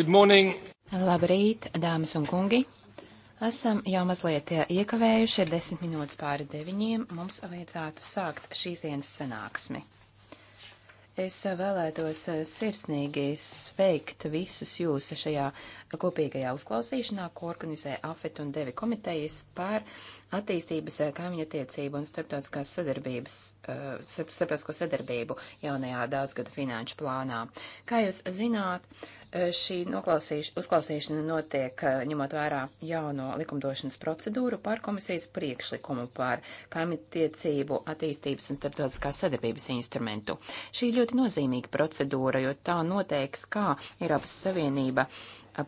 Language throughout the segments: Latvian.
Good morning. Labrīt, dāmas un kungi. Esam jau mazliet iekavējuši, ir desmit minūtes pāri deviņiem. Mums vajadzētu sākt šīs dienas sanāksmi. Es vēlētos sirsnīgi sveikt visus jūs šajā kopīgajā uzklausīšanā, ko organizē AFET un DEVI komitejas par uh, attīstības eh, kaimiņa attiecību un starptautiskās sadarbības, eh, starptautisko sadarbību jaunajā daudzgadu finanšu plānā. Kā jūs zināt, eh, šī uzklausīšana notiek ņemot vērā jauno likumdošanas procedūru par komisijas priekšlikumu par kaimiņtiecību attīstības un starptautiskās sadarbības instrumentu. Šī ir ļoti nozīmīga procedūra, jo tā noteiks, kā Eiropas Savienība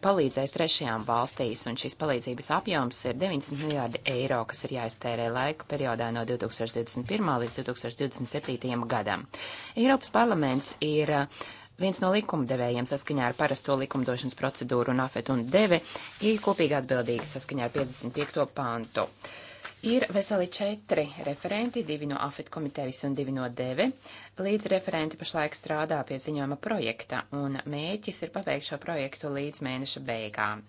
palīdzēs trešajām valstīs, un šīs palīdzības apjoms ir 90 miljārdi eiro, kas ir jāiztērē laika periodā no 2021. līdz 2027. gadam. Eiropas parlaments ir uh, viens no likumdevējiem saskaņā ar parasto likumdošanas procedūru un afet un deve ir kopīgi atbildīgi saskaņā ar 55. pantu. Uh, Ir veseli četri referenti, divi no AFIT komitejas un divi no DEVE. Līdz referenti pašlaik strādā pie ziņojuma projekta, un mēķis ir pabeigt šo projektu līdz mēneša beigām.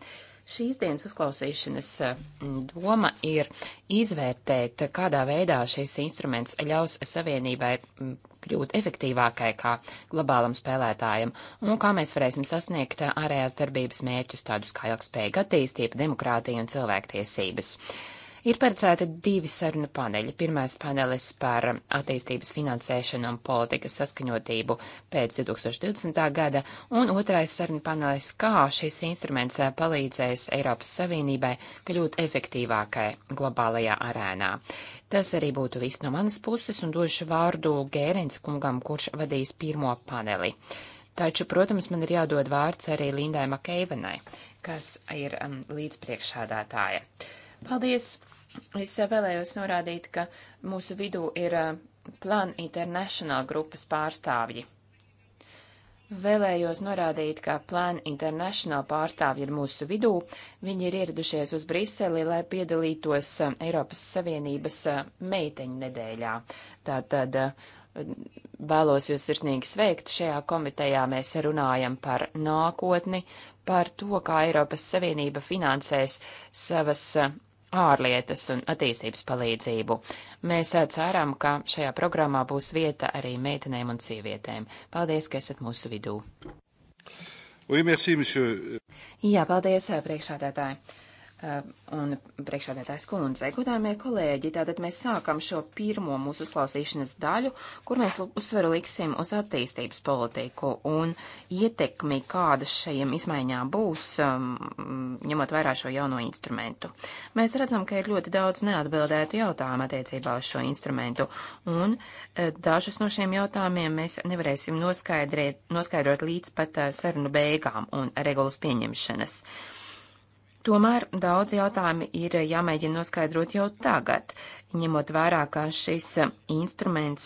Šīs dienas uzklausīšanas mm, doma ir izvērtēt, kādā veidā šis instruments ļaus savienībai mm, kļūt efektīvākai kā globālam spēlētājam, un kā mēs varēsim sasniegt ārējās darbības mērķus tādus kā ilgspējīga attīstība, demokrātija un cilvēktiesības. Ir paredzēti divi sarunu paneļi. Pirmais panelis par attīstības finansēšanu un politikas saskaņotību pēc 2020. gada, un otrais sarunu panelis, kā šis instruments palīdzēs Eiropas Savienībai kļūt efektīvākai globālajā arēnā. Tas arī būtu viss no manas puses, un došu vārdu Gērins kungam, kurš vadīs pirmo paneli. Taču, protams, man ir jādod vārds arī Lindai Makeivenai, kas ir um, līdzpriekšādātāja. Paldies! Es vēlējos norādīt, ka mūsu vidū ir eh, Plan International grupas pārstāvji. Vēlējos norādīt, ka Plan International pārstāvji ir mūsu vidū. Viņi ir ieradušies uz Briseli, lai piedalītos eh, Eiropas Savienības eh, meiteņu nedēļā. Tātad vēlos jūs sirsnīgi sveikt. Šajā komitejā mēs runājam par nākotni, par to, kā Eiropas Savienība finansēs savas ārlietas un attīstības palīdzību. Mēs eh, ceram, ka šajā programmā būs vieta arī meitenēm un sievietēm. Paldies, ka esat mūsu vidū. Oui, merci, monsieur. Jā, paldies, eh, priekšādētāji. Eh, un priekšādētājs kundze. Godājumie kolēģi, tātad mēs sākam šo pirmo mūsu uzklausīšanas daļu, kur mēs uzsveru liksim uz attīstības politiku un ietekmi, kāda šajiem izmaiņām būs, um, ņemot vairāk šo jauno instrumentu. Mēs redzam, ka ir ļoti daudz neatbildētu jautājumu attiecībā uz šo instrumentu, un eh, dažus no šiem jautājumiem mēs nevarēsim noskaidrot līdz pat eh, sarunu beigām un regulas pieņemšanas. Uh, Tomēr daudz jautājumi ir jāmēģina noskaidrot jau tagad, ņemot vērā, ka šis instruments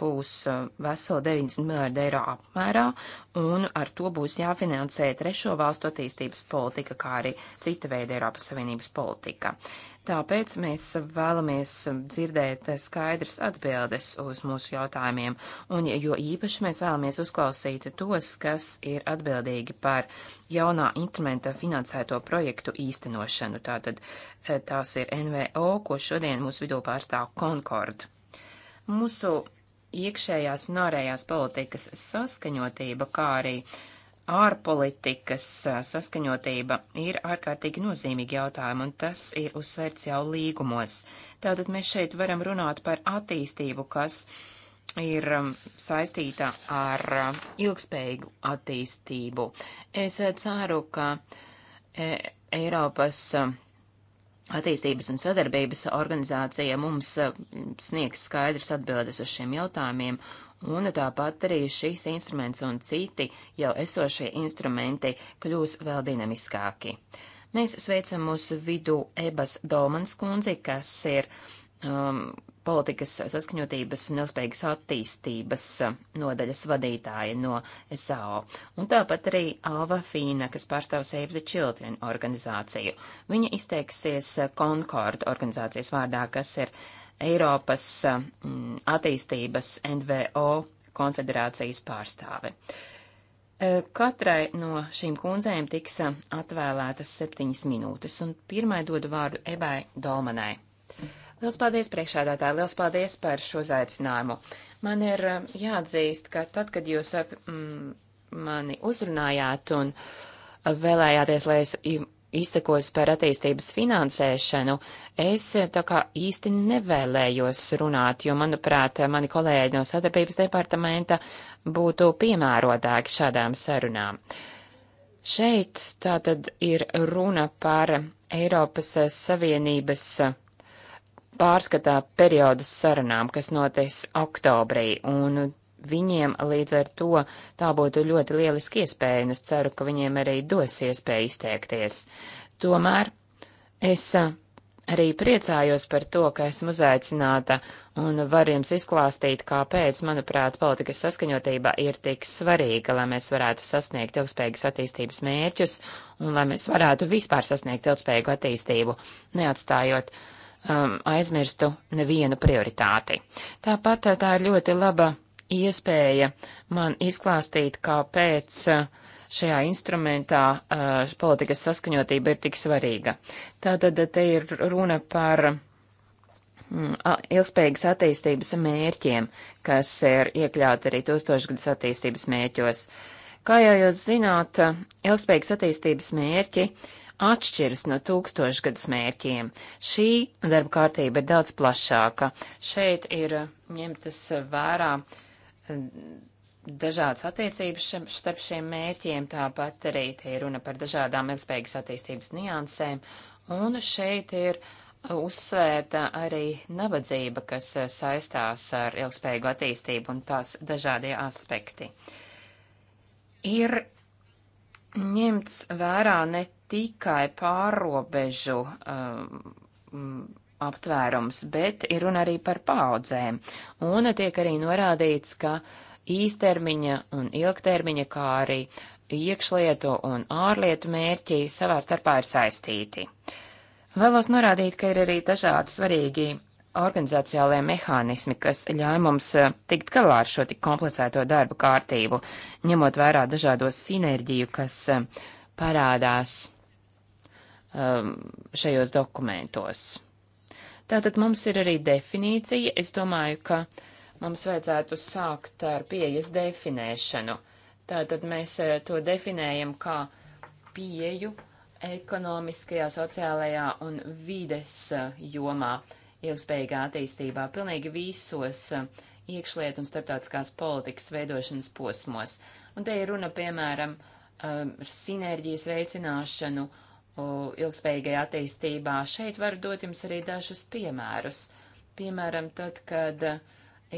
būs vesela 90 miljārdu eiro apmērā, un ar to būs jāfinansē trešo valstu attīstības politika, kā arī cita veida Eiropas Savienības politika. Tāpēc mēs vēlamies dzirdēt skaidras atbildes uz mūsu jautājumiem, un jo īpaši mēs vēlamies uzklausīt tos, kas ir atbildīgi par jaunā instrumenta finansēto projektu īstenošanu. Tātad eh, tās ir NVO, ko šodien mūsu vidū pārstāv Concord. Mūsu iekšējās un ārējās politikas saskaņotība, kā arī uh, ārpolitikas saskaņotība ir ārkārtīgi nozīmīgi jautājumi, un tas ir uzsvērts jau līgumos. Tātad mēs šeit varam runāt par attīstību, kas ir saistīta ar ilgspējīgu attīstību. Es ceru, ka Eiropas attīstības un sadarbības organizācija mums sniegs skaidrs atbildes uz šiem jautājumiem, un tāpat arī šīs instruments un citi jau esošie instrumenti kļūs vēl dinamiskāki. Mēs sveicam mūsu vidu Ebas Dolmans kundzi, kas ir um, politikas saskaņotības un ilgspējīgas attīstības uh, nodaļas vadītāja no SAO, un tāpat arī Alva Fīna, kas pārstāv Save the Children organizāciju. Viņa izteiksies uh, Concord organizācijas vārdā, kas ir uh, Eiropas eh, mm, attīstības NVO konfederācijas pārstāve. Eh, katrai no šīm kundzēm tiks eh, atvēlētas septiņas minūtes, un pirmai dodu vārdu Ebai Dolmanai. Liels paldies priekšādātāji, liels paldies par šo zaicinājumu. Man ir jāatzīst, ka tad, kad jūs ap, mm, mani uzrunājāt un vēlējāties, lai es izsakos par attīstības finansēšanu, es tā kā īsti nevēlējos runāt, jo, manuprāt, mani kolēģi no sadarbības departamenta būtu piemērotāki šādām sarunām. Šeit tātad ir runa par Eiropas Savienības pārskatā periodas sarunām, kas notiks oktobrī, un viņiem līdz ar to tā būtu ļoti lieliski iespēja, un es ceru, ka viņiem arī dos iespēja izteikties. Tomēr es arī priecājos par to, ka esmu uzaicināta un varu jums izklāstīt, kāpēc, manuprāt, politikas saskaņotība ir tik svarīga, lai mēs varētu sasniegt ilgspējīgas attīstības mērķus un lai mēs varētu vispār sasniegt ilgspējīgu attīstību, neatstājot um, aizmirstu nevienu prioritāti. Tāpat tā ir ļoti laba iespēja man izklāstīt, kāpēc uh, šajā instrumentā uh, politikas saskaņotība ir tik svarīga. Tātad uh, te ir runa par mm, ilgspējīgas attīstības mērķiem, kas ir iekļauti arī tūstošgadus attīstības mērķos. Kā jau jūs zināt, uh, ilgspējīgas attīstības mērķi atšķiras no tūkstošgadus mērķiem. Šī darba kārtība ir daudz plašāka. Šeit ir ņemtas vērā uh, dažādas attiecības starp šiem mērķiem, tāpat arī te ir runa par dažādām ilgspējīgas attīstības niansēm, un šeit ir uzsvērta arī nabadzība, kas eh, saistās ar ilgspējīgu attīstību un tās dažādie aspekti. Ir ņemts vērā ne tikai pārobežu um, aptvērums, bet ir runa arī par paudzēm. Un tiek arī norādīts, ka īstermiņa un ilgtermiņa, kā arī iekšlietu un ārlietu mērķi savā starpā ir saistīti. Vēlos norādīt, ka ir arī dažādi svarīgi organizācijālie mehānismi, kas ļauj mums eh, tikt galā ar šo tik komplicēto darbu kārtību, ņemot vērā dažādos sinerģiju, kas eh, parādās um, šajos dokumentos. Tātad mums ir arī definīcija. Es domāju, ka mums vajadzētu sākt ar pieejas definēšanu. Tātad mēs eh, to definējam kā pieju ekonomiskajā, sociālajā un vides eh, jomā ilgspējīgā attīstībā pilnīgi visos eh, iekšliet un starptautiskās politikas veidošanas posmos. Un te ir runa, piemēram, ar sinerģijas veicināšanu ilgspējīgai attīstībā. Šeit varu dot jums arī dažus piemērus. Piemēram, tad, kad uh,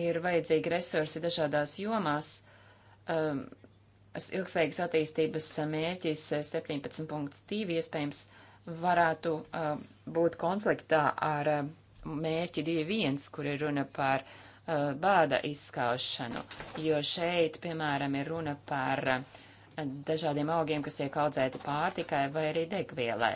ir vajadzīgi resursi dažādās jomās, um, ilgspējīgas attīstības mērķis 17.2 uh, iespējams varētu um, būt konfliktā ar um, mērķi 2.1, kur ir runa par uh, bāda izskaušanu, jo šeit, piemēram, ir runa par uh, dažādiem augiem, kas tiek audzēti pārtikai vai arī degvielai.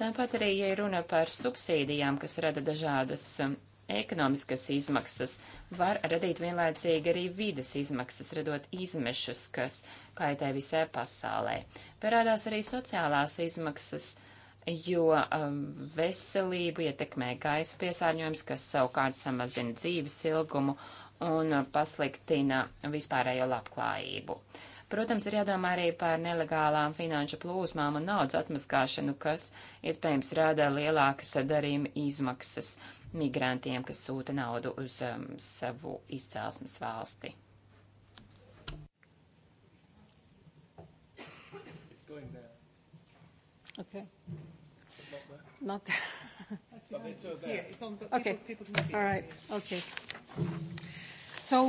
Tāpat arī, ja runa par subsīdijām, kas rada dažādas um, ekonomiskas izmaksas, var radīt vienlaicīgi arī vides izmaksas, radot izmešus, kas kaitē visai pasaulē. Parādās arī sociālās izmaksas, jo um, veselību ietekmē gaisa piesārņojums, kas savukārt samazina dzīves ilgumu un pasliktina vispārējo labklājību. Uh, Protams, ir jādomā arī par nelegālām finanšu plūsmām un naudas atmaskāšanu, kas iespējams rada lielākas darījuma izmaksas migrantiem, kas sūta naudu uz um, savu izcelsmes valsti. Okay. Not there. Not there. so there. Here, it's on, but okay. People, people All right. Okay. So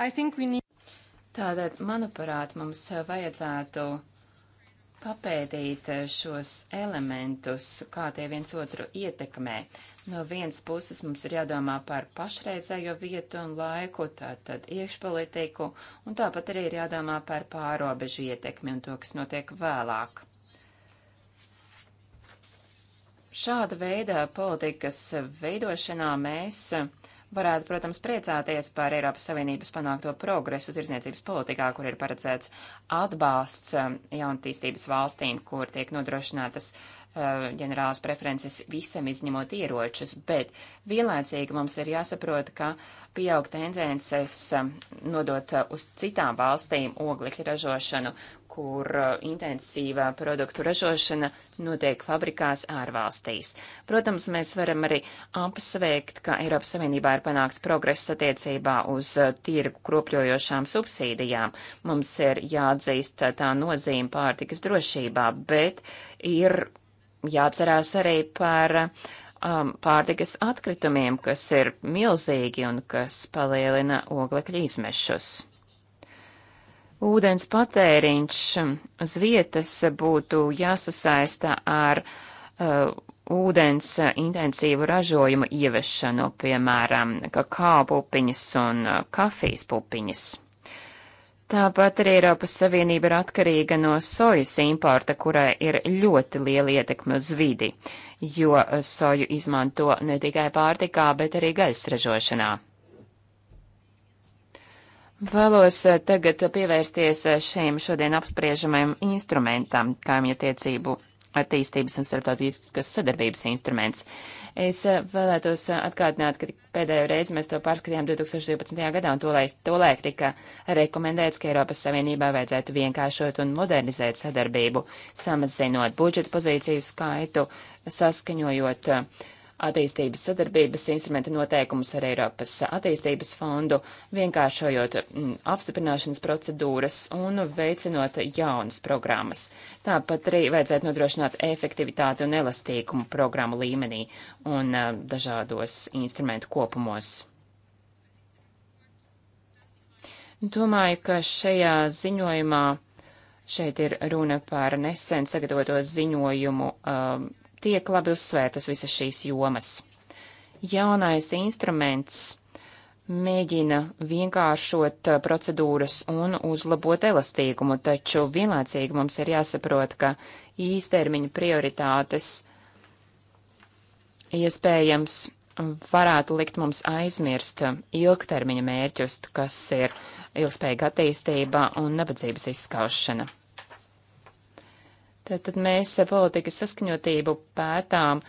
I think we need. Tātad, manuprāt, mums vajadzētu papētīt šos elementus, kā tie viens otru ietekmē. No vienas puses mums ir jādomā par pašreizējo vietu un laiku, tātad iekšpolitiku, un tāpat arī ir jādomā par pārobežu ietekmi un to, kas notiek vēlāk. Šāda veida politikas veidošanā mēs varētu, protams, priecāties par Eiropas Savienības panākto progresu tirzniecības politikā, kur ir paredzēts atbalsts um, jaunatīstības valstīm, kur tiek nodrošinātas Eh, ģenerālas preferences visam izņemot ieročus, bet vienlaicīgi mums ir jāsaprot, ka pieaug tendences eh, nodot eh, uz citām valstīm oglekļa ražošanu, kur intensīvā produktu ražošana notiek fabrikās ārvalstīs. Protams, mēs varam arī apsveikt, ka Eiropas Savienībā ir panāks progress attiecībā uz tirgu kropļojošām subsīdijām. Mums ir jāatzīst tā nozīme pārtikas drošībā, bet ir jāatcerās arī par um, pārtikas atkritumiem, kas ir milzīgi un kas palielina oglekļa izmešus. Ūdens patēriņš uz vietas būtu jāsasaista ar uh, ūdens intensīvu ražojumu ieviešanu, piemēram, kakao pupiņas un uh, kafijas pupiņas. Tāpat arī Eiropas Savienība ir atkarīga no sojas importa, kurai ir ļoti liela ietekme uz vidi, jo soju izmanto ne tikai pārtikā, bet arī gaļas ražošanā. Vēlos eh, tagad pievērsties eh, šiem šodien apspriežamajam instrumentam, kaimiņatiecību attīstības un starptautiskas sadarbības instruments. Uh, Es eh, vēlētos eh, atgādināt, ka pēdējo reizi mēs to pārskatījām 2012. gadā, un tolaik, tolaik tika rekomendēts, ka Eiropas Savienībā vajadzētu vienkāršot un modernizēt sadarbību, samazinot budžeta pozīciju skaitu, saskaņojot uh, attīstības sadarbības instrumenta noteikumus ar Eiropas attīstības fondu, vienkāršojot mm, apstiprināšanas procedūras un veicinot jaunas programmas. Tāpat arī vajadzētu nodrošināt efektivitāti un elastīgumu programmu līmenī un eh, dažādos instrumentu kopumos. Domāju, ka šajā ziņojumā šeit ir runa par nesen sagatavoto ziņojumu um, tiek labi uzsvērtas visas šīs jomas. Jaunais instruments mēģina vienkāršot uh, procedūras un uzlabot elastīgumu, taču vienlaicīgi mums ir jāsaprot, ka īstermiņa prioritātes iespējams varētu likt mums aizmirst uh, ilgtermiņa mērķus, kas ir ilgspējīga attīstība un nabadzības izskaušana. Tātad mēs politikas saskaņotību pētām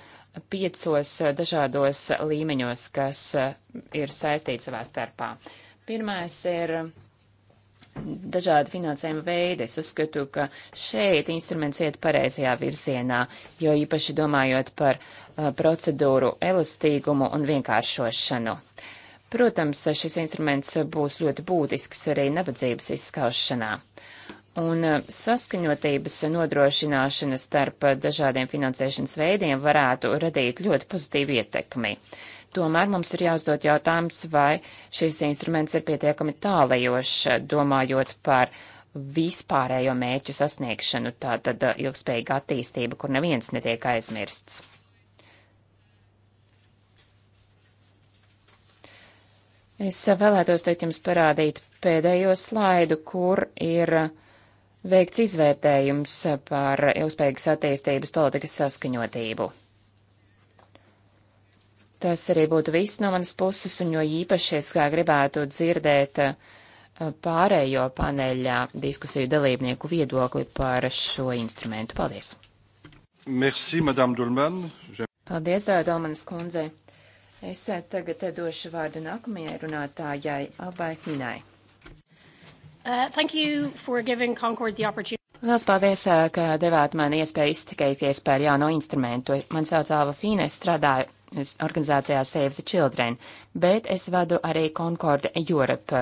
piecos dažādos līmeņos, kas eh, ir saistīti savā starpā. Pirmais ir dažādi finansējuma veidi. Es uzskatu, ka šeit instruments iet pareizajā virzienā, jo īpaši domājot par uh, procedūru elastīgumu un vienkāršošanu. Protams, šis instruments būs ļoti būtisks arī nabadzības izskaušanā un eh, saskaņotības nodrošināšana starp eh, dažādiem finansēšanas veidiem varētu radīt ļoti pozitīvu ietekmi. Tomēr mums ir jāuzdod jautājums, vai šis instruments ir pietiekami tālajošs, domājot par vispārējo mērķu sasniegšanu, tātad eh, ilgspējīga attīstība, kur neviens netiek aizmirsts. Es vēlētos teikt jums parādīt pēdējo slaidu, kur ir uh, veikts izvērtējums par ilgspējīgas attīstības politikas saskaņotību. Tas arī būtu viss no manas puses, un jo īpaši es kā gribētu dzirdēt eh, pārējo paneļa diskusiju dalībnieku viedokli par šo instrumentu. Paldies! Merci, Madame Dulman. Paldies, eh, Dalmanas kundze. Es eh, tagad došu vārdu nākamajai runātājai Albai Finai. Uh, thank you for giving Concord the opportunity. Lielas paldies, uh, ka devāt man iespēju izteikties par jauno instrumentu. Man sauc Alva Fīne, es strādāju organizācijā Save the Children, bet es vadu arī Concord Europe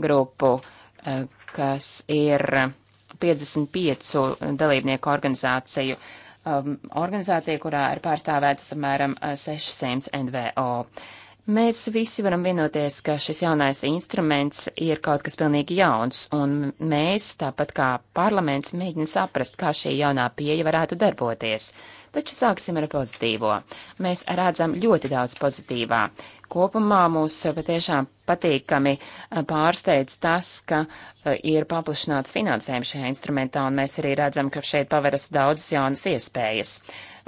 grupu, uh, kas ir 55 dalībnieku organizāciju um, organizācija, kurā ir pārstāvētas apmēram 600 NVO. Uh, Mēs visi varam vienoties, ka šis jaunais instruments ir kaut kas pilnīgi jauns, un mēs, tāpat kā parlaments, mēģinam saprast, kā šī jaunā pieeja varētu darboties. Taču sāksim ar pozitīvo. Mēs redzam ļoti daudz pozitīvā. Kopumā mūs patiešām patīkami eh, pārsteidz tas, ka eh, ir paplašināts finansējums šajā instrumentā, un mēs arī redzam, ka šeit paveras daudzas jaunas iespējas.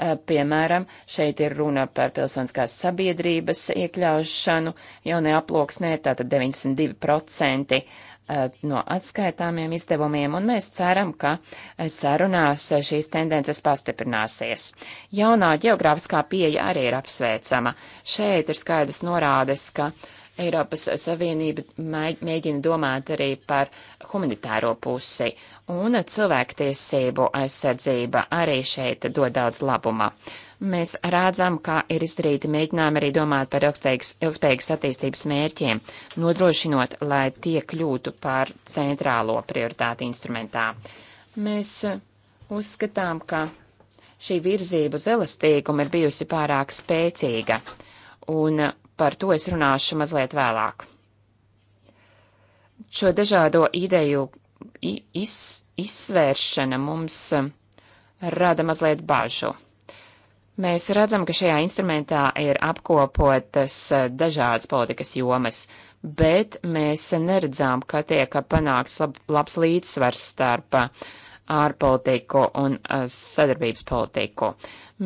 Eh, piemēram, šeit ir runa par pilsoniskās sabiedrības iekļaušanu jaunajā aploksnē, tātad 92% no atskaitāmiem izdevumiem, un mēs ceram, ka sarunās šīs tendences pastiprināsies. Jaunā geogrāfiskā pieeja arī ir apsveicama. Šeit ir skaidrs norādes, ka Eiropas Savienība mēģina domāt arī par humanitāro pusi, un cilvēktiesību aizsardzība arī šeit dod daudz labuma mēs rādzam, ka ir izdarīti mēģinājumi arī domāt par ilgspējīgas attīstības mērķiem, nodrošinot, lai tie kļūtu par centrālo prioritāti instrumentā. Mēs uh, uzskatām, ka šī virzība uz elastīgumu ir bijusi pārāk spēcīga, un uh, par to es runāšu mazliet vēlāk. Šo dažādo ideju iz, izsvēršana mums uh, rada mazliet bažu. Mēs redzam, ka šajā instrumentā ir apkopotas eh, dažādas politikas jomas, bet mēs neredzām, ka tiek panāks lab, labs līdzsvars starp eh, ārpolitiku un eh, sadarbības politiku.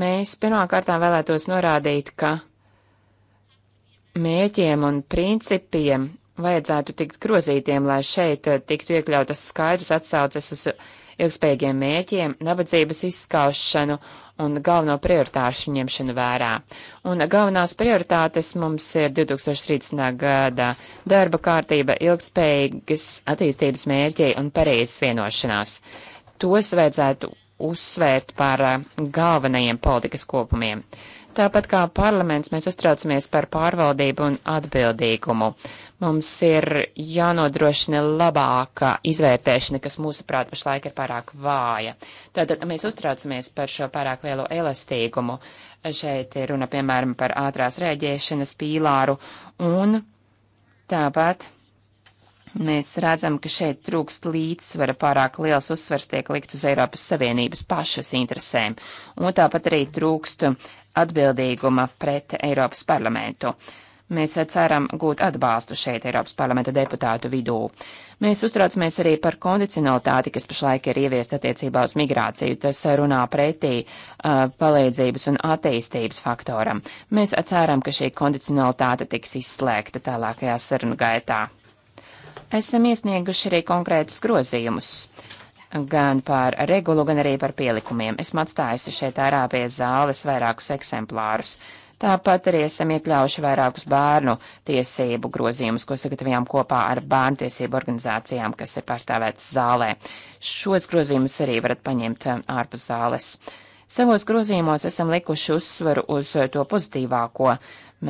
Mēs pirmkārtām vēlētos norādīt, ka mēķiem un principiem vajadzētu tikt grozītiem, lai šeit tiktu iekļautas skaidrs atsauces uz ilgspējīgiem mēķiem, nabadzības izskaušanu un galveno prioritāšu ņemšanu vērā. Un galvenās prioritātes mums ir 2030. gada darba kārtība, ilgspējīgas attīstības mērķi un Parīzes vienošanās. Tos vajadzētu uzsvērt par eh, galvenajiem politikas kopumiem. Tāpat kā parlaments, mēs uztraucamies par pārvaldību un atbildīgumu. Mums ir jānodrošina labāka izvērtēšana, kas mūsuprāt pašlaik ir pārāk vāja. Tātad mēs uztraucamies par šo pārāk lielo elastīgumu. Šeit ir runa, piemēram, par ātrās rēģēšanas pīlāru un tāpat. Mēs redzam, ka šeit trūkst līdzsvara, pārāk liels uzsvers tiek likts uz Eiropas Savienības pašas interesēm, un tāpat arī trūkst atbildīguma pret Eiropas parlamentu. Uh, Mēs ceram gūt atbalstu šeit Eiropas parlamenta deputātu vidū. Mēs uztraucamies arī par kondicionalitāti, kas pašlaik ir ieviest attiecībā uz migrāciju. Tas runā pretī uh, palīdzības un attīstības faktoram. Mēs ceram, ka šī kondicionalitāte tiks izslēgta tālākajā sarunu gaitā. Esam iesnieguši arī konkrētus grozījumus gan par regulu, gan arī par pielikumiem. Esmu atstājusi šeit ārā pie zāles vairākus eksemplārus. Tāpat arī esam iekļaujuši vairākus bērnu tiesību grozījumus, ko sagatavījām kopā ar bērnu tiesību organizācijām, kas ir pārstāvētas zālē. Šos grozījumus arī varat paņemt um, ārpus zāles. Savos grozījumos esam likuši uzsvaru uz uh, to pozitīvāko.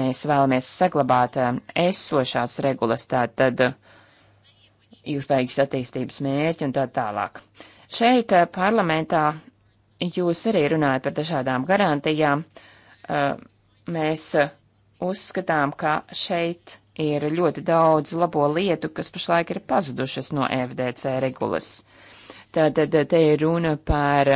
Mēs vēlamies saglabāt um, esošās regulas, tātad uh, ilgspējīgas attīstības mērķi un tā tālāk. Šeit uh, parlamentā jūs arī runājat par dažādām garantijām, Mēs e, uzskatām, ka šeit ir ļoti daudz labo lietu, kas pašlaik ir pazudušas no FDC regulas. Tātad e, te ir runa par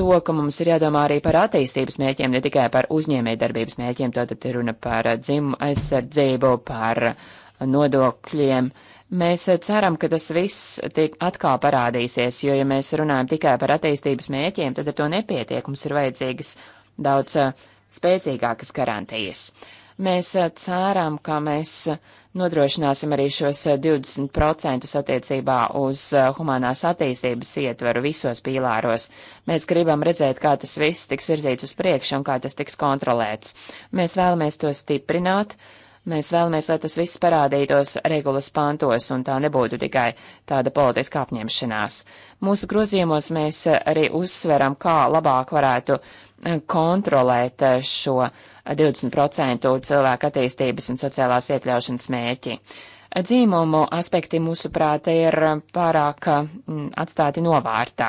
to, ka mums ir jādomā arī par attīstības mērķiem, ne tikai par uzņēmējdarbības mērķiem, tātad ir runa par e, dzimumu aizsardzību, par nodokļiem. Mēs ceram, ka tas viss tiek atkal parādīsies, jo, ja mēs runājam tikai par attīstības mērķiem, tad ar to nepietiek. Mums ir vajadzīgas daudz uh, spēcīgākas garantijas. Mēs eh, cērām, ka mēs eh, nodrošināsim arī šos 20% eh, attiecībā uz humanās attīstības ietveru visos pīlāros. Mēs gribam redzēt, kā tas viss tiks virzīts uz priekšu un kā tas tiks kontrolēts. Mēs vēlamies to stiprināt. Mēs vēlamies, lai tas viss parādītos regulas pantos un tā nebūtu tikai tāda politiska apņemšanās. Mūsu grozījumos mēs arī uzsveram, kā labāk varētu kontrolēt eh, šo 20% eh, cilvēku attīstības un sociālās iekļaušanas mērķi. Dzīmumu aspekti, mūsuprāt, ir pārāk mm, atstāti novārtā.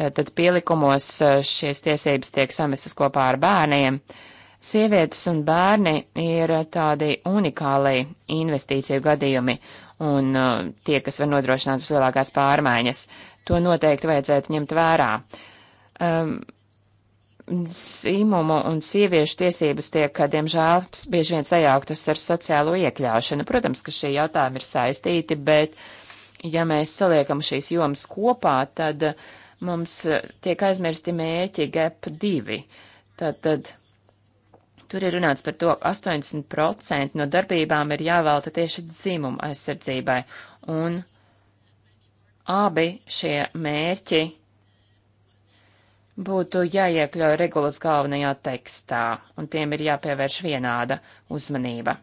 Tātad pielikumos eh, šīs tiesības tiek samestas kopā ar bērniem. Sievietes un bērni ir tādi unikāli investīciju gadījumi un tie, kas var nodrošināt vislielākās pārmaiņas. To noteikti vajadzētu ņemt vērā. Um, zīmumu un sieviešu tiesības tiek, diemžēl, bieži vien sajauktas ar sociālo iekļaušanu. Protams, ka šie jautājumi ir saistīti, bet, ja mēs saliekam šīs jomas kopā, tad uh, mums uh, tiek aizmirsti mērķi GEP 2. Tātad tur ir runāts par to, ka 80% no darbībām ir jāvēlta tieši dzimumu aizsardzībai, un abi šie mērķi būtu jāiekļauj regulas galvenajā tekstā, un tiem ir jāpievērš vienāda uzmanība.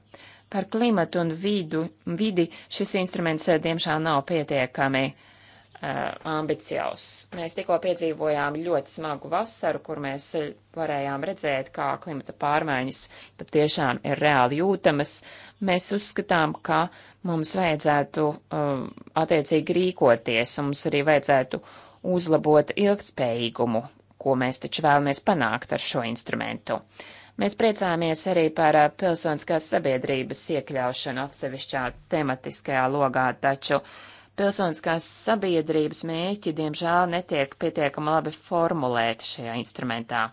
Par klimatu un vidu, vidi šis instruments, eh, diemžēl, nav pietiekami uh, ambiciozs. Mēs tikko piedzīvojām ļoti smagu vasaru, kur mēs eh, varējām redzēt, kā klimata pārmaiņas patiešām ir reāli jūtamas. Mēs uzskatām, ka mums vajadzētu uh, attiecīgi rīkoties, un mums arī vajadzētu uzlabot ilgtspējīgumu ko mēs taču vēlamies panākt ar šo instrumentu. Mēs priecāmies arī par pilsoniskās sabiedrības iekļaušanu atsevišķā tematiskajā logā, taču pilsoniskās sabiedrības mēķi, diemžēl, netiek pietiekami labi formulēti šajā instrumentā.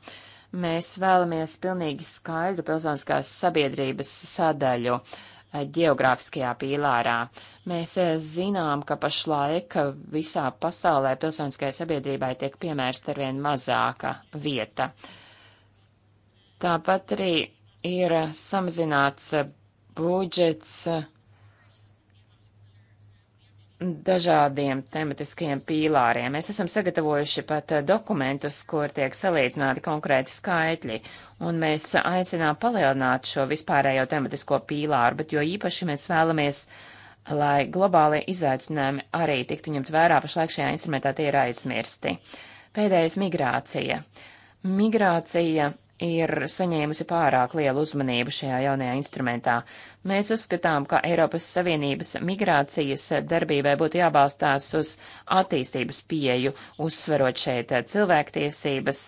Mēs vēlamies pilnīgi skaidru pilsoniskās sabiedrības sadaļu. Uh, ģeogrāfiskajā pīlārā. Mēs eh, zinām, ka pašlaik visā pasaulē pilsoniskajai sabiedrībai tiek piemērsta arvien mazāka vieta. Tāpat arī ir samazināts budžets dažādiem tematiskajiem pīlāriem. Mēs esam sagatavojuši pat eh, dokumentus, kur tiek salīdzināti konkrēti skaitļi, un mēs aicinām palielināt šo vispārējo tematisko pīlāru, bet jo īpaši mēs vēlamies, lai globālie izaicinājumi arī tiktu ņemt vērā, pašlaik šajā instrumentā tie ir aizmirsti. Pēdējais - migrācija. Migrācija ir saņēmusi pārāk lielu uzmanību šajā jaunajā instrumentā. Mēs uzskatām, ka Eiropas Savienības migrācijas darbībai būtu jābalstās uz attīstības pieju, uzsverot šeit cilvēktiesības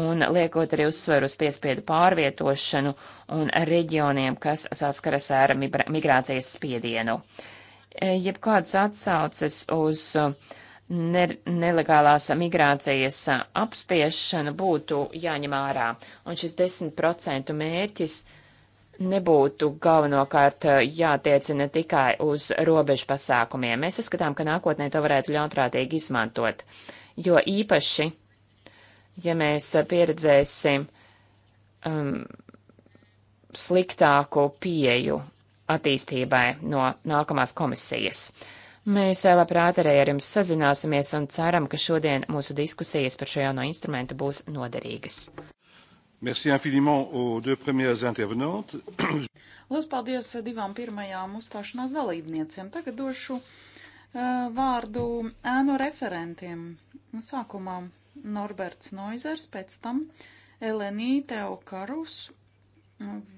un liekot arī uzsveru uz piespiedu pārvietošanu un reģioniem, kas saskaras ar migrācijas spiedienu. Jebkādas atsauces uz uh, ne nelegālās migrācijas apspiešana būtu jāņem ārā, un šis 10% mērķis nebūtu galvenokārt eh, jātiecina tikai uz robežu pasākumiem. Mēs uzskatām, ka nākotnē to varētu ļaunprātīgi izmantot, jo īpaši, ja mēs pieredzēsim um, sliktāku pieju attīstībai no nākamās komisijas. Uh, Mēs eh, labprāt arī ar jums sazināsimies un ceram, ka šodien mūsu diskusijas par šo jauno instrumentu būs noderīgas. Merci infiniment aux deux premières intervenantes. Lielas paldies divām pirmajām uzstāšanās dalībniecēm. Tagad došu uh, vārdu ēnu referentiem. Sākumā Norberts Noizers, pēc tam Elenī Teokarus,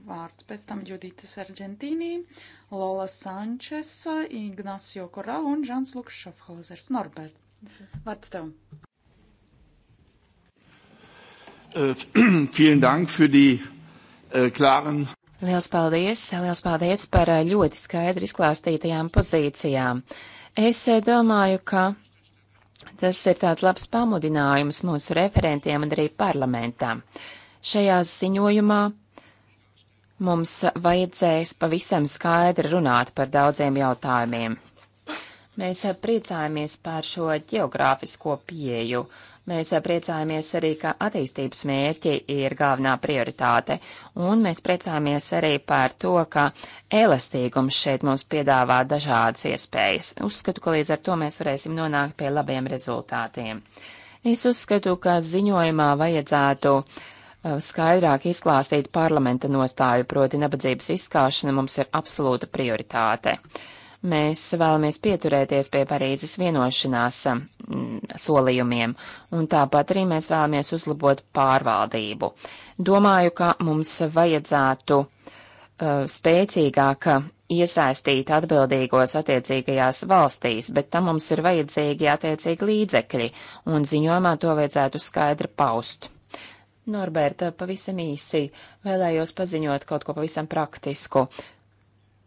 vārds pēc tam Juditas Argentīnī, uh, Lola Sančesa, Ignacio Korau un Žans Lukas Šafhauzers. Norbert, vārds tev. Äh, vielen Dank für die äh, klaren. Liels paldies, liels paldies par äh, ļoti skaidri izklāstītajām pozīcijām. Es äh, domāju, ka tas ir tāds labs pamudinājums mūsu referentiem un arī parlamentam. Šajā ziņojumā Mums vajadzēs pavisam skaidri runāt par daudziem jautājumiem. Mēs priecājamies par šo geogrāfisko pieju. Mēs priecājamies arī, ka attīstības mērķi ir galvenā prioritāte, un mēs priecājamies arī par to, ka elastīgums šeit mums piedāvā dažādas iespējas. Uzskatu, ka līdz ar to mēs varēsim nonākt pie labiem rezultātiem. Es uzskatu, ka ziņojumā vajadzētu uh, Uh, skaidrāk izklāstīt parlamenta nostāju, proti nabadzības izskaušana mums ir absolūta prioritāte. Mēs vēlamies pieturēties pie Parīzes vienošanās mm, solījumiem, un tāpat arī mēs vēlamies uzlabot pārvaldību. Domāju, ka mums vajadzētu uh, spēcīgāk iesaistīt atbildīgos attiecīgajās valstīs, bet tam mums ir vajadzīgi attiecīgi līdzekļi, un ziņojumā to vajadzētu skaidri paust. Norberta, pavisam īsi vēlējos paziņot kaut ko pavisam praktisku.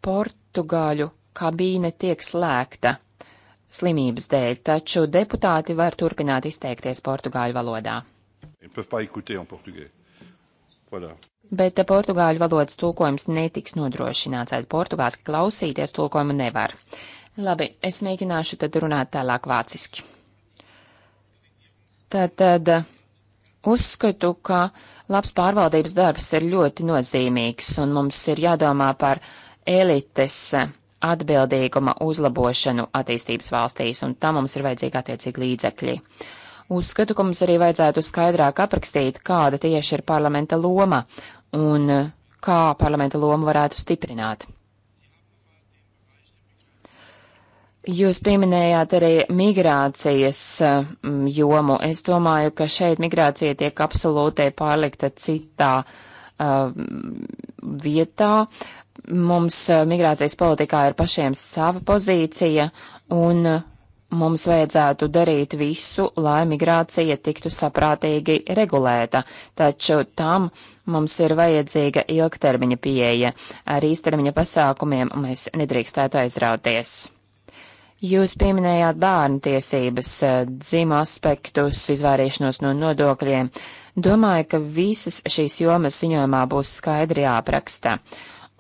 Portugāļu kabīne tiek slēgta slimības dēļ, taču deputāti var turpināt izteikties portugāļu valodā. Voilà. Bet portugāļu valodas tulkojums netiks nodrošināts, tad portugāļu klausīties tulkojumu nevar. Labi, es mēģināšu tad runāt tālāk vāciski. Tātad. Tā, Uzskatu, ka labs pārvaldības darbs ir ļoti nozīmīgs, un mums ir jādomā par elites atbildīguma uzlabošanu attīstības valstīs, un tam mums ir vajadzīgi attiecīgi līdzekļi. Uzskatu, ka mums arī vajadzētu skaidrāk aprakstīt, kāda tieši ir parlamenta loma un kā parlamenta lomu varētu stiprināt. Jūs pieminējāt arī migrācijas mm, jomu. Es domāju, ka šeit migrācija tiek absolūti pārlikta citā uh, vietā. Mums eh, migrācijas politikā ir pašiem sava pozīcija, un mums vajadzētu darīt visu, lai migrācija tiktu saprātīgi regulēta, taču tam mums ir vajadzīga ilgtermiņa pieeja. Ar īstermiņa pasākumiem mēs nedrīkstētu aizrauties. Jūs pieminējāt bērnu tiesības, eh, dzīmu aspektus, izvairīšanos no nodokļiem. Domāju, ka visas šīs jomas ziņojumā būs skaidri jāapraksta.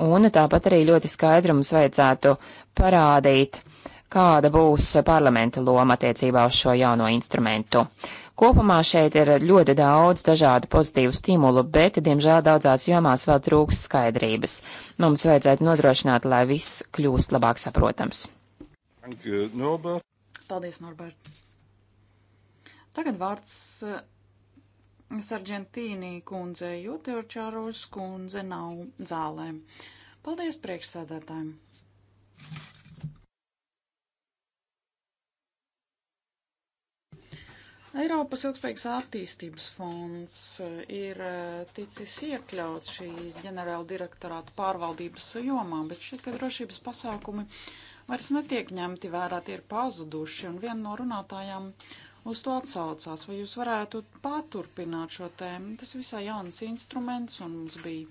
Un tāpat arī ļoti skaidri mums vajadzētu parādīt, kāda būs parlamenta loma attiecībā uz šo jauno instrumentu. Kopumā šeit ir ļoti daudz dažādu pozitīvu stimulu, bet, diemžēl, daudzās jomās vēl trūks skaidrības. Mums vajadzētu nodrošināt, lai viss kļūst labāk saprotams. Norbert. Paldies, Norbert. Tagad vārds eh, Sargentīnī kundze, jo Teočāros kundze nav zālē. Paldies priekšsēdētājiem! Eiropas ilgspējīgas attīstības fonds eh, ir eh, ticis iekļauts šī ģenerāla direktorāta pārvaldības jomā, bet šķiet, ka drošības pasākumi uh, vairs netiek ņemti vērā, tie ir pazuduši, un viena no runātājām uz to atsaucās. Vai jūs varētu paturpināt šo tēmu? Tas visai jauns instruments, un mums bija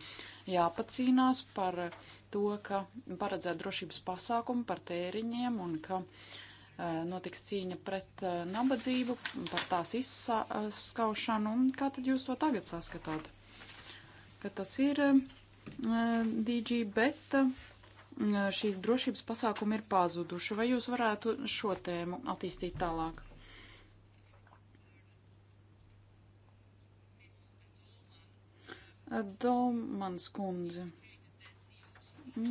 jāpacīnās par to, ka paredzēt drošības pasākumu par tēriņiem un ka e, notiks cīņa pret e, nabadzību, par tās izskaušanu. Kā tad jūs to tagad saskatāt? Ka tas ir e, DG, bet šīs drošības pasākumi ir pazuduši. Vai jūs varētu šo tēmu attīstīt tālāk? Domans kundze,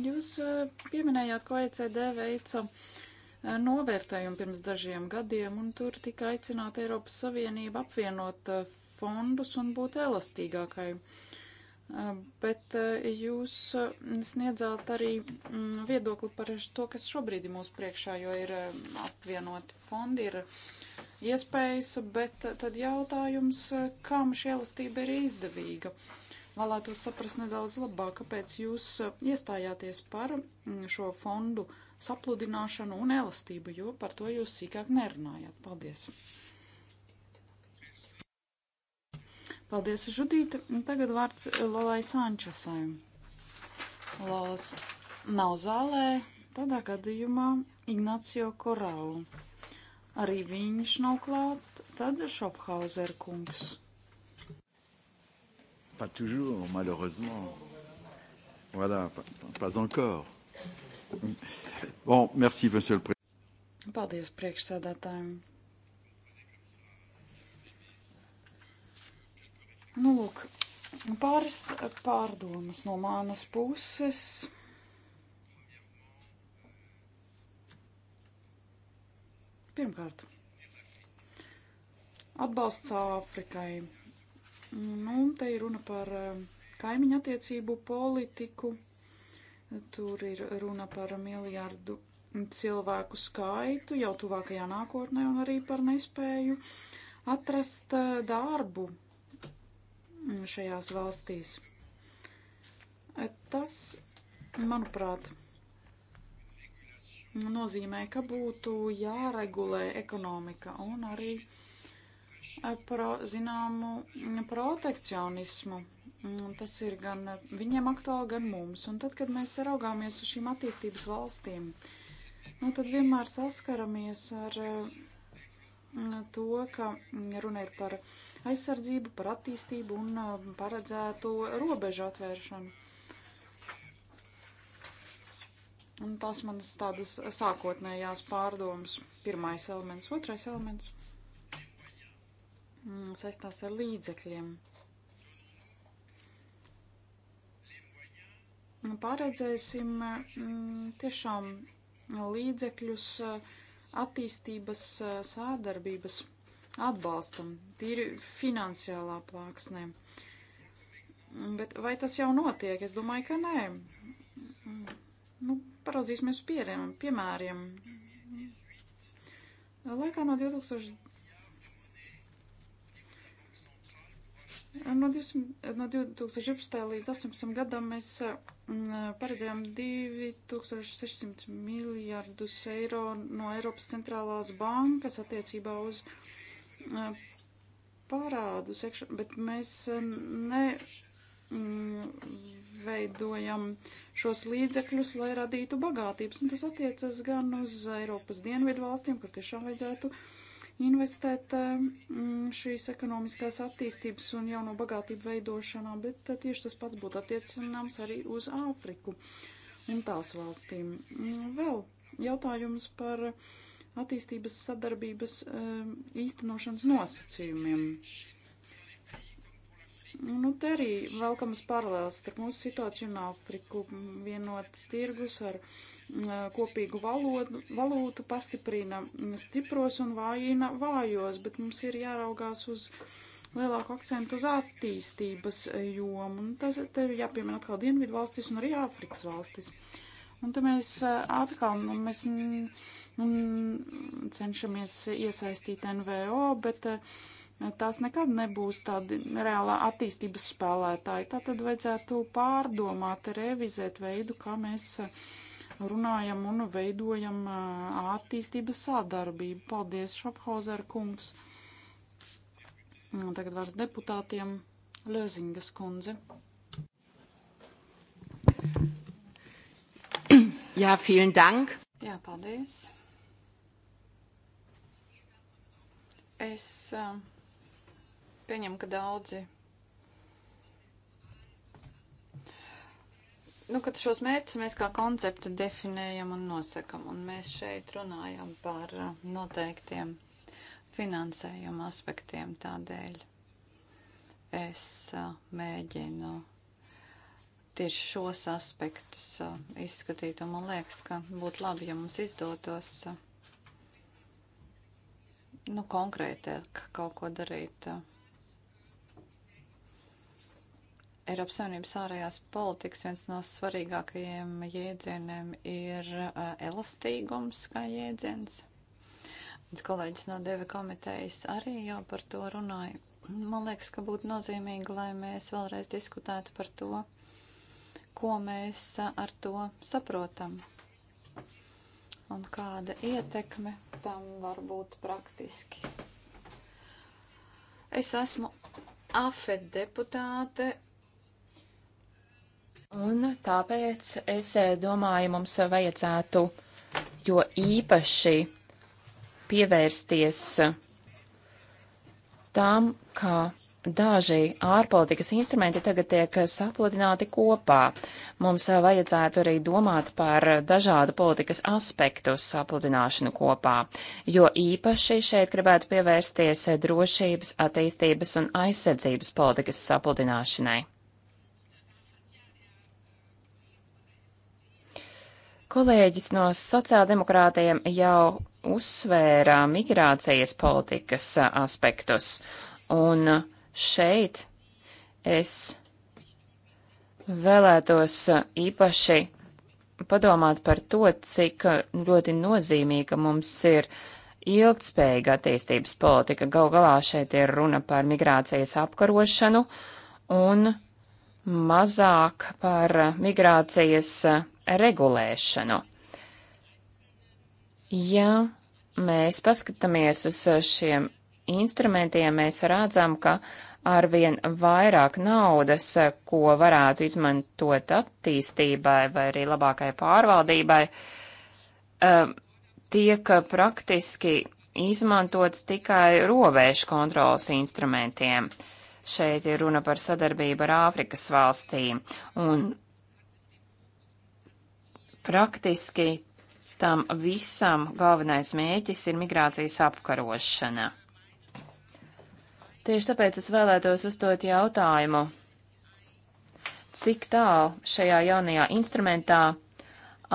jūs pieminējāt, ko ECD veica novērtējumu pirms dažiem gadiem, un tur tika aicināta Eiropas Savienība apvienot fondus un būt elastīgākai. Uh, Eh, bet eh, jūs eh, sniedzāt arī mm, viedokli par to, kas šobrīd ir mūsu priekšā, jo ir apvienoti fondi, ir iespējas, bet tad jautājums, kam šī elastība ir izdevīga? Vēlētos saprast nedaudz labāk, kāpēc jūs iestājāties par mm, šo fondu sapludināšanu un elastību, jo par to jūs sīkāk nerunājāt. Paldies! Paldies, Žudīte. Tagad vārds Lolai Sančosai. Lolas nav zālē, tādā gadījumā Ignacio Korau. Arī viņš nav klāt, tad Šophauser kungs. Pas toujours, malheureusement. Voilà, pas, pas encore. Bon, merci, monsieur le président. Paldies priekšsēdētājiem. Nu, lūk, pāris pārdomas no manas puses. Pirmkārt, atbalsts Āfrikai. Nu, te ir runa par eh, kaimiņu attiecību politiku. Tur ir runa par miljardu cilvēku skaitu jau tuvākajā nākotnē un arī par nespēju atrast eh, darbu šajās valstīs. E, tas, manuprāt, nozīmē, ka būtu jāregulē ekonomika un arī e, pro, zināmu protekcionismu. Tas ir gan viņiem aktuāli, gan mums. Un tad, kad mēs raugāmies uz šīm attīstības valstīm, nu, tad vienmēr saskaramies ar e, to, ka runa ir par uh, aizsardzību, par attīstību un uh, paredzētu robežu atvēršanu. Un tās manas tādas sākotnējās pārdomas. Pirmais elements, otrais elements mm, saistās ar līdzekļiem. Nu, pārredzēsim mm, tiešām līdzekļus uh, attīstības uh, sādarbības atbalstam, tīri finansiālā plāksnē. Bet vai tas jau notiek? Es domāju, ka nē. Nu, paraudzīsimies pieriem, piemēriem. Laikā no 2000. No, 20, no 2014. līdz 18. gadam mēs mm, paredzējām 2600 miljardus eiro no Eiropas centrālās bankas attiecībā uz uh, parādu sekšanu, bet mēs eh, ne mm, veidojam šos līdzekļus, lai radītu bagātības. Un tas attiecas gan uz Eiropas dienvidu valstīm, kur tiešām vajadzētu investēt eh, mm, šīs ekonomiskās attīstības un jauno bagātību veidošanā, bet eh, tieši tas pats būtu attiecināms arī uz Āfriku un tās valstīm. Mm, vēl jautājums par uh, attīstības sadarbības ehm, īstenošanas nosacījumiem. Nu, te arī velkamas paralēles starp mūsu situāciju un Āfriku. Vienotas tirgus ar kopīgu valodu, valūtu pastiprina stipros un vājina vājos, bet mums ir jāraugās uz lielāku akcentu uz attīstības jomu. Un tas te ir jāpiemina atkal Dienvidu valstis un arī Āfrikas valstis. Un te mēs eh, atkal, nu, mēs. Mm, cenšamies iesaistīt NVO, bet eh, tās nekad nebūs tādi reālā attīstības spēlētāji. Tā tad vajadzētu pārdomāt, revizēt veidu, kā mēs eh, runājam un veidojam eh, attīstības sadarbību. Paldies, Šafhauser kungs! Tagad vārds deputātiem Ļozingas kundze. Jā, vielen dank! Jā, paldies! Es um, pieņemu, ka daudzi. Nu, kad šos mērķus mēs kā konceptu definējam un nosakam, un mēs šeit runājam par uh, noteiktiem finansējuma aspektiem tādēļ. Es uh, mēģinu tieši šos aspektus uh, izskatīt, un man liekas, ka būtu labi, ja mums izdotos. A, nu, konkrētāk kaut ko darīt. Uh, Eiropas Savienības ārējās politikas viens no svarīgākajiem jēdzieniem ir uh, elastīgums kā jēdziens. Mans kolēģis no Deve komitejas arī jau par to runāja. Man liekas, ka būtu nozīmīgi, lai mēs vēlreiz diskutētu par to, ko mēs uh, ar to saprotam un kāda ietekme tam var būt praktiski. Es esmu AFED deputāte. Un tāpēc es eh, domāju, mums vajadzētu jo īpaši pievērsties tam, kā daži ārpolitikas instrumenti tagad tiek sapludināti kopā. Mums vajadzētu arī domāt par dažādu politikas aspektu sapludināšanu kopā, jo īpaši šeit gribētu pievērsties drošības, attīstības un aizsardzības politikas sapludināšanai. Kolēģis no sociāldemokrātiem jau uzsvēra migrācijas politikas aspektus, un šeit es vēlētos uh, īpaši padomāt par to, cik uh, ļoti nozīmīga mums ir ilgtspējīga attīstības politika. Gal galā šeit ir runa par migrācijas apkarošanu un mazāk par uh, migrācijas regulēšanu. Ja mēs paskatāmies uz šiem instrumentiem, mēs rādzam, ka uh, arvien vairāk naudas, eh, ko varētu izmantot attīstībai vai arī labākai pārvaldībai, eh, tiek praktiski izmantots tikai robežu kontrolas instrumentiem. Šeit ir runa par sadarbību ar Āfrikas valstīm, un praktiski tam visam galvenais mēķis ir migrācijas apkarošana. Tieši tāpēc es vēlētos uzdot jautājumu, cik tālu šajā jaunajā instrumentā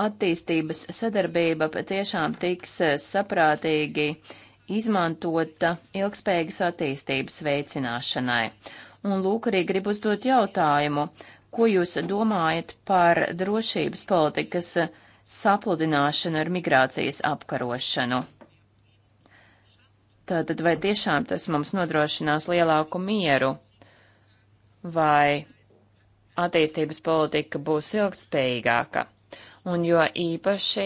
attīstības sadarbība patiešām tiks eh, saprātīgi izmantota ilgspējīgas attīstības veicināšanai. Un lūk, arī gribu uzdot jautājumu, ko jūs domājat par drošības politikas sapludināšanu ar migrācijas apkarošanu? Tātad vai tiešām tas mums nodrošinās lielāku mieru? Vai attīstības politika būs ilgspējīgāka? Un jo īpaši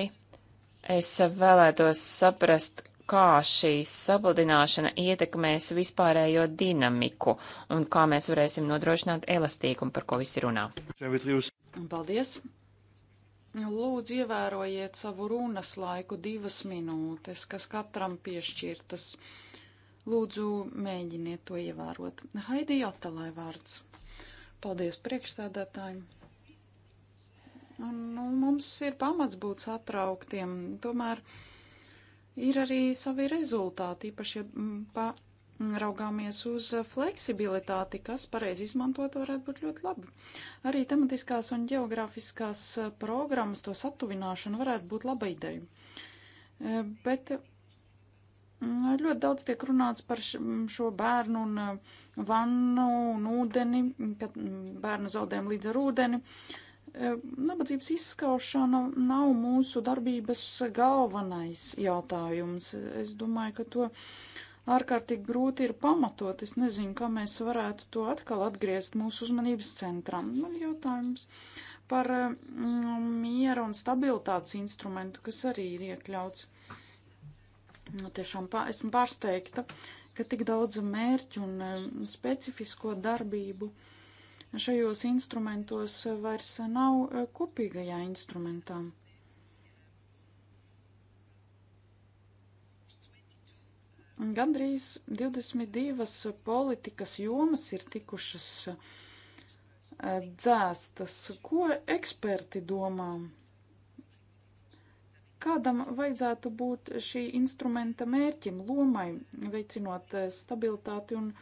es vēlētos saprast, kā šī sapludināšana ietekmēs vispārējo dinamiku un kā mēs varēsim nodrošināt elastīgumu, par ko visi runā. Paldies! Lūdzu, ievērojiet savu runas laiku divas minūtes, kas katram piešķirtas. Lūdzu, mēģiniet to ievērot. Haidi Jotalai vārds. Paldies priekšstādātājiem. Nu, mums ir pamats būt satrauktiem, tomēr ir arī savi rezultāti, īpaši, ja pa, raugāmies uz fleksibilitāti, kas pareizi izmantot varētu būt ļoti labi. Arī tematiskās un geogrāfiskās eh, programmas to satuvināšana varētu būt laba ideja. Eh, bet mm, ļoti daudz tiek runāts par mm, šo bērnu un eh, vannu un ūdeni, kad mm, bērnu zaudējumu līdz ar ūdeni. Nabadzības izskaušana nav mūsu darbības galvenais jautājums. Es domāju, ka to ārkārtīgi grūti ir pamatot. Es nezinu, kā mēs varētu to atkal atgriezt mūsu uzmanības centram. Nu, jautājums par mm, miera un stabilitātes instrumentu, kas arī ir iekļauts. Nu, tiešām pā, esmu pārsteigta, ka tik daudz mērķu un mm, specifisko darbību šajos instrumentos vairs nav eh, kopīgajā instrumentām. Gandrīz 22 politikas jomas ir tikušas eh, dzēstas. Ko eksperti domā? Kādam vajadzētu būt šī instrumenta mērķim, lomai, veicinot eh, stabilitāti un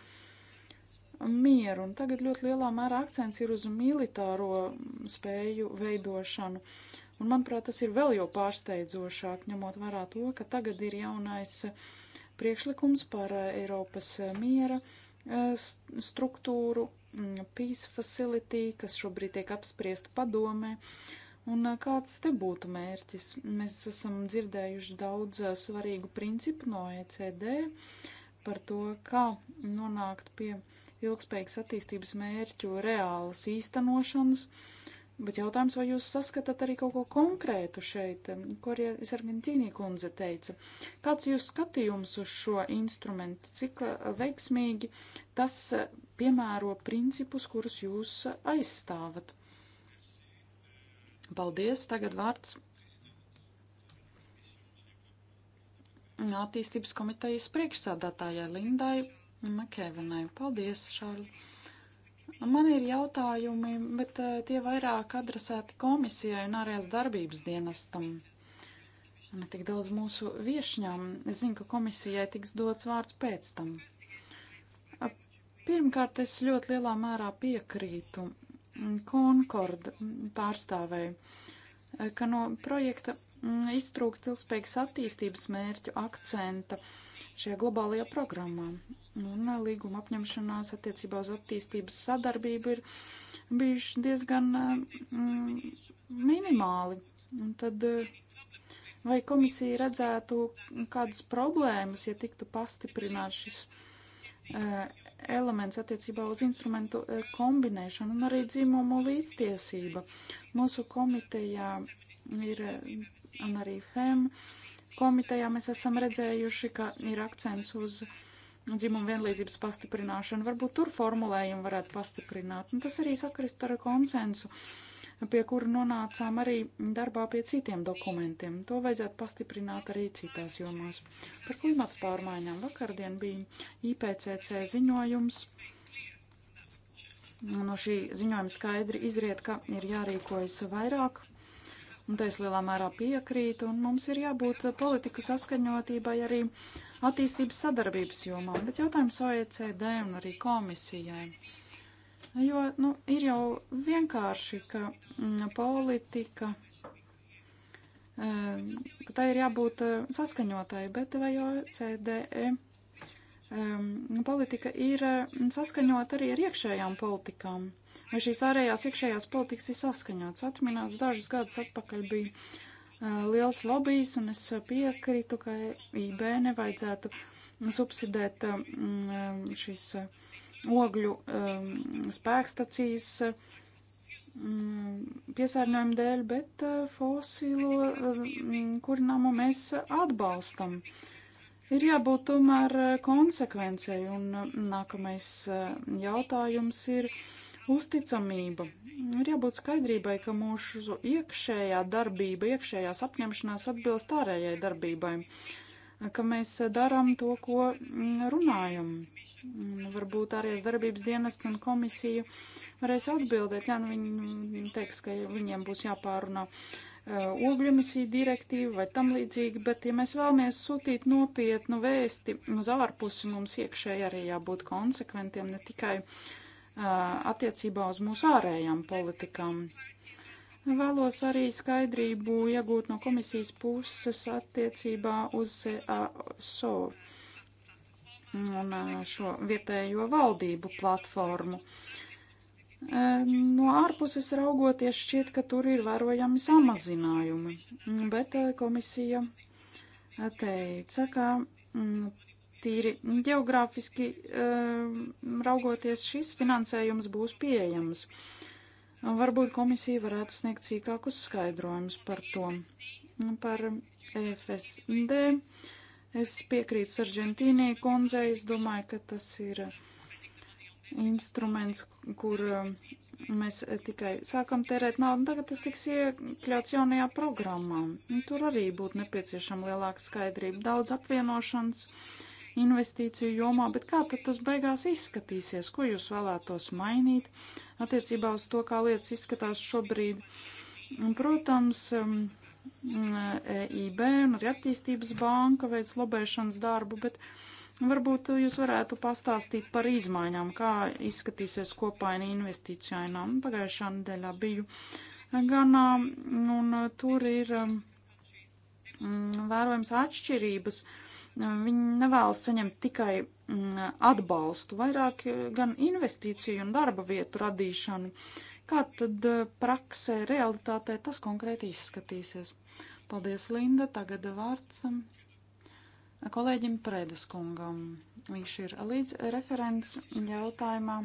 mieru? Un tagad ļoti lielā mērā akcents ir uz militāro spēju veidošanu. Un, manuprāt, tas ir vēl jau pārsteidzošāk, ņemot vērā to, ka tagad ir jaunais priekšlikums par eh, Eiropas eh, miera eh, struktūru, mm, Peace Facility, kas šobrīd tiek apspriesta padomē. Un kāds te būtu mērķis? Mēs esam dzirdējuši daudz svarīgu principu no ECD par to, kā nonākt pie ilgspējīgas attīstības mērķu reālas īstenošanas. Uh, Bet jautājums, vai jūs saskatāt arī kaut ko konkrētu šeit, um, ko arī Sargentīnī kundze teica. Kāds jūs skatījums uz šo instrumentu, cik uh, veiksmīgi tas uh, piemēro principus, kurus jūs uh, aizstāvat? Paldies, tagad vārds attīstības komitejas priekšsādātājai Lindai Makēvenai. Paldies, Šārli! Man ir jautājumi, bet eh, tie vairāk adresēti komisijai un ārējās darbības dienestam. Ne tik daudz mūsu viešņām. Es zinu, ka komisijai tiks dots vārds pēc tam. Pirmkārt, es ļoti lielā mērā piekrītu Concord pārstāvēju, eh, ka no projekta mm, iztrūkst ilgspējīgas attīstības mērķu akcenta. Uh, šajā globālajā programmā. Un eh, līguma apņemšanās attiecībā uz attīstības sadarbību ir bijuši diezgan eh, mm, minimāli. Un tad eh, vai komisija redzētu kādas problēmas, ja tiktu pastiprināts šis elements attiecībā uz instrumentu kombinēšanu un arī dzimumu līdztiesība. Mūsu komitejā ir un arī FEM komitejā mēs esam redzējuši, ka ir akcents uz dzimumu vienlīdzības pastiprināšanu. Varbūt tur formulējumu varētu pastiprināt. Un tas arī sakrist ar konsensu, pie kura nonācām arī darbā pie citiem dokumentiem. To vajadzētu pastiprināt arī citās jomās. Par klimatu pārmaiņām vakardien bija IPCC ziņojums. No šī ziņojuma skaidri izriet, ka ir jārīkojas vairāk Un tā es lielā mērā piekrītu, un mums ir jābūt politiku saskaņotībai arī attīstības sadarbības jomā, bet jautājums OECD un arī komisijai. Jo, nu, ir jau vienkārši, ka mm, politika, eh, ka e, tai ir jābūt eh, saskaņotai, bet vai OECD e um, politika ir mm, saskaņot arī ar iekšējām politikām. Vai šīs ārējās iekšējās politikas ir saskaņotas? Atminās dažus gadus atpakaļ bija uh, liels lobijs, un es piekritu, ka IB nevajadzētu subsidēt um, šīs uh, ogļu um, spēkstacijas um, piesārņojuma dēļ, bet uh, fosilo kurināmo mēs atbalstam. Uh, Ir jābūt tomēr eh, konsekvencei, un mm, nākamais eh, jautājums ir uzticamība. Ir jābūt skaidrībai, ka mūsu iekšējā darbība, iekšējās apņemšanās atbilst ārējai darbībai, ka mēs eh, darām to, ko mm, runājam. Varbūt ārējās darbības dienests un komisija varēs atbildēt, ja nu viņi mm, teiks, ka viņiem būs jāpārunā. Uh, ogļumisiju uh, direktīvu vai tam līdzīgi, bet ja mēs vēlamies sūtīt nopietnu vēsti uz ārpusi, mums iekšēji arī jābūt konsekventiem, ne tikai uh, attiecībā uz mūsu ārējām politikām. Vēlos arī skaidrību iegūt no komisijas puses attiecībā uz uh, SO un šo vietējo valdību platformu. Uh, No ārpuses raugoties šķiet, ka tur ir vērojami samazinājumi, mm, bet eh, komisija eh, teica, ka mm, tīri geogrāfiski raugoties šis finansējums būs pieejams. Varbūt komisija varētu sniegt cīkākus skaidrojumus par to. Par FSD es piekrītu Saržantīnī kundzei, es domāju, ka tas ir instruments, kur um, mēs tikai sākam tērēt naudu, un tagad tas tiks iekļauts jaunajā programmā. Tur arī būtu nepieciešama lielāka skaidrība, daudz apvienošanas investīciju jomā, bet kā tad tas beigās izskatīsies, ko jūs vēlētos mainīt attiecībā uz to, kā lietas izskatās šobrīd. Un, protams, um, mm, EIB un arī attīstības banka veids lobēšanas darbu, bet Varbūt jūs varētu pastāstīt par izmaiņām, kā izskatīsies kopaina investīcijā. Pagājušā nedēļā biju Ganā, un tur ir um, vērojams atšķirības. Viņi nevēlas saņemt tikai mm, atbalstu, vairāk gan investīciju un darba vietu radīšanu. Kā tad uh, praksē, realitātē tas konkrēti izskatīsies? Paldies, Linda. Tagad vārds um, kolēģim Prēdas kungam. Viņš ir līdz referents jautājumā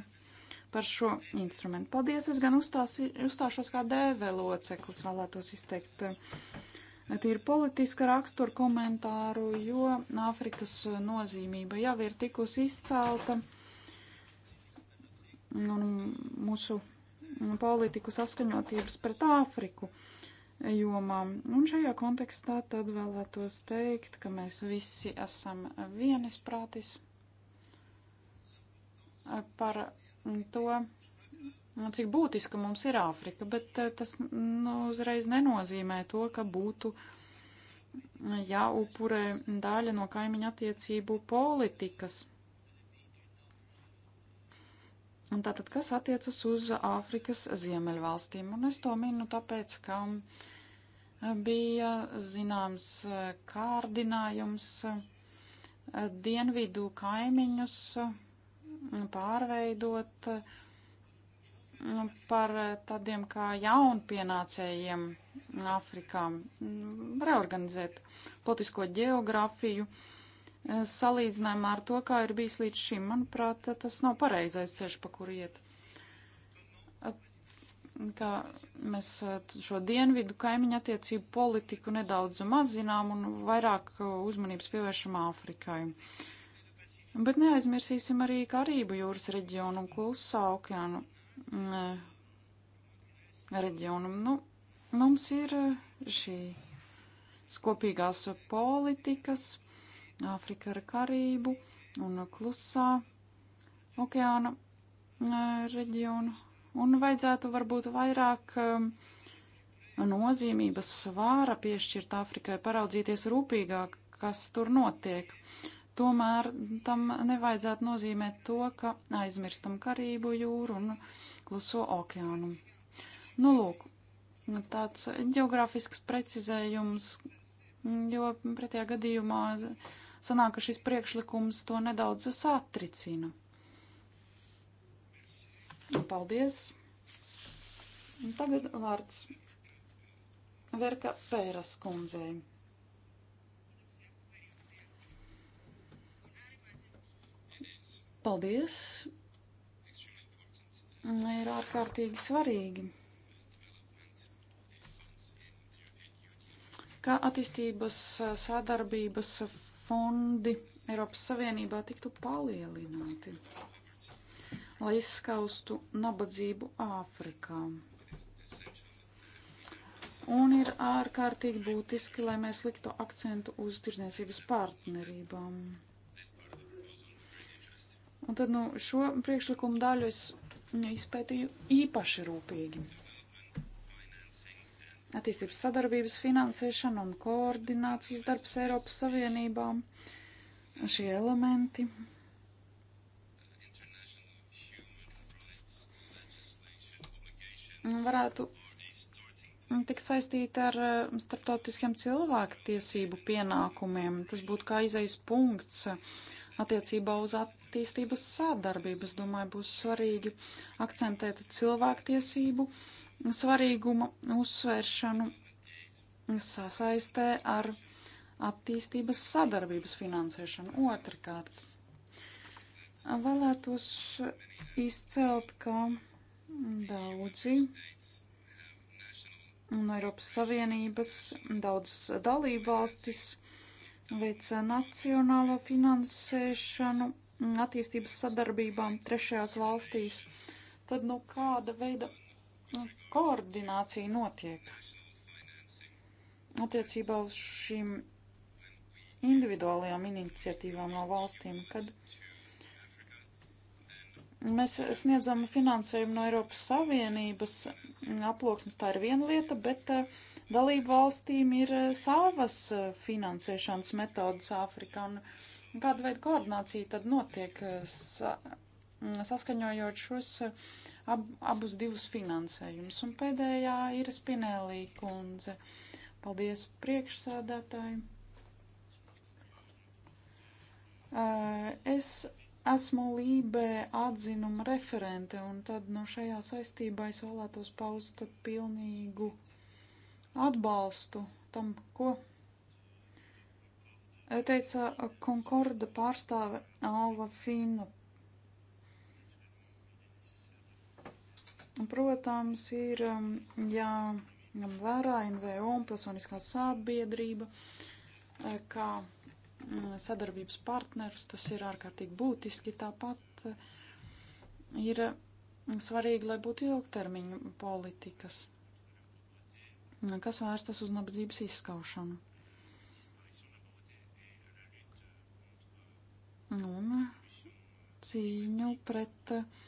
par šo instrumentu. Paldies, es gan uzstāsi, uzstāšos kā dēvē loceklis, vēlētos izteikt eh, tīri politiska rakstura komentāru, jo Āfrikas nozīmība jau ir tikusi izcelta un mūsu politiku saskaņotības pret Āfriku. Uh, jomām. Un šajā kontekstā tad vēlētos teikt, ka mēs visi esam vienisprātis par to, cik būtiska mums ir Āfrika, bet eh, tas nu, uzreiz nenozīmē to, ka būtu jāupurē daļa no kaimiņa attiecību politikas Un tātad, kas attiecas uz Āfrikas ziemeļvalstīm? Un es to minu tāpēc, ka bija zināms kārdinājums dienvidu kaimiņus pārveidot par tādiem kā jaunpienācējiem Āfrikā, reorganizēt politisko geogrāfiju, uh, Eh, salīdzinājumā ar to, kā ir bijis līdz šim. Manuprāt, eh, tas nav pareizais ceļš, pa kuru iet. Eh, kā mēs šo dienvidu kaimiņu attiecību politiku nedaudz mazinām un vairāk uzmanības pievēršam Āfrikai. Bet neaizmirsīsim arī Karību jūras reģionu un klusā okeānu mm, reģionu. Nu, mums ir šī skopīgās politikas, Āfrika ar Karību un Klusā okeāna e, reģionu. Un vajadzētu varbūt vairāk e, nozīmības svāra piešķirt Āfrikai, paraudzīties rūpīgāk, kas tur notiek. Tomēr tam nevajadzētu nozīmēt to, ka aizmirstam Karību jūru un Kluso okeānu. Nu, lūk, tāds geogrāfisks precizējums, jo pretējā gadījumā sanāk, ka šis priekšlikums to nedaudz satricina. Nu, paldies! Un tagad vārds Verka Pēras kundzei. Paldies! Ir ārkārtīgi svarīgi, ka attīstības sadarbības fondi Eiropas Savienībā tiktu palielināti, lai izskaustu nabadzību Āfrikā. Un ir ārkārtīgi būtiski, lai mēs liktu akcentu uz tirdzniecības partnerībām. Un tad nu, šo priekšlikumu daļu es izpētīju īpaši rūpīgi attīstības sadarbības finansēšana un koordinācijas darbs Eiropas Savienībām. Šie elementi. Varētu tik saistīti ar eh, starptautiskiem cilvēktiesību pienākumiem. Tas būtu kā izejas punkts attiecībā uz attīstības sādarbību. Es domāju, būs svarīgi akcentēt cilvēktiesību tiesību svarīguma uzsvēršanu sasaistē ar attīstības sadarbības finansēšanu. Otrakārt, vēlētos izcelt, ka daudzi un Eiropas Savienības daudzas dalībvalstis veic nacionālo finansēšanu attīstības sadarbībām trešajās valstīs. Tad nu kāda veida koordinācija notiek attiecībā uz šīm individuālajām iniciatīvām no valstīm, kad mēs sniedzam finansējumu no Eiropas Savienības aploksnes, tā ir viena lieta, bet eh, dalību valstīm ir eh, savas eh, finansēšanas metodas Āfrikā, un kāda veida koordinācija tad notiek Mm, saskaņojot šos eh, ab, abus divus finansējumus. Un pēdējā ir Spinelī kundze. Paldies priekšsādātāji. Eh, es esmu Lībē atzinuma referente, un tad no šajā saistībā es vēlētos paust pilnīgu atbalstu tam, ko teica Konkorda pārstāve Alva Finu Protams, ir um, jāņem vērā NVO un pilsoniskā sabiedrība, eh, kā mm, sadarbības partnerus. Tas ir ārkārtīgi būtiski. Tāpat eh, ir mm, svarīgi, lai būtu ilgtermiņa politikas, mm, kas vērstas uz nabadzības izskaušanu. Un cīņu pret uh,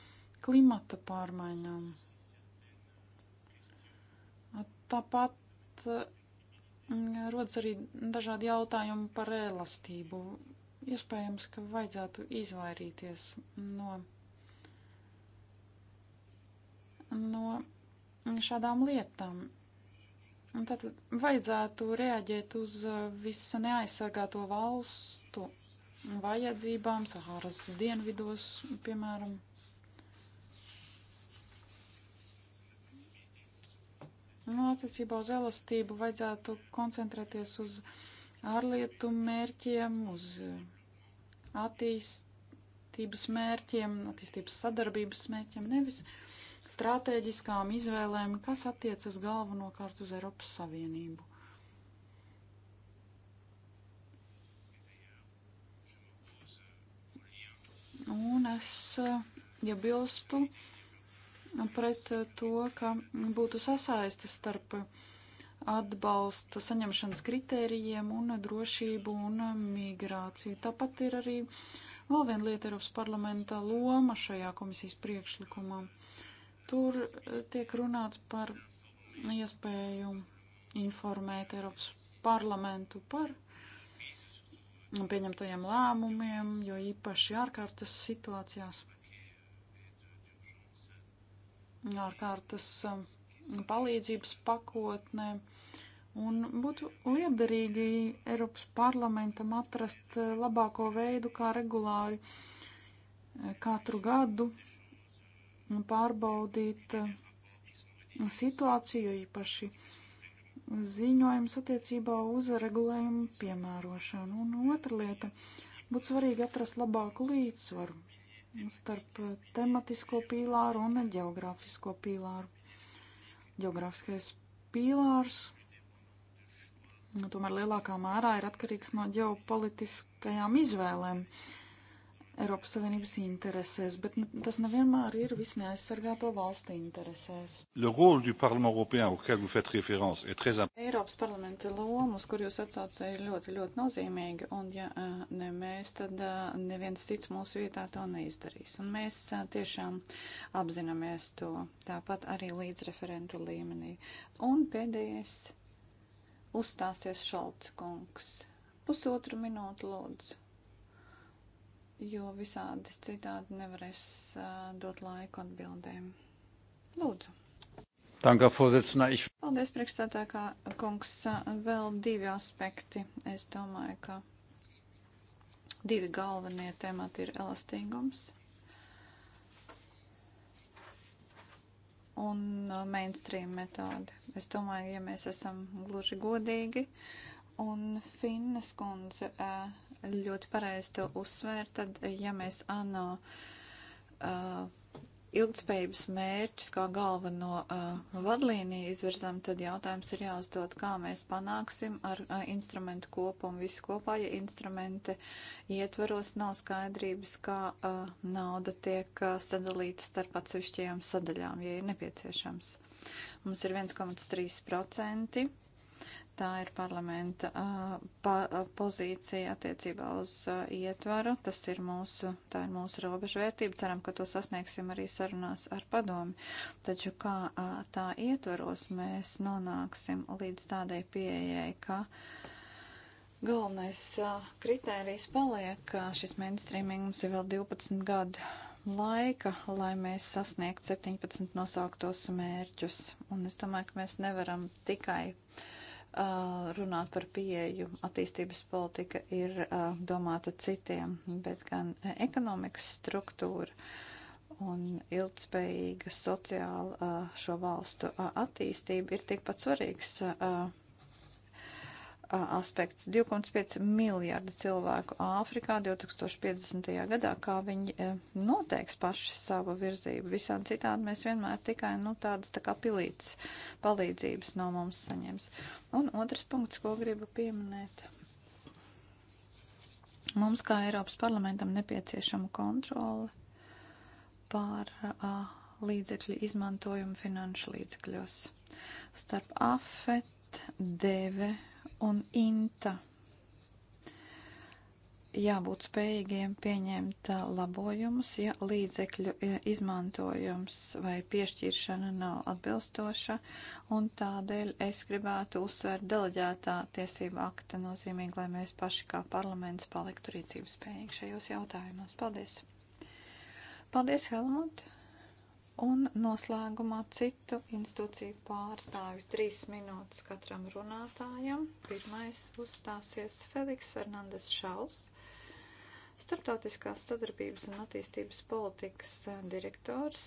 klimata pārmaiņām. Tāpat mm, rodas arī dažādi jautājumi par elastību. Iespējams, ka vajadzētu izvairīties no, no šādām lietām. Tad vajadzētu reaģēt uz visu neaizsargāto valstu vajadzībām, Saharas dienvidos, piemēram. Nu, attiecībā uz elastību vajadzētu koncentrēties uz ārlietu mērķiem, uz eh, attīstības mērķiem, attīstības sadarbības mērķiem, nevis stratēģiskām izvēlēm, kas attiecas galvenokārt uz Eiropas Savienību. Un es eh, iebilstu. Ja pret eh, to, ka būtu sasaistas starp eh, atbalsta saņemšanas kritērijiem un drošību un migrāciju. Tāpat ir arī vēl viena lieta Eiropas parlamenta loma šajā komisijas priekšlikumā. Tur eh, tiek runāts par iespēju informēt Eiropas parlamentu par pieņemtajiem lēmumiem, jo īpaši ārkārtas situācijās ārkārtas um, palīdzības pakotnē. Un būtu liederīgi Eiropas parlamentam atrast uh, labāko veidu, kā regulāri uh, katru gadu pārbaudīt uh, situāciju, īpaši ziņojums attiecībā uz regulējumu piemērošanu. Un otra lieta - būtu svarīgi atrast labāku līdzsvaru starp eh, tematisko pīlāru un geogrāfisko pīlāru. Geogrāfiskais pīlārs nu, tomēr lielākā mērā ir atkarīgs no ģeopolitiskajām izvēlēm. Uh, Eiropas Savienības interesēs, bet tas nevienmēr ir visu neaizsargāto valstu interesēs. Très... Eiropas parlamenta loma, uz kur jūs atsaucē, ir ļoti, ļoti nozīmīga, un ja ne mēs, tad neviens cits mūsu vietā to neizdarīs. Un mēs tiešām apzināmies to, tāpat arī līdzreferentu līmenī. Un pēdējais uzstāsies Šolts kungs. Pusotru minūtu lūdzu jo visādi citādi nevarēs uh, dot laiku atbildēm. Lūdzu. Tanka, Paldies, priekšstādātā, kā kungs. Vēl divi aspekti. Es domāju, ka divi galvenie temati ir elastīgums un mainstream metode. Es domāju, ja mēs esam gluži godīgi, un Finnas kundze. Uh, ļoti pareizi to uzsvērt, tad, ja mēs ANO uh, ilgspējības mērķus kā galveno uh, vadlīniju izvirzam, tad jautājums ir jāuzdod, kā mēs panāksim ar uh, instrumentu kopumu visu kopā, ja instrumenti ietveros nav skaidrības, kā uh, nauda tiek uh, sadalīta starp atsevišķajām sadaļām, ja ir nepieciešams. Mums ir 1,3% Tā ir parlamenta pa, pozīcija attiecībā uz ietvaru. Tas ir mūsu, tā ir mūsu robežvērtība. Ceram, ka to sasniegsim arī sarunās ar padomi. Taču kā tā ietvaros mēs nonāksim līdz tādai pieejai, ka galvenais kritērijs paliek šis mainstreaming mums ir vēl 12 gadu laika, lai mēs sasniegtu 17 nosauktos mērķus. Un es domāju, ka mēs nevaram tikai runāt par pieeju. Attīstības politika ir domāta citiem, bet gan ekonomikas struktūra un ilgspējīga sociāla šo valstu attīstība ir tikpat svarīgs. Uh, aspekts. 2,5 miljārdi cilvēku Āfrikā 2050. gadā, kā viņi e, noteiks paši savu virzību. Visādi citādi mēs vienmēr tikai nu, tādas tā kā pilītas palīdzības no mums saņems. Un otrs punkts, ko gribu pieminēt. Mums kā Eiropas parlamentam nepieciešama kontrole pār uh, līdzekļu izmantojumu finanšu līdzekļos starp AFET, DEVE un Inta jābūt spējīgiem pieņemt labojumus, ja līdzekļu izmantojums vai piešķiršana nav atbilstoša, un tādēļ es gribētu uzsvērt deleģētā tiesība akta nozīmīgi, lai mēs paši kā parlaments paliktu rīcības spējīgi šajos jautājumos. Paldies! Paldies, Helmut! Un noslēgumā citu institūciju pārstāvju trīs minūtes katram runātājam. Pirmais uzstāsies Feliks Fernandes Šaus, Startautiskās sadarbības un attīstības politikas direktors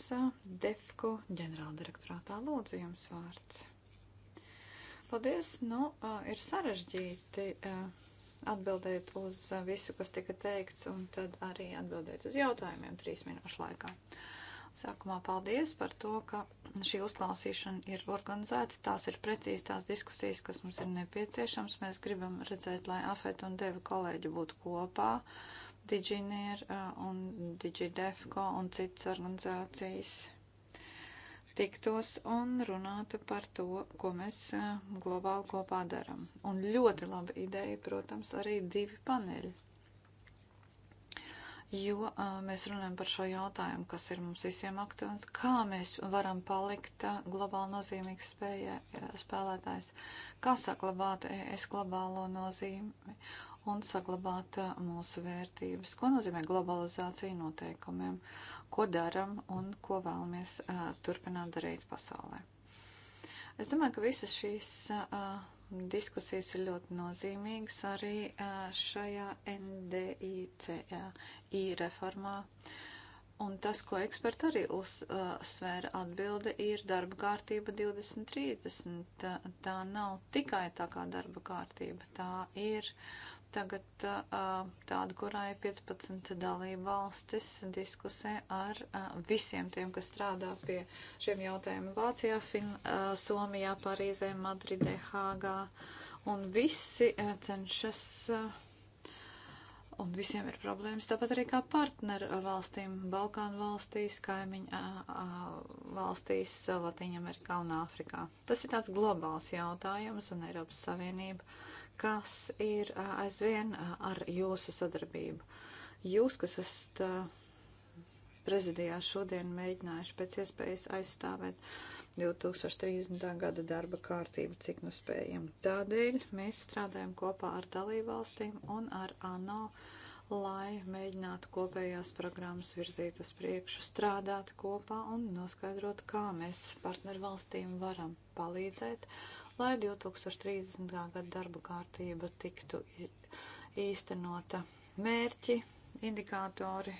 DEFCO ģenerāldirektorātā. Lūdzu, jums vārds. Paldies, nu, ir sarežģīti atbildēt uz visu, kas tika teikts, un tad arī atbildēt uz jautājumiem trīs minūšu laikā. Uh, Sākumā paldies par to, ka šī uzklausīšana ir organizēta. Tās ir precīzi tās diskusijas, kas mums ir nepieciešams. Mēs gribam redzēt, lai Afet un Deva kolēģi būtu kopā, Diginier uh, un Digidefko un citas organizācijas tiktos un runātu par to, ko mēs uh, globāli kopā daram. Un ļoti laba ideja, protams, arī divi paneļi jo uh, mēs runājam par šo jautājumu, kas ir mums visiem aktuāls, kā mēs varam palikt uh, globāli nozīmīgs spēja, spēlētājs, kā saglabāt es globālo nozīmi un saglabāt uh, mūsu vērtības, ko nozīmē globalizācija noteikumiem, ko daram un ko vēlamies uh, turpināt darīt pasaulē. Es domāju, ka visas šīs uh, Diskusijas ir ļoti nozīmīgas arī šajā NDICI reformā. Un tas, ko eksperti arī uzsvēra atbilde, ir darba kārtība 2030. Tā nav tikai tā kā darba kārtība, tā ir uh, tagad tāda, kurā ir 15 dalība valstis diskusē ar visiem tiem, kas strādā pie šiem jautājumiem Vācijā, fin, Somijā, Parīzē, Madridē, Hāgā. Un visi cenšas, un visiem ir problēmas, tāpat arī kā partneru valstīm, Balkānu valstīs, kaimiņu valstīs, Latīņamerikā un Āfrikā. Tas ir tāds globāls jautājums, un Eiropas Savienība kas ir aizvien ar jūsu sadarbību. Jūs, kas esat prezidijā šodien mēģinājuši pēc iespējas aizstāvēt 2030. gada darba kārtību, cik nu spējam. Tādēļ mēs strādājam kopā ar dalībvalstīm un ar ANO, lai mēģinātu kopējās programmas virzīt uz priekšu, strādāt kopā un noskaidrot, kā mēs partnervalstīm varam palīdzēt. Uh, lai 2030. gada darba kārtība tiktu īstenota mērķi, indikātori,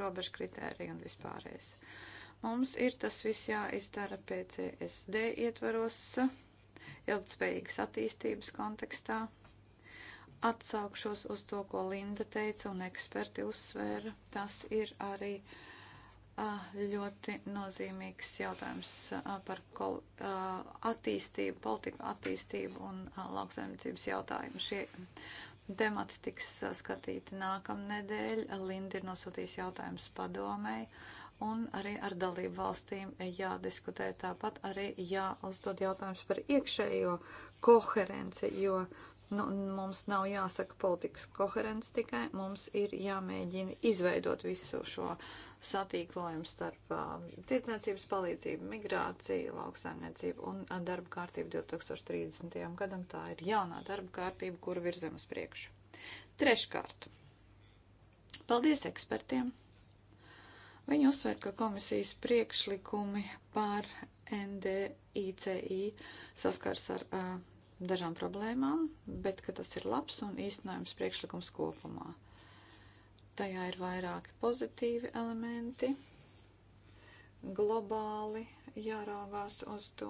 robežu kritērija un vispārējais. Mums ir tas viss jāizdara PCSD ietvaros, ilgtspējīgas attīstības kontekstā. Atsaukšos uz to, ko Linda teica un eksperti uzsvēra. Tas ir arī uh, Ah, ļoti nozīmīgs jautājums ah, par kol, ah, attīstību, politiku attīstību un lauksaimniecības jautājumu. Šie temati tiks skatīti nākamnedēļ. Linda ir nosūtījis jautājumus padomēji un arī ar dalību valstīm jādiskutē. Tāpat arī jāuzdod jautājums par iekšējo koherenci, jo Nu, mums nav jāsaka politikas koherents tikai, mums ir jāmēģina izveidot visu šo satīklojumu starp uh, tirdzniecības palīdzību, migrāciju, lauksaimniecību un uh, darba kārtību 2030. gadam. Tā ir jaunā darba kārtība, kuru virzam uz priekšu. Treškārt. Paldies ekspertiem! Viņi uzsver, ka komisijas priekšlikumi par NDICI saskars ar uh, dažām problēmām, bet ka tas ir labs un īstenojams priekšlikums kopumā. Tajā ir vairāki pozitīvi elementi, globāli jāraugās uz to,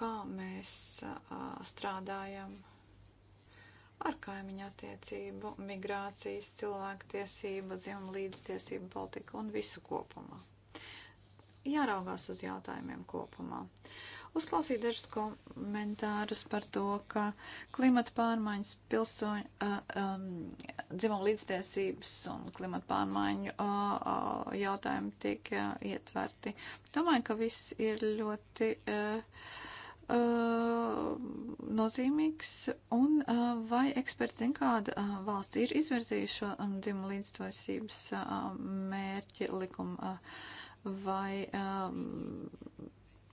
kā mēs a, strādājam ar kaimiņu attiecību, migrācijas, cilvēktiesību, dzimumu līdztiesību politiku un visu kopumā. Jāraugās uz jautājumiem kopumā. Uzklausīju dažus komentārus par to, ka klimata pārmaiņas, pilsoņu, uh, um, dzimumu līdztiesības un klimata pārmaiņu uh, uh, jautājumi tiek uh, ietverti. Domāju, ka viss ir ļoti. Uh, Uh, nozīmīgs, un uh, vai eksperts zina, kāda uh, valsts ir izvirzījuši šo um, dzimumu līdztiesības mērķi likuma, vai um,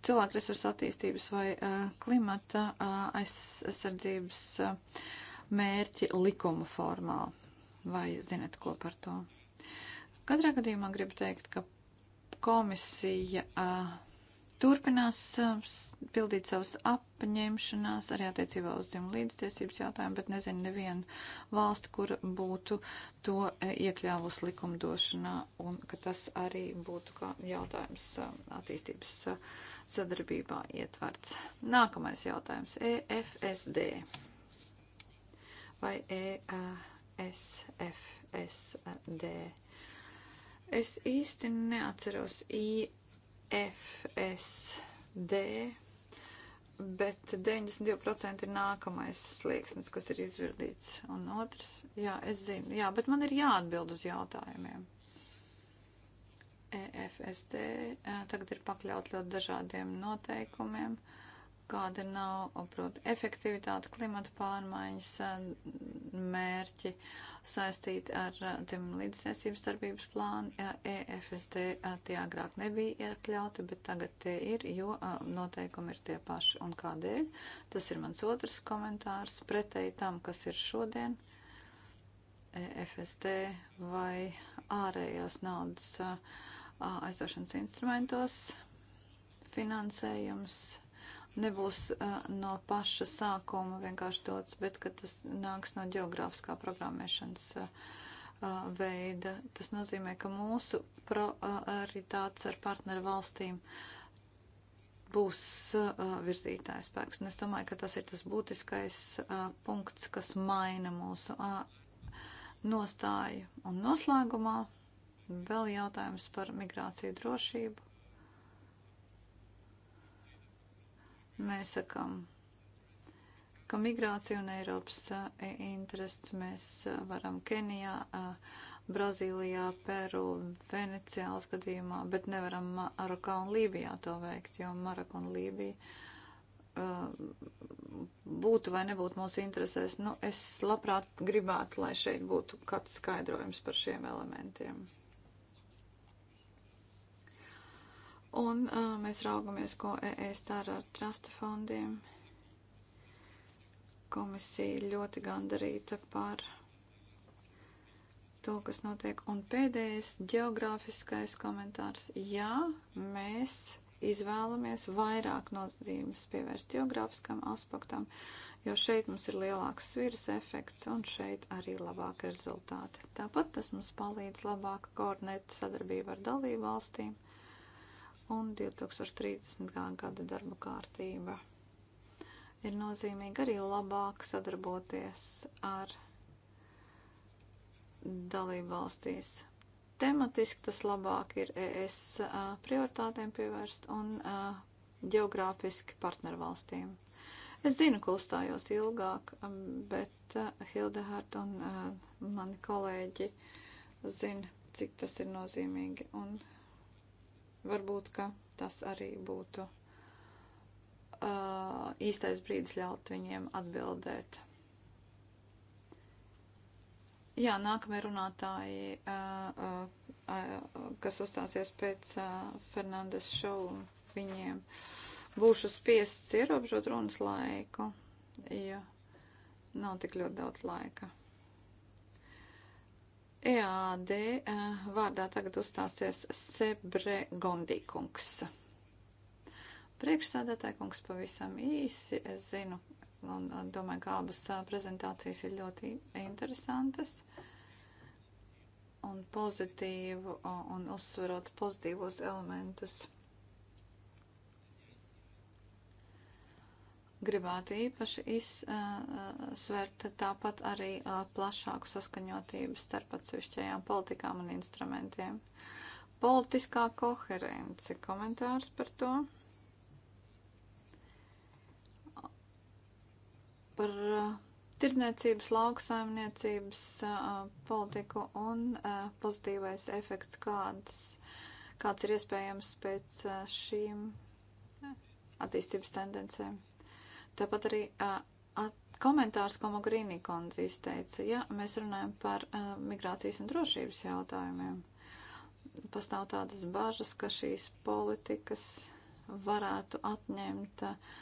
cilvēku resursu attīstības vai eh, klimata eh, aizsardzības eh, mērķi likuma formā. Vai zinat ko par to? Katrā gadījumā gribu teikt, ka komisija uh, turpinās uh, pildīt savas apņemšanās arī attiecībā uz dzimumu līdztiesības jautājumu, bet nezinu nevienu valstu, kur būtu to e, iekļāvus likumdošanā un ka tas arī būtu kā jautājums uh, attīstības uh, sadarbībā ietverts. Nākamais jautājums e - EFSD vai ESFSD. Es īsti neatceros I FSD, bet 92% ir nākamais slieksnis, kas ir izvirdīts. Un otrs, jā, es zinu, jā, bet man ir jāatbild uz jautājumiem. EFSD eh, tagad ir pakļaut ļoti dažādiem noteikumiem. Uh, kāda nav, proti, efektivitāte, klimata pārmaiņas, mērķi saistīti ar dzimumu līdztiesības darbības plānu. EFSD tie agrāk nebija iekļauti, bet tagad tie ir, jo noteikumi ir tie paši. Un kādēļ? Tas ir mans otrs komentārs pretēji tam, kas ir šodien. EFSD vai ārējās naudas aizdošanas instrumentos finansējums nebūs no paša sākuma vienkārši dots, bet ka tas nāks no geogrāfiskā programmēšanas veida. Tas nozīmē, ka mūsu prioritātes ar partneru valstīm būs virzītājs spēks. Un es domāju, ka tas ir tas būtiskais punkts, kas maina mūsu nostāju. Un noslēgumā vēl jautājums par migrāciju drošību Mēs sakām, ka migrācija un Eiropas e, intereses mēs e, varam Kenijā, e, Brazīlijā, Peru, Veneciālas gadījumā, bet nevaram Marokā un Lībijā to veikt, jo Marokā un Lībija būtu vai nebūtu mūsu interesēs. Nu, es labprāt gribētu, lai šeit būtu kāds skaidrojums par šiem elementiem. Un uh, mēs raugamies, ko ES e dara ar trusta fondiem. Komisija ļoti gandarīta par to, kas notiek. Un pēdējais geogrāfiskais komentārs. Jā, mēs izvēlamies vairāk nozīmes pievērst geogrāfiskam aspektam, jo šeit mums ir lielāks sviras efekts un šeit arī labāki rezultāti. Tāpat tas mums palīdz labāk koordinēt sadarbību ar dalību valstīm un 2030. gada darba kārtība. Ir nozīmīgi arī labāk sadarboties ar dalību valstīs. Tematiski tas labāk ir ES prioritātēm pievērst un geogrāfiski partnervalstīm. Es zinu, ka uzstājos ilgāk, bet Hildehārta un mani kolēģi zina, cik tas ir nozīmīgi. Un Varbūt, ka tas arī būtu uh, īstais brīdis ļaut viņiem atbildēt. Jā, nākamie runātāji, uh, uh, uh, kas uzstāsies pēc uh, Fernandes šovu, viņiem būšu spiests ierobežot runas laiku, jo nav tik ļoti daudz laika. EAD eh, vārdā tagad uzstāsies Sebre Gondīkungs. Priekšsādātāja kungs pavisam īsi, es zinu, un domāju, ka abas eh, prezentācijas ir ļoti interesantas un pozitīvu eh, un uzsverot pozitīvos elementus. gribētu īpaši izsvērt tāpat arī plašāku saskaņotību starp atsevišķajām politikām un instrumentiem. Politiskā koherence komentārs par to. Par tirdzniecības, lauksaimniecības politiku un pozitīvais efekts, kādas, kāds ir iespējams pēc šīm attīstības tendencēm. Tāpat arī komentārs, ko Mogherini kundze izteica, ja mēs runājam par uh, migrācijas un drošības jautājumiem, pastāv tādas bažas, ka šīs politikas varētu atņemt uh,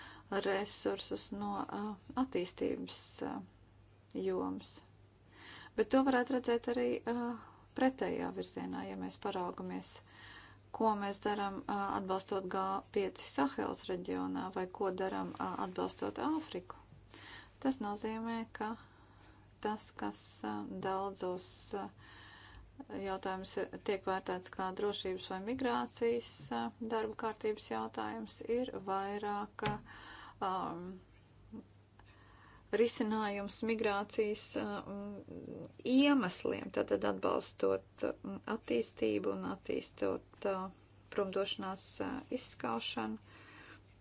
resursus no uh, attīstības uh, jomas. Bet to varētu redzēt arī uh, pretējā virzienā, ja mēs paraugamies ko mēs darām atbalstot G5 Sahels reģionā vai ko darām atbalstot Āfriku. Tas nozīmē, ka tas, kas daudzos jautājumus tiek vērtēts kā drošības vai migrācijas darba kārtības jautājums, ir vairāk um, risinājums migrācijas uh, iemesliem, tātad atbalstot attīstību un attīstot uh, promdošanās uh, izskaušanu.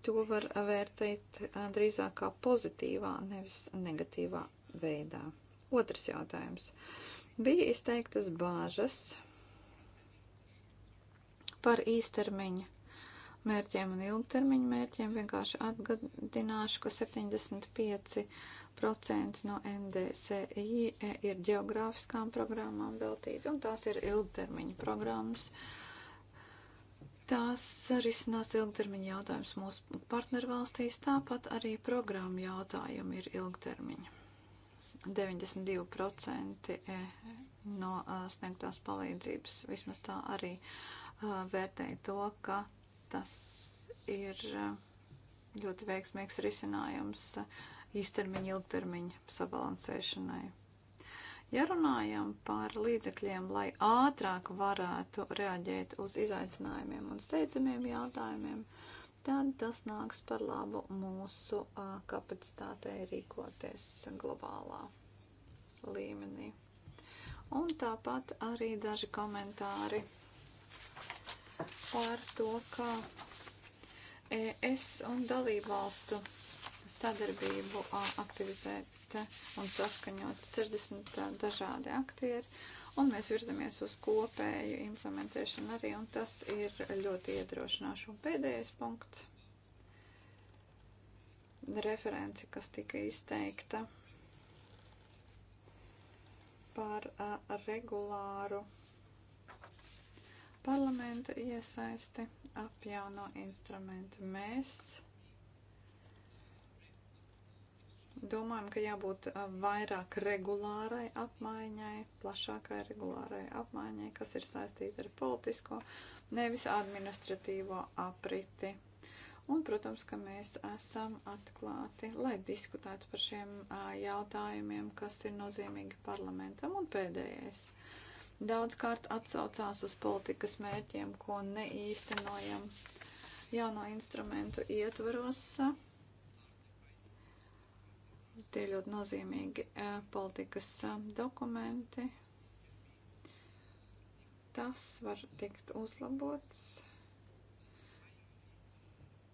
To var vērtēt drīzāk kā pozitīvā, nevis negatīvā veidā. Otrs jautājums. Bija izteiktas bāžas par īstermiņa mērķiem un ilgtermiņa mērķiem. Vienkārši atgādināšu, ka 75 10% no NDCI ir geogrāfiskām programmām veltīti, un tās ir ilgtermiņa programmas. Tās risinās ilgtermiņa jautājums mūsu partnervalstīs, tāpat arī programmu jautājumi ir ilgtermiņa. 92% e, no e, sniegtās palīdzības, vismaz tā arī e, vērtēja to, ka tas ir ļoti veiksmīgs risinājums. Uh, īstermiņa ilgtermiņa sabalansēšanai. Ja runājam par līdzekļiem, lai ātrāk varētu reaģēt uz izaicinājumiem un steidzamiem jautājumiem, tad tas nāks par labu mūsu kapacitātei rīkoties globālā līmenī. Un tāpat arī daži komentāri par to, kā ES un dalībvalstu sadarbību aktivizēt un saskaņot 60 dažādi aktieri, un mēs virzamies uz kopēju implementēšanu arī, un tas ir ļoti iedrošināšu. Un pēdējais punkts - referenci, kas tika izteikta par regulāru parlamenta iesaisti apjauno instrumentu. Mēs Domājam, ka jābūt vairāk regulārai apmaiņai, plašākai regulārai apmaiņai, kas ir saistīta ar politisko, nevis administratīvo apriti. Un, protams, ka mēs esam atklāti, lai diskutētu par šiem jautājumiem, kas ir nozīmīgi parlamentam un pēdējais daudzkārt atsaucās uz politikas mērķiem, ko neīstenojam jauno instrumentu ietvaros. Tie ir ļoti nozīmīgi e, politikas e, dokumenti. Tas var tikt uzlabots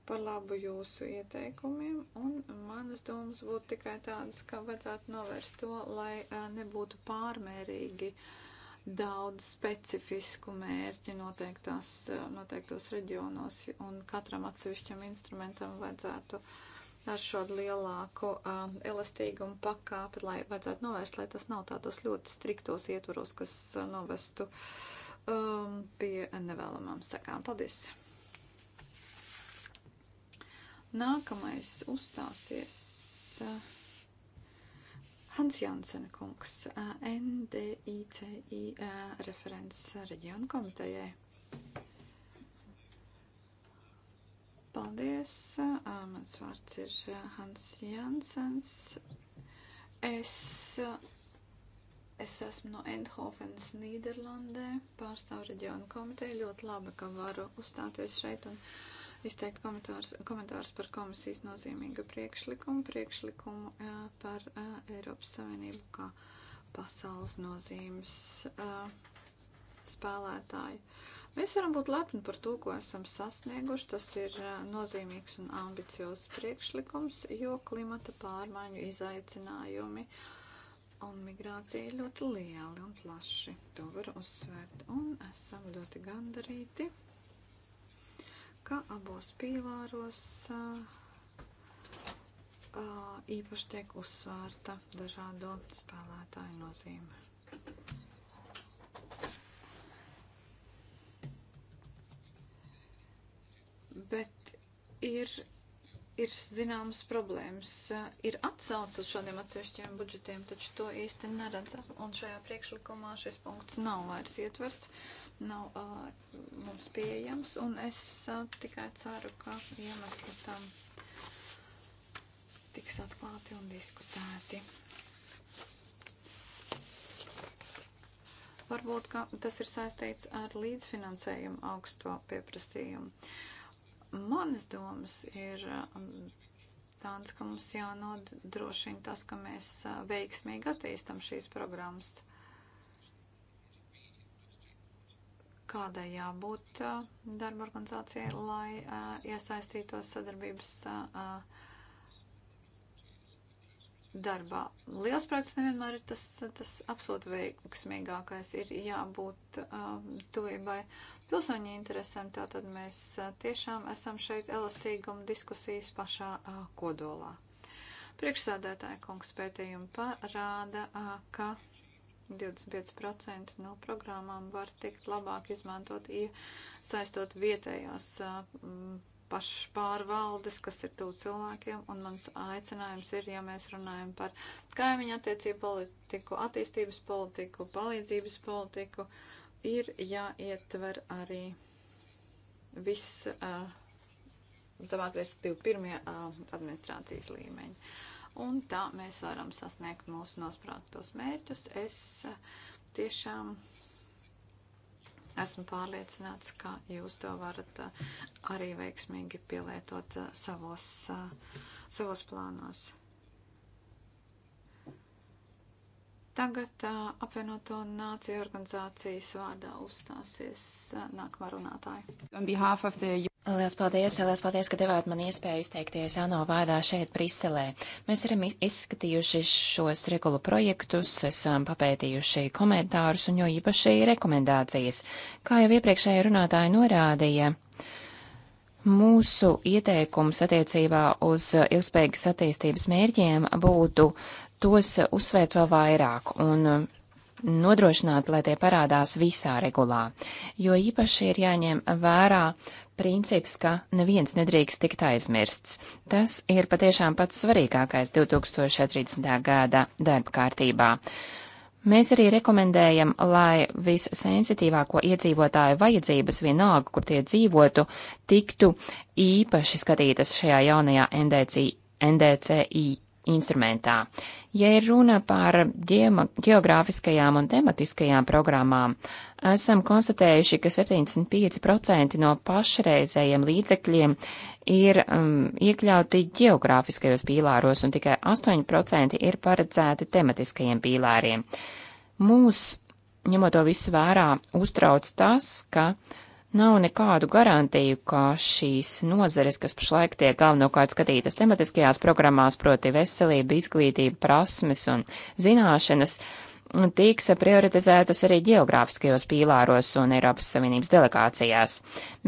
par labu jūsu ieteikumiem, un manas domas būtu tikai tādas, ka vajadzētu novērst to, lai e, nebūtu pārmērīgi daudz specifisku mērķi noteiktās, noteiktos reģionos, un katram atsevišķam instrumentam vajadzētu uh, ar šādu lielāku um, elastīgumu pakāpi, lai vajadzētu novērst, lai tas nav tādos ļoti striktos ietvaros, kas uh, novestu um, pie nevēlamām sekām. Paldies! Nākamais uzstāsies uh, Hans Jansen kungs, uh, NDICI uh, referents reģionu komitejai. Paldies. Mans vārds ir Hans Jansens. Es, es esmu no Endhofens, Nīderlandē, pārstāvu reģionu komiteju. Ļoti labi, ka varu uzstāties šeit un izteikt komentārs, komentārs par komisijas nozīmīgu priekšlikumu, priekšlikumu par Eiropas Savienību kā pasaules nozīmes spēlētāju. Mēs varam būt lepni par to, ko esam sasnieguši. Tas ir nozīmīgs un ambiciozs priekšlikums, jo klimata pārmaiņu izaicinājumi un migrācija ir ļoti lieli un plaši. To var uzsvērt un esam ļoti gandarīti, ka abos pīlāros īpaši tiek uzsvērta dažādo spēlētāju nozīme. bet ir, ir zināmas problēmas. Ir atsauc uz šādiem atsevišķiem budžetiem, taču to īsti neredzam. Un šajā priekšlikumā šis punkts nav vairs ietverts, nav uh, mums pieejams, un es uh, tikai ceru, ka iemesli tam tiks atklāti un diskutēti. Varbūt tas ir saistīts ar līdzfinansējumu augsto pieprasījumu. Uh, Manas domas ir um, tāds, ka mums jānodrošina tas, ka mēs uh, veiksmīgi attīstam šīs programmas. Kādai jābūt uh, darba organizācijai, lai uh, iesaistītos sadarbības. A, darbā. Liels projekts nevienmēr ir tas, tas absolūti veiksmīgākais. Ir jābūt um, tuvībai pilsoņu interesēm. Tātad mēs uh, tiešām esam šeit elastīguma diskusijas pašā uh, kodolā. Priekšsādētāja kungs pētījumi parāda, uh, ka 25% no programmām var tikt labāk izmantot, ja saistot vietējās. Uh, pašpārvaldes, kas ir tuvu cilvēkiem, un mans aicinājums ir, ja mēs runājam par kaimiņu attiecību politiku, attīstības politiku, palīdzības politiku, ir jāietver arī viss uh, zemākais pirmie uh, administrācijas līmeņi. Un tā mēs varam sasniegt mūsu nosprāktos mērķus. Es uh, tiešām Esmu pārliecināts, ka jūs to varat uh, arī veiksmīgi pielietot uh, savos, uh, savos plānos. Tagad apvienoto nāciju organizācijas vārdā uzstāsies nākamā runātāja. The... Lielas paldies, lielas paldies, ka devāt man iespēju izteikties ANO vārdā šeit, Briselē. Mēs esam izskatījuši šos regulu projektus, esam papētījuši komentārus un jo īpaši rekomendācijas. Kā jau iepriekšēja runātāja norādīja, mūsu ieteikums attiecībā uz ilgspējīgas attīstības mērķiem būtu tos uzsvērt vēl vairāk un nodrošināt, lai tie parādās visā regulā, jo īpaši ir jāņem vērā princips, ka neviens nedrīkst tikt aizmirsts. Tas ir patiešām pats svarīgākais 2030. gada darba kārtībā. Mēs arī rekomendējam, lai vissensitīvāko iedzīvotāju vajadzības vienalga, kur tie dzīvotu, tiktu īpaši skatītas šajā jaunajā NDC, NDCI instrumentā. Ja ir runa par geogrāfiskajām un tematiskajām programmām, esam konstatējuši, ka 75% no pašreizējiem līdzekļiem ir um, iekļauti geogrāfiskajos pīlāros un tikai 8% ir paredzēti tematiskajiem pīlāriem. Mūs, ņemot to visu vērā, uztrauc tas, ka uh, Nav nekādu garantiju, ka šīs nozeres, kas pašlaik tiek galvenokārt skatītas tematiskajās programmās, proti veselība, izglītība, prasmes un zināšanas, tiks prioritizētas arī geogrāfiskajos pīlāros un Eiropas Savienības delegācijās.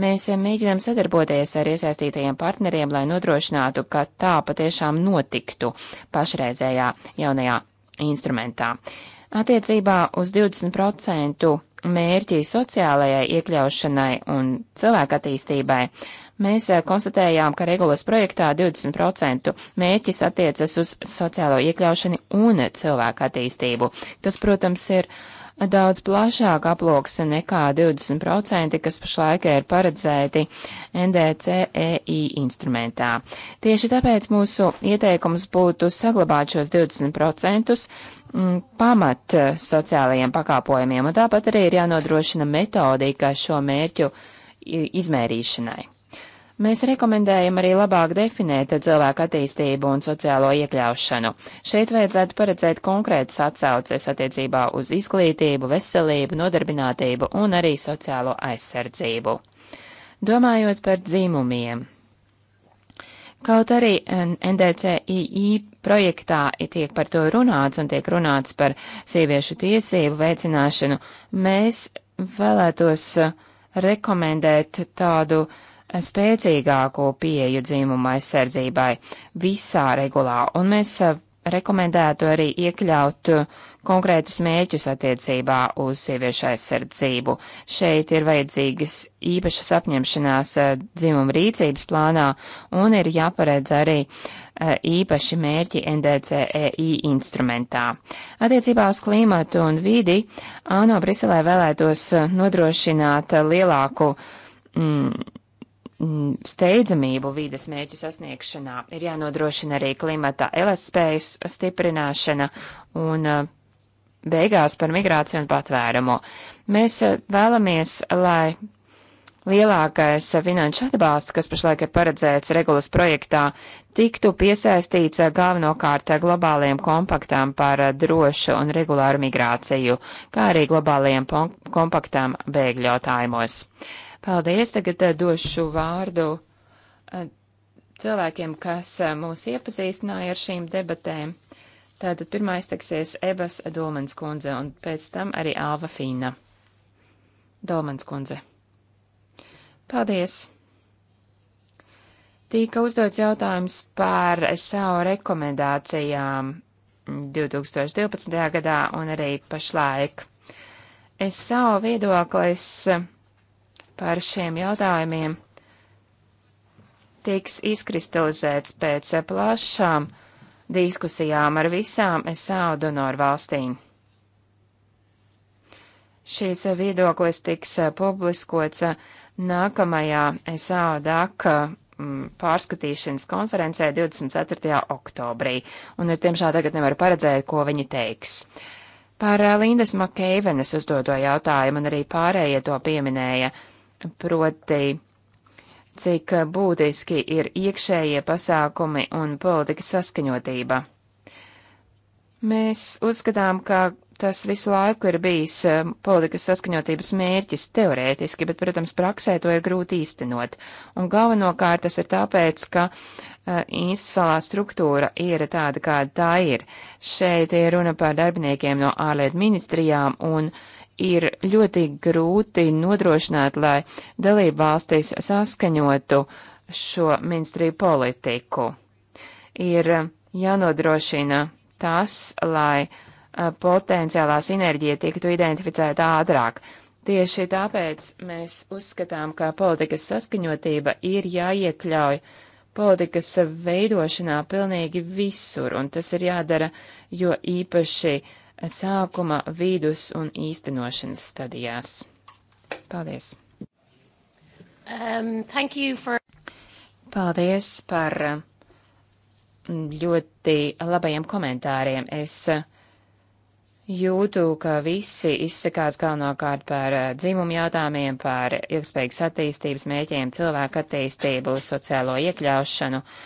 Mēs mēģinām sadarboties ar iesaistītajiem partneriem, lai nodrošinātu, ka tā patiešām notiktu pašreizējā jaunajā instrumentā. Attiecībā uz 20% mērķi sociālajai iekļaušanai un cilvēku attīstībai, mēs eh, konstatējām, ka regulas projektā 20% mērķis attiecas uz sociālo iekļaušanu un cilvēku attīstību, kas, protams, ir uh, daudz plašāk aploksni nekā 20%, kas pašlaik ir paredzēti NDCEI instrumentā. Tieši tāpēc mūsu ieteikums būtu saglabāt šos 20% mm, pamat sociālajiem pakāpojumiem, un tāpat arī ir jānodrošina metodika šo mērķu izmērīšanai. Mēs rekomendējam arī labāk definēt cilvēku attīstību un sociālo iekļaušanu. Šeit vajadzētu paredzēt konkrētas atsauces attiecībā uz izglītību, veselību, nodarbinātību un arī sociālo aizsardzību. Domājot par dzīmumiem. Kaut arī NDCII projektā tiek par to runāts un tiek runāts par sieviešu tiesību veicināšanu, mēs vēlētos rekomendēt tādu uh, spēcīgāku pieeju dzīvuma aizsardzībai visā regulā, un mēs eh, rekomendētu arī iekļaut eh, konkrētus mēķus attiecībā uz sieviešu aizsardzību. Šeit ir vajadzīgas īpašas apņemšanās eh, dzimuma rīcības plānā un ir jāparedz arī īpaši mērķi NDCEI instrumentā. Attiecībā uz klimatu un vidi ANO Briselē vēlētos nodrošināt lielāku mm, Mm, steidzamību vīdes mērķu sasniegšanā. Ir jānodrošina arī klimata elastspējas stiprināšana un eh, beigās par migrāciju un patvērumu. Mēs eh, vēlamies, lai lielākais finanšu atbalsts, kas pašlaik ir paredzēts regulas projektā, tiktu piesaistīts eh, galvenokārt globāliem kompaktām par drošu un regulāru migrāciju, kā arī globāliem kompaktām bēgļu jautājumos. Paldies, tagad eh, došu vārdu eh, cilvēkiem, kas eh, mūs iepazīstināja ar šīm debatēm. Tātad pirmais tiksies Ebas Dolmans kundze un pēc tam arī Alva Fīna. Dolmans kundze. Paldies! Tika uzdots jautājums par savu rekomendācijām 2012. gadā un arī pašlaik. Es savu viedoklis par šiem jautājumiem tiks izkristalizēts pēc plašām diskusijām ar visām SAU donoru valstīm. Šīs viedoklis tiks publiskots nākamajā SAU DAK mm, pārskatīšanas konferencē 24. oktobrī, un es tiemžēl tagad nevaru paredzēt, ko viņi teiks. Par Lindas Makeivenes uzdoto jautājumu un arī pārējie to pieminēja. Uh, proti, cik būtiski ir iekšējie pasākumi un politika saskaņotība. Mēs uzskatām, ka tas visu laiku ir bijis eh, politikas saskaņotības mērķis teorētiski, bet, protams, praksē to ir grūti īstenot. Un galvenokārt tas ir tāpēc, ka uh, institucionālā struktūra ir tāda, kāda tā ir. Šeit ir runa par darbiniekiem no ārlietu ministrijām un ir ļoti grūti nodrošināt, lai dalību valstīs saskaņotu šo ministriju politiku. Ir jānodrošina tas, lai potenciālā sinerģija tiktu identificēta ātrāk. Tieši tāpēc mēs uzskatām, ka politikas saskaņotība ir jāiekļauj politikas veidošanā pilnīgi visur, un tas ir jādara jo īpaši uh, sākuma, vidus un īstenošanas stadijās. Paldies! Um, for... Paldies par mm, ļoti labajiem komentāriem. Es uh, jūtu, ka visi izsakās galvenokārt par uh, dzimumu jautājumiem, par ilgspējīgas attīstības mēķiem, cilvēku attīstību, sociālo iekļaušanu. Uh,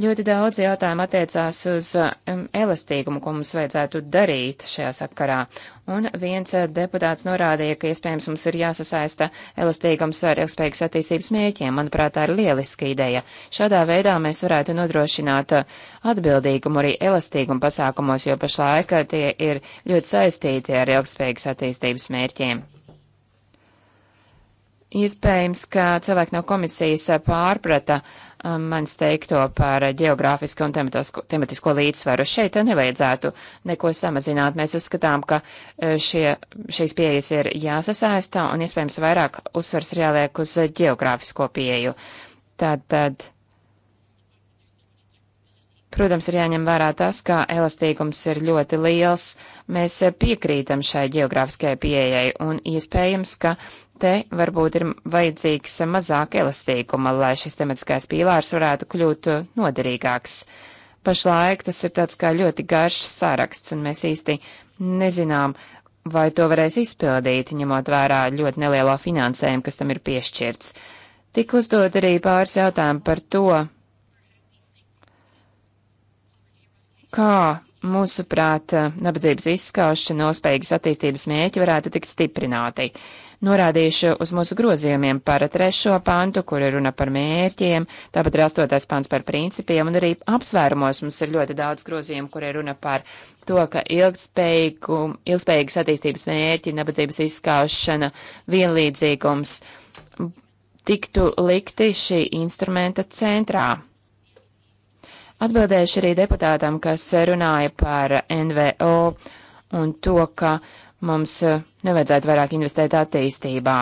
Ļoti daudz jautājumu attiecās uz um, elastīgumu, ko mums vajadzētu darīt šajā sakarā. Un viens uh, deputāts norādīja, ka iespējams mums ir jāsasaista elastīgums ar ilgspējīgas attīstības mēķiem. Manuprāt, tā ir lieliska ideja. Šādā veidā mēs varētu nodrošināt uh, atbildīgumu arī elastīgumu pasākumos, jo pašlaik uh, tie ir ļoti saistīti ar ilgspējīgas attīstības mērķiem. Iespējams, ka cilvēki no komisijas pārprata uh, Um, manis teikto par geogrāfisko un tematisko, tematisko līdzsvaru. Šeit nevajadzētu neko samazināt. Mēs uzskatām, ka uh, šie, šīs pieejas ir jāsasaistā un iespējams vairāk uzsvers ir jāliek uz geogrāfisko pieeju. Tad, tad, protams, ir jāņem vērā tas, ka elastīgums ir ļoti liels. Mēs uh, piekrītam šai geogrāfiskajai pieejai un iespējams, ka Te varbūt ir vajadzīgs mazāk elastīguma, lai šis tematiskais pīlārs varētu kļūt noderīgāks. Pašlaik tas ir tāds kā ļoti garš saraksts, un mēs īsti nezinām, vai to varēs izpildīt, ņemot vērā ļoti nelielo finansējumu, kas tam ir piešķirts. Tik uzdot arī pāris jautājumu par to, kā mūsuprāt nabadzības izskaušana, ilgspējīgas attīstības mērķi varētu tikt stiprināti. Norādīšu uz mūsu grozījumiem par trešo pantu, kur ir runa par mērķiem, tāpat ir astotais pants par principiem, un arī apsvērumos mums ir ļoti daudz grozījumu, kur ir runa par to, ka ilgspējīgas attīstības mērķi, nabadzības izskaušana, vienlīdzīgums tiktu likti šī instrumenta centrā. Atbildēšu arī deputātam, kas runāja par NVO un to, ka mums nevajadzētu vairāk investēt attīstībā.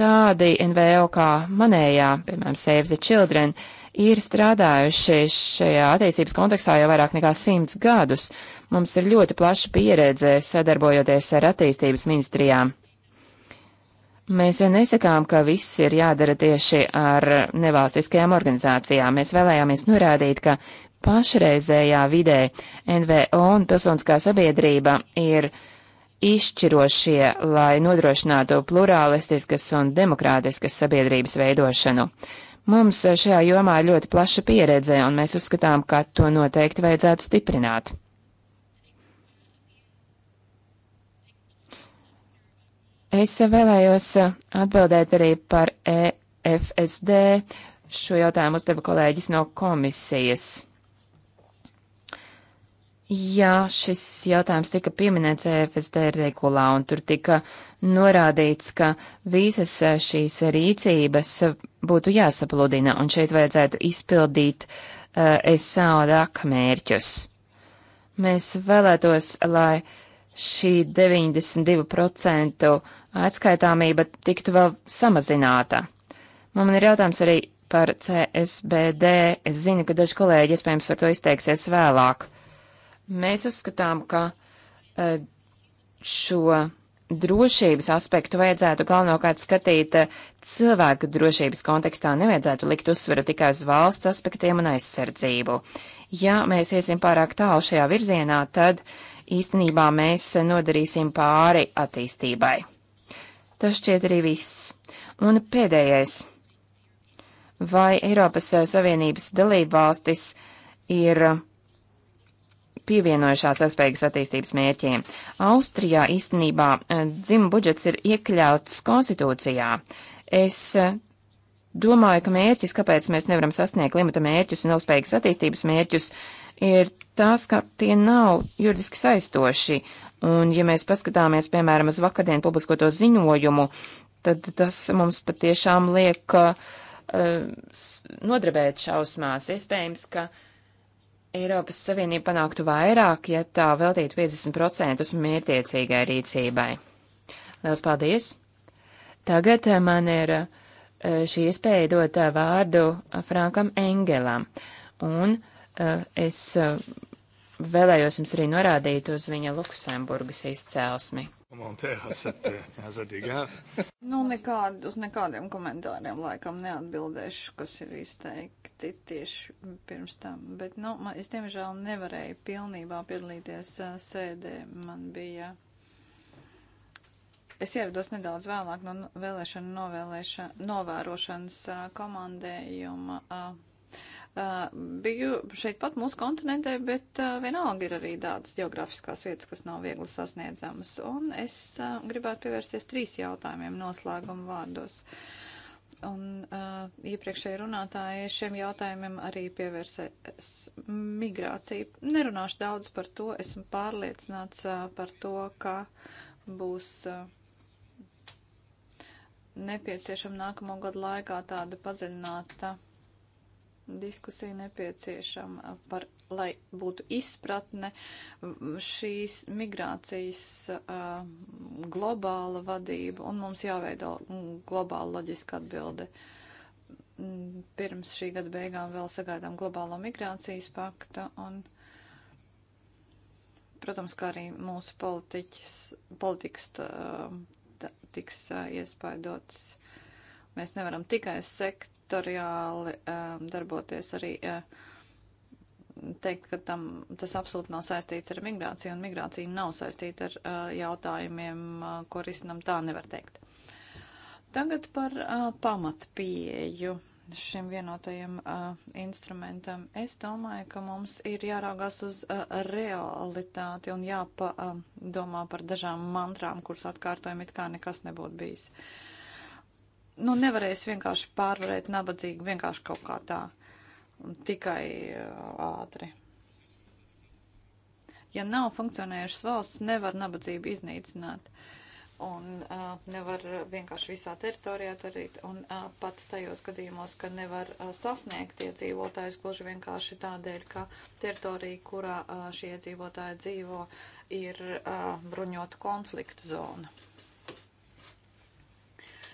Tādi NVO kā manējā, piemēram, Save the Children, ir strādājuši šajā attīstības kontekstā jau vairāk nekā simts gadus. Mums ir ļoti plaša pieredze sadarbojoties ar attīstības ministrijām. Mēs nesakām, ka viss ir jādara tieši ar nevalstiskajām organizācijām. Mēs vēlējāmies norādīt, ka pašreizējā vidē NVO un pilsoniskā sabiedrība ir uh, izšķirošie, lai nodrošinātu plurālistiskas un demokrātiskas sabiedrības veidošanu. Mums šajā jomā ir ļoti plaša pieredze, un mēs uzskatām, ka to noteikti vajadzētu stiprināt. Es vēlējos atbildēt arī par EFSD. Šo jautājumu uzdeva kolēģis no komisijas. Jā, šis jautājums tika pieminēts EFSD regulā, un tur tika norādīts, ka visas eh, šīs rīcības būtu jāsapludina, un šeit vajadzētu izpildīt uh, eh, SAO DAK mērķus. Mēs vēlētos, lai šī 92% atskaitāmība tiktu vēl samazināta. Man ir jautājums arī par CSBD. Es zinu, ka daži kolēģi iespējams par to izteiksies vēlāk. Mēs uzskatām, ka e, šo drošības aspektu vajadzētu galvenokārt skatīt e, cilvēku drošības kontekstā, nevajadzētu likt uzsveru tikai uz valsts aspektiem un aizsardzību. Ja mēs iesim pārāk tālu šajā virzienā, tad īstenībā mēs nodarīsim pāri attīstībai. Tas šķiet arī viss. Un pēdējais. Vai Eiropas Savienības dalībvalstis ir pievienojušās ilgspējīgas attīstības mērķiem. Austrijā īstenībā eh, dzimuma budžets ir iekļauts konstitūcijā. Es eh, domāju, ka mērķis, kāpēc mēs nevaram sasniegt klimata mērķus un ilgspējīgas attīstības mērķus, ir tas, ka tie nav juridiski saistoši. Un, ja mēs paskatāmies, piemēram, uz vakardien publiskoto ziņojumu, tad tas mums patiešām liek uh, nodarbēt šausmās. Iespējams, ka uh, Eiropas Savienība panāktu vairāk, ja tā veltītu 50% mērtiecīgai rīcībai. Lielas paldies! Tagad eh, man ir eh, šī iespēja dot eh, vārdu Frankam Engelam, un es vēlējos jums arī norādīt uz viņa Luksemburgas izcēlesmi komentēru esat à cet égard. Eh, nu, nekād, uz nekādiem komentāriem laikam neatbildēšu, kas ir izteikti tieši pirms tam. Bet, nu, man, es diemžēl nevarēju pilnībā piedalīties uh, sēdē. Man bija. Es ierados nedaudz vēlāk no vēlēšana novērošanas uh, komandējuma. Uh, Eh, biju šeit pat mūsu kontinentē, bet eh, vienalga ir arī tādas geogrāfiskās vietas, kas nav viegli sasniedzamas. Un es eh, gribētu pievērsties trīs jautājumiem noslēguma vārdos. Un uh, iepriekšēji runātāji šiem jautājumiem arī pievērsēs migrāciju. Nerunāšu daudz par to, esmu pārliecināts uh, par to, ka būs. Uh, nepieciešama nākamo gadu laikā tāda padziļināta diskusija nepieciešama par, lai būtu izpratne šīs migrācijas uh, globāla vadība, un mums jāveido globāla loģiska atbilde. Pirms šī gada beigām vēl sagaidām globālo migrācijas paktu, un, protams, kā arī mūsu politiķis, politikas tā, tiks uh, iespaidots. Mēs nevaram tikai sekt sektoriāli um, ehm, darboties arī. Uh, teikt, ka tam, tas absolūti nav saistīts ar migrāciju, un migrācija nav saistīta ar uh, jautājumiem, uh, ko risinam, tā nevar teikt. Tagad par uh, pamatpieju šim vienotajam uh, instrumentam. Es domāju, ka mums ir jārāgās uz uh, realitāti un jāpadomā uh, par dažām mantrām, kuras atkārtojam, it kā nekas nebūtu bijis. Uh, nu, nevarēs vienkārši pārvarēt nabadzību vienkārši kaut kā tā, tikai uh, ātri. Ja nav funkcionējušas valsts, nevar nabadzību iznīcināt. Un uh, nevar vienkārši visā teritorijā darīt, un uh, pat tajos gadījumos, ka nevar uh, sasniegt iedzīvotājus, gluži vienkārši tādēļ, ka teritorija, kurā uh, šie iedzīvotāji dzīvo, ir uh, bruņotu konfliktu zona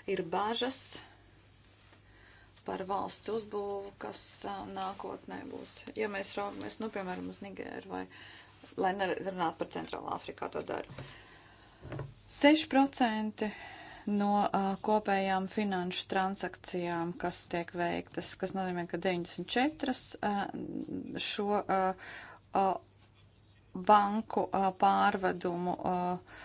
ir bažas par valsts uzbūvu, kas uh, nākotnē būs. Ja mēs raugamies, nu, piemēram, uz Nigēru vai, lai nerunātu par Centrālā Afrikā, to daru. 6% no uh, kopējām finanšu transakcijām, kas tiek veiktas, kas nozīmē, ka 94 uh, šo uh, uh, banku uh, pārvedumu uh,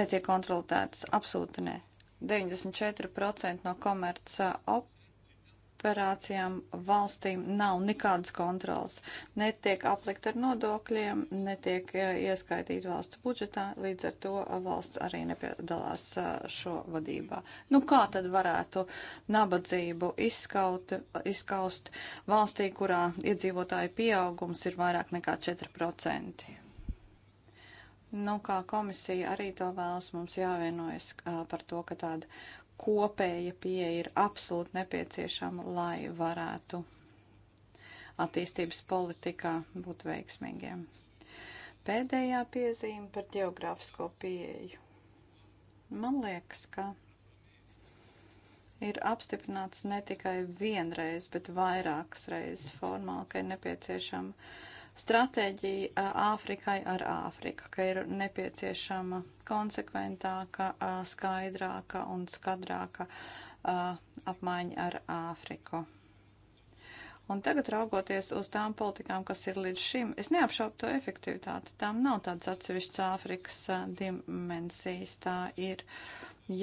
netiek kontrolētas absolūti ne. 94% no komerca operācijām valstīm nav nekādas kontrolas. Netiek aplikt ar nodokļiem, netiek e, ieskaitīt valsts budžetā, līdz ar to e, valsts arī nepiedalās e, šo vadībā. Nu, kā tad varētu nabadzību izskaut, izskaust valstī, kurā iedzīvotāju pieaugums ir vairāk nekā 4%? Nu, kā komisija arī to vēlas, mums jāvienojas par to, ka tāda kopēja pieeja ir absolūti nepieciešama, lai varētu attīstības politikā būt veiksmīgiem. Pēdējā piezīme par geogrāfisko pieeju. Man liekas, ka ir apstiprināts ne tikai vienreiz, bet vairākas reizes formāli, ka ir nepieciešama stratēģija Āfrikai ar Āfriku, ka ir nepieciešama konsekventāka, skaidrāka un skadrāka apmaiņa ar Āfriku. Un tagad raugoties uz tām politikām, kas ir līdz šim, es neapšaubu to efektivitāti. Tām nav tādas atsevišķas Āfrikas dimensijas. Tā ir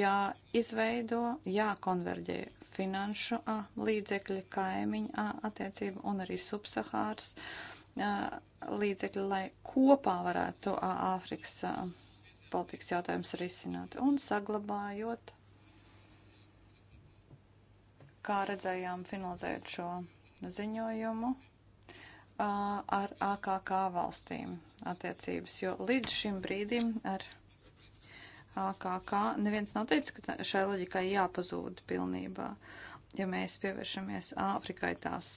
jāizveido, jākonverģē finanšu a, līdzekļi, kaimiņu a, attiecību un arī subsahārs. A, līdzekļi, lai kopā varētu Āfrikas politikas jautājumus risināt un saglabājot, kā redzējām, finalizējot šo ziņojumu ar AKK valstīm attiecības, jo līdz šim brīdim ar AKK neviens nav teicis, ka šai loģikai jāpazūd pilnībā, ja mēs pievēršamies Āfrikai tās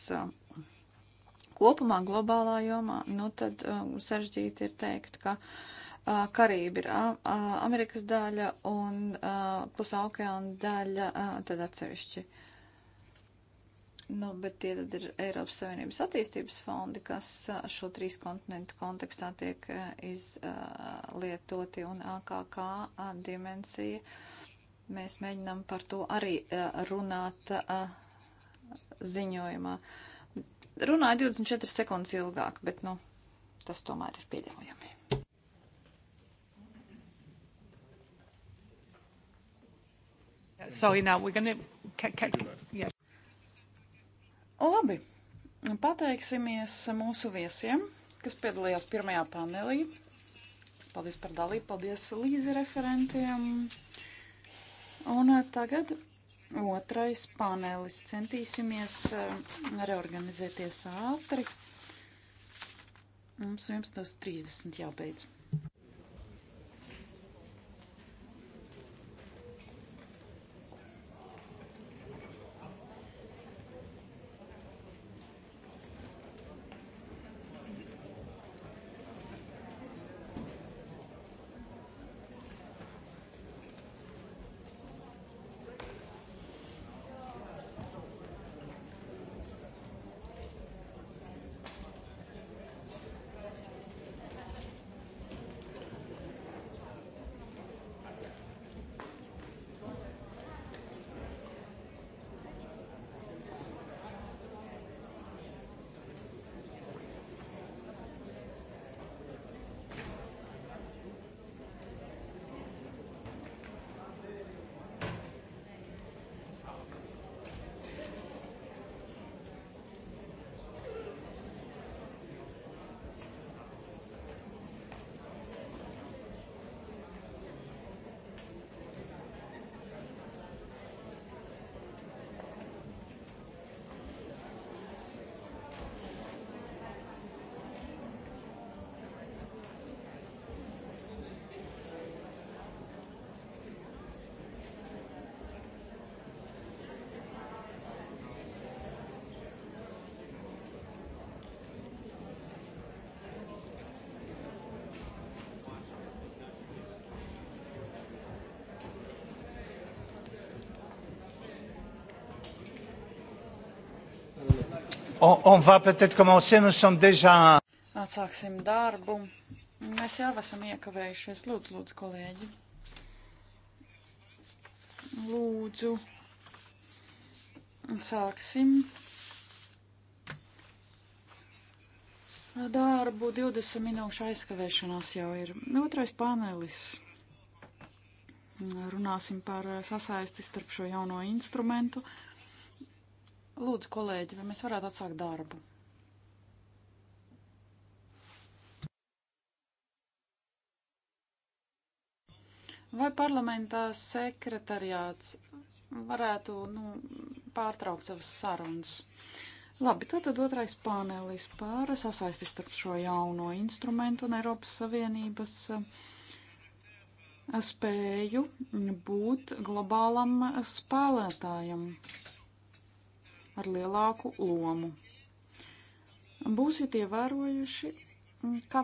kopumā globālā jomā, nu tad um, sarežģīti ir teikt, ka uh, Karība ir uh, Amerikas daļa un uh, Klusā okeāna daļa uh, tad atsevišķi. Nu, bet tie tad ir Eiropas Savienības attīstības fondi, kas uh, šo trīs kontinentu kontekstā tiek uh, izlietoti uh, un AKK uh, dimensija. Mēs mēģinām par to arī uh, runāt. Uh, ziņojumā. Uh, runāju 24 sekundes ilgāk, bet, nu, tas tomēr ir pieļaujami. Sorry, now we're gonna... Yeah. Labi, pateiksimies mūsu viesiem, kas piedalījās pirmajā panelī. Paldies par dalību, paldies līdzi referentiem. Un tagad Otrais panelis. Centīsimies eh, reorganizēties ātri. Mums 11.30 jābeidz. on, on va peut-être commencer, nous sommes déjà. Atsāksim darbu. Mēs jau esam iekavējušies. Lūdzu, lūdzu, kolēģi. Lūdzu, sāksim darbu. 20 minūšu aizkavēšanās jau ir. Otrais panelis. Runāsim par sasaisti starp šo jauno instrumentu. Uh, Lūdzu, kolēģi, vai mēs varētu atsākt darbu? Vai parlamentā sekretariāts varētu nu, pārtraukt savas sarunas? Labi, tātad otrais panelis par sasaisti starp šo jauno instrumentu un Eiropas Savienības eh, spēju būt globālam spēlētājam ar lielāku lomu. Būsiet ievērojuši, mm, ka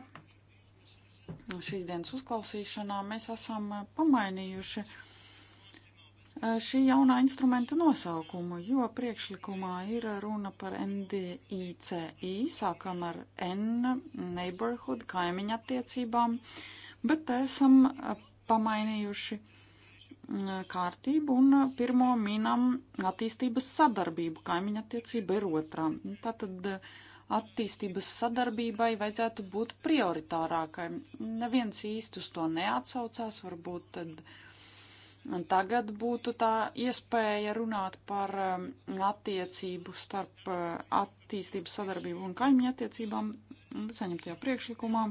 šīs dienas uzklausīšanā mēs esam eh, pamainījuši eh, šī jaunā instrumenta nosaukumu, jo priekšlikumā ir runa par NDICI, sākam ar N neighborhood kaimiņa attiecībām, bet esam eh, pamainījuši uh, Mm, kārtību un pirmo minam attīstības sadarbību, kaimiņa attiecība ir otrā. Tātad eh, attīstības sadarbībai vajadzētu būt prioritārākai. Neviens īsti uz to neatsaucās, varbūt tad tagad būtu tā iespēja runāt par eh, attiecību starp eh, attīstības sadarbību un kaimiņa attiecībām saņemtajā priekšlikumā.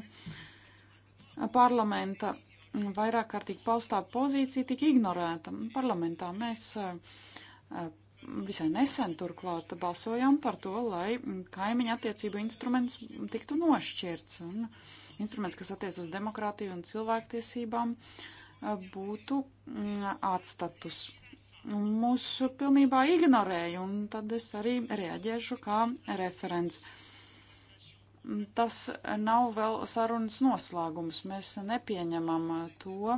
Parlamenta vairāk kārtīgi paustā pozīcija tika ignorēta parlamentā. Mēs eh, visai nesen turklāt balsojām par to, lai kaimiņa attiecību instruments tiktu nošķirts. Un instruments, kas attiec uz demokrātiju un cilvēktiesībām, eh, būtu mm, atstatus. Mūs pilnībā ignorēja, un tad es arī reaģēšu kā referents. Uh, tas nav vēl sarunas noslēgums. Mēs nepieņemam to,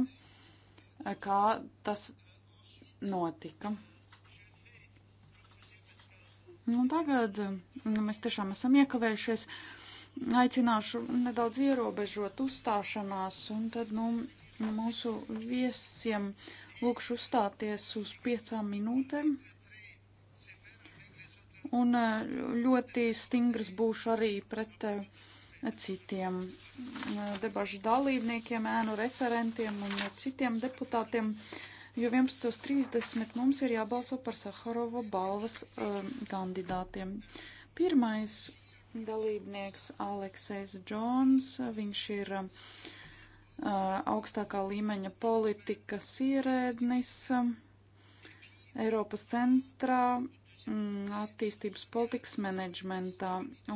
kā tas notika. Nu, tagad nu, mēs tiešām esam iekavējušies. Aicināšu nedaudz ierobežot uzstāšanās, un tad nu, mūsu viesiem lūkšu uzstāties uz piecām minūtēm un eh, ļoti stingrs būšu arī pret eh, citiem eh, debašu dalībniekiem, ēnu referentiem un citiem deputātiem, jo 11.30 mums ir jābalso par Saharova balvas um, kandidātiem. Pirmais dalībnieks Aleksejs Džons, viņš ir uh, augstākā līmeņa politikas ierēdnis uh, Eiropas centrā Mm, attīstības politikas menedžmentā.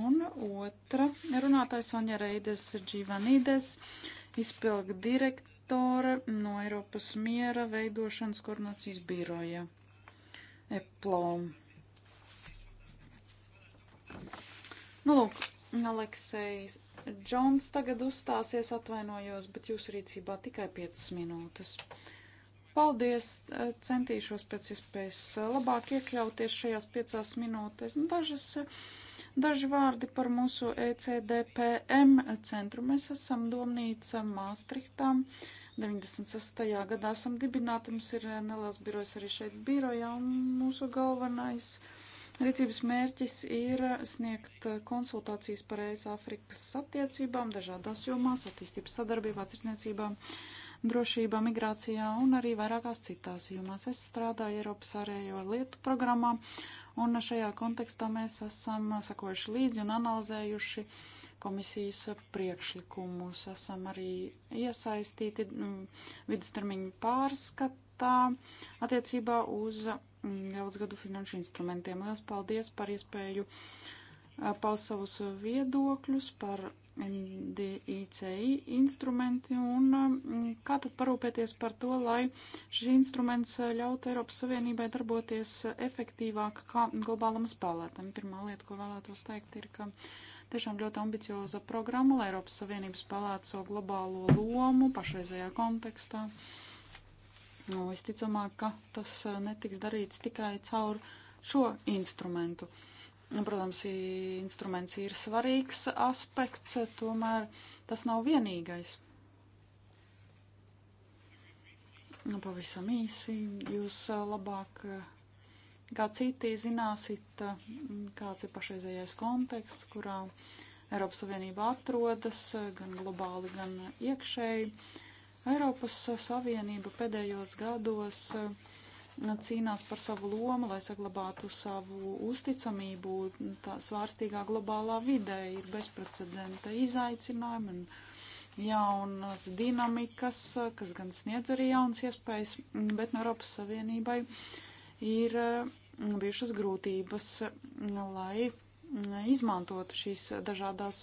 Un otra runātājs Oņa Reides Dživanides, izpilga direktore no Eiropas miera veidošanas koordinācijas biroja. EPLO. Nu, lūk, Aleksejs Džons tagad uzstāsies, atvainojos, bet jūsu rīcībā tikai 5 minūtes. Paldies, e, centīšos pēc iespējas e, labāk iekļauties šajās piecās minūtēs. Nu, dažas, e, daži vārdi par mūsu ECDPM centru. Mēs esam domnīca Māstrihtā. 96. gadā esam dibināti, mums ir neliels birojs arī šeit birojā, un mūsu galvenais rīcības mērķis ir sniegt konsultācijas par ES Afrikas attiecībām dažādās jomās, attīstības sadarbībā, tirdzniecībām. Uh, drošībā, migrācijā un arī vairākās citās jomās. Es strādāju Eiropas ārējo lietu programmā, un šajā kontekstā mēs esam sakojuši līdzi un analizējuši komisijas priekšlikumus. Esam arī iesaistīti mm, vidustermiņu pārskatā attiecībā uz mm, daudzgadu finanšu instrumentiem. Lielas paldies par iespēju paust savus viedokļus par DICI instrumenti un um, kā tad parūpēties par to, lai šis instruments uh, ļautu Eiropas Savienībai darboties uh, efektīvāk kā globālam spēlētam. Pirmā lieta, ko vēlētos teikt, ir, ka tiešām ļoti ambicioza programma, lai Eiropas Savienības spēlētu savu globālo lomu pašreizajā kontekstā. Nu, visticamāk, ka tas uh, netiks darīts tikai caur šo instrumentu. Uh, Nu, protams, instruments ir svarīgs aspekts, tomēr tas nav vienīgais. Nu, pavisam īsi, jūs labāk kā citi zināsit, kāds ir pašreizējais konteksts, kurā Eiropas Savienība atrodas, gan globāli, gan iekšēji. Eiropas Savienība pēdējos gados uh, Nu, cīnās par savu lomu, lai saglabātu savu uzticamību. Tā svārstīgā globālā vidē ir bezprecedenta izaicinājumi un jaunas dinamikas, kas gan sniedz arī jaunas iespējas, bet no Eiropas Savienībai ir mm, bijušas grūtības, lai mm, izmantotu šīs dažādās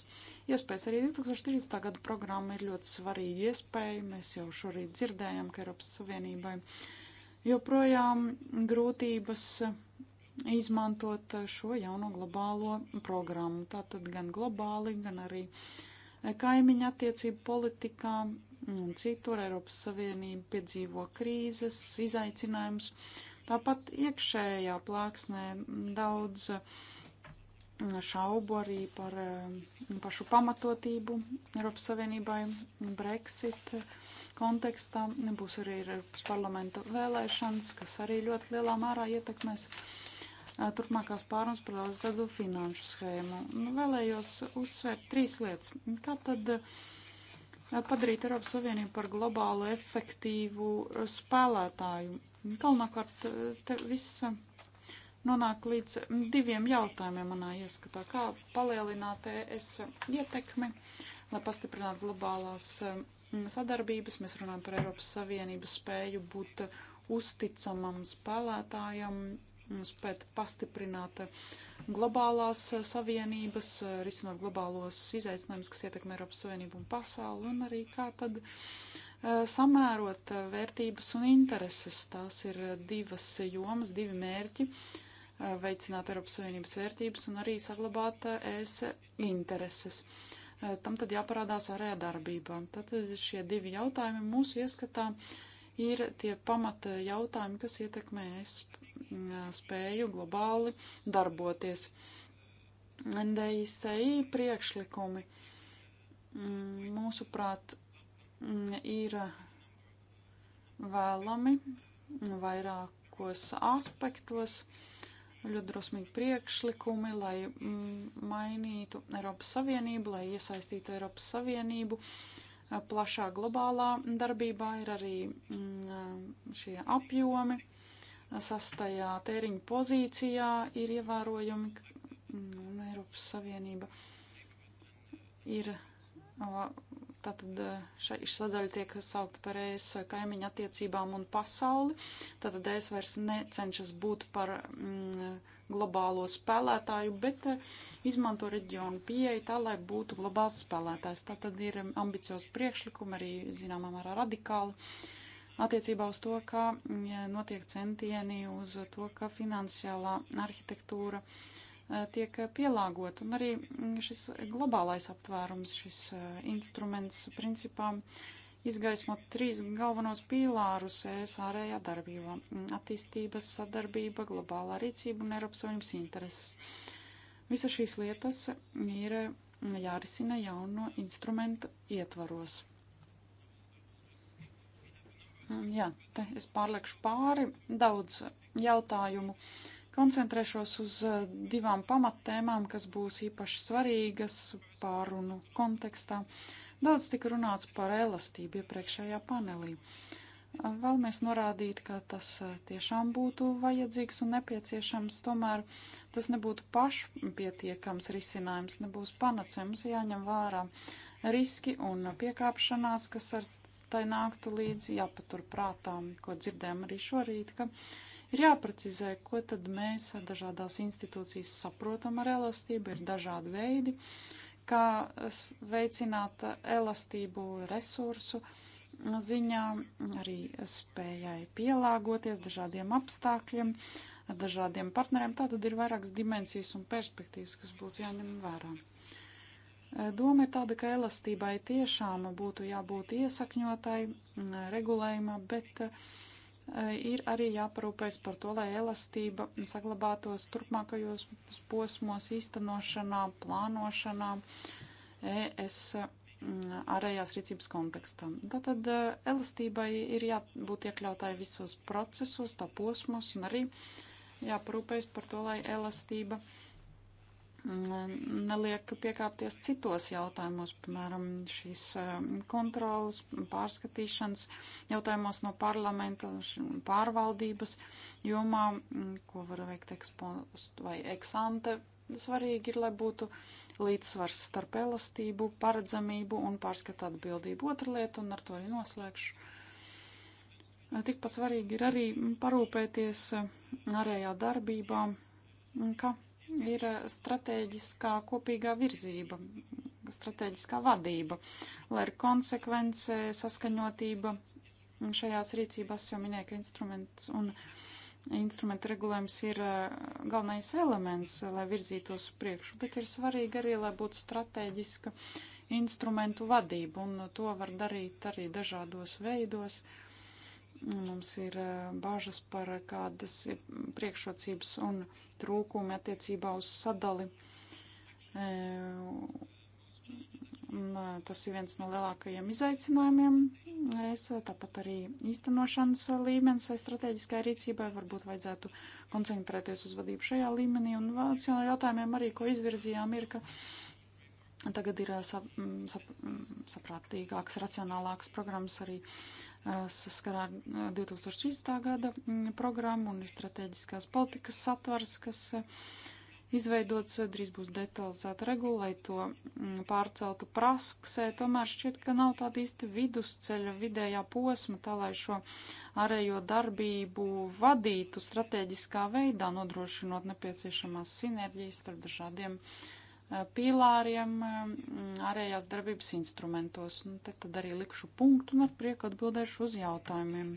iespējas. Arī 2030. gada programma ir ļoti svarīga iespēja. Mēs jau šorīt dzirdējām, ka Eiropas Savienībai uh, joprojām grūtības izmantot šo jauno globālo programmu. Tātad gan globāli, gan arī kaimiņa attiecību politikā un citur Eiropas Savienība piedzīvo krīzes, izaicinājumus. Tāpat iekšējā plāksnē daudz šaubu arī par eh, pašu pamatotību Eiropas Savienībai Brexit. Uh, kontekstā. Būs arī Eiropas parlamenta vēlēšanas, kas arī ļoti lielā mērā ietekmēs turpmākās pārunas par daudzgadu finanšu schēmu. Nu, vēlējos uzsvērt trīs lietas. Kā tad padarīt Eiropas Savienību par globālu efektīvu spēlētāju? Galvenokārt, te viss nonāk līdz diviem jautājumiem manā ieskatā. Kā palielināt es ietekmi, lai pastiprinātu globālās Mm, sadarbības. Mēs runājam par Eiropas Savienības spēju būt uzticamam spēlētājam, mm, spēt pastiprināt globālās savienības, risināt globālos izaicinājumus, kas ietekmē Eiropas Savienību un pasauli, un arī kā tad e, samērot vērtības un intereses. Tās ir divas jomas, divi mērķi - veicināt Eiropas Savienības vērtības un arī saglabāt e, ES intereses. Uh, Eh, tam tad jāparādās ārējā darbībā. Tātad eh, šie divi jautājumi mūsu ieskatā ir tie pamata jautājumi, kas ietekmē es mm, eh, spēju globāli darboties. NDICI priekšlikumi mm, mūsuprāt mm, ir vēlami vairākos aspektos. Uh, ļoti drosmīgi priekšlikumi, lai mm, mainītu Eiropas Savienību, lai iesaistītu Eiropas Savienību. Plašā globālā darbībā ir arī mm, šie apjomi. Sastajā tēriņa pozīcijā ir ievērojami, mm, un Eiropas Savienība ir Tātad eh, šī sadaļa tiek saukta par ES kaimiņu attiecībām un pasauli. Tātad ES vairs necenšas būt par mm, globālo spēlētāju, bet eh, izmanto reģionu pieeju tā, lai būtu globāls spēlētājs. Tātad ir mm, ambiciozi priekšlikumi, arī zināmā mērā radikāli. Attiecībā uz to, ka mm, notiek centieni uz to, ka finansiālā arhitektūra uh, Eh, tiek pielāgot. Un arī mm, šis globālais aptvērums, šis eh, instruments principā izgaismo trīs galvenos pīlārus ES ārējā darbībā mm, - attīstības sadarbība, globālā rīcība un Eiropas Savienības intereses. Visa šīs lietas ir mm, jārisina jauno instrumentu ietvaros. Jā, te es pārliekšu pāri daudz jautājumu. Uh, Koncentrēšos uz eh, divām pamattēmām, kas būs īpaši svarīgas pārunu kontekstā. Daudz tika runāts par elastību iepriekšējā panelī. Eh, vēlamies norādīt, ka tas eh, tiešām būtu vajadzīgs un nepieciešams, tomēr tas nebūtu pašpietiekams risinājums, nebūs panacējums, jāņem vērā riski un piekāpšanās, kas ar tai nāktu līdzi, jāpatur prātām, ko dzirdējām arī šorīt, ka Ir jāprecizē, ko tad mēs dažādās institūcijas saprotam ar elastību, ir dažādi veidi, kā veicināt elastību resursu ziņā, arī spējai pielāgoties dažādiem apstākļiem, ar dažādiem partneriem. Tātad ir vairākas dimensijas un perspektīvas, kas būtu jāņem vērā. Doma ir tāda, ka elastībai tiešām būtu jābūt iesakņotai regulējumā, bet uh, ir arī jāparūpēs par to, lai elastība saglabātos turpmākajos posmos īstenošanā, plānošanā, ES mm, ārējās rīcības kontekstā. Tātad eh, elastībai ir jābūt iekļautāji visos procesos, tā posmos un arī jāparūpēs par to, lai elastība uh, neliek piekāpties citos jautājumos, piemēram, šīs um, kontrolas, pārskatīšanas jautājumos no parlamenta, pārvaldības jomā, mm, ko var veikt ekspost vai eksante. Svarīgi ir, lai būtu līdzsvars starp elastību, paredzamību un pārskatu atbildību. Otra lieta, un ar to arī noslēgšu. Tikpat svarīgi ir arī parūpēties um, ārējā darbībā, ka ir eh, stratēģiskā kopīgā virzība, stratēģiskā vadība, lai ir konsekvence, saskaņotība šajās rīcībās, jo minēja, ka instruments un instrumenta regulējums ir eh, galvenais elements, lai virzītos priekšu, bet ir svarīgi arī, lai būtu stratēģiska instrumentu vadība, un to var darīt arī dažādos veidos. Uh, Mums ir eh, bažas par kādas priekšrocības un trūkumi attiecībā uz sadali. Eh, un eh, tas ir viens no lielākajiem izaicinājumiem. Es tāpat arī īstenošanas līmenis strateģiskai rīcībai varbūt vajadzētu koncentrēties uz vadību šajā līmenī. Un viens no jautājumiem arī, ko izvirzījām, ir, ka tagad ir sap, mm, sap, mm, saprātīgāks, racionālāks programmas arī Eh, saskarā ar 2030. Eh, gada mm, programmu un ir strateģiskās politikas satvars, kas eh, izveidots, drīz būs detalizēta regula, lai to mm, pārceltu prasksē. Tomēr šķiet, ka nav tāda īsta vidusceļa vidējā posma, tā lai šo ārējo darbību vadītu strateģiskā veidā, nodrošinot nepieciešamās sinerģijas starp dažādiem uh, Eh, pīlāriem eh, ārējās darbības instrumentos. Un nu, te tad arī likšu punktu un ar prieku atbildēšu uz jautājumiem.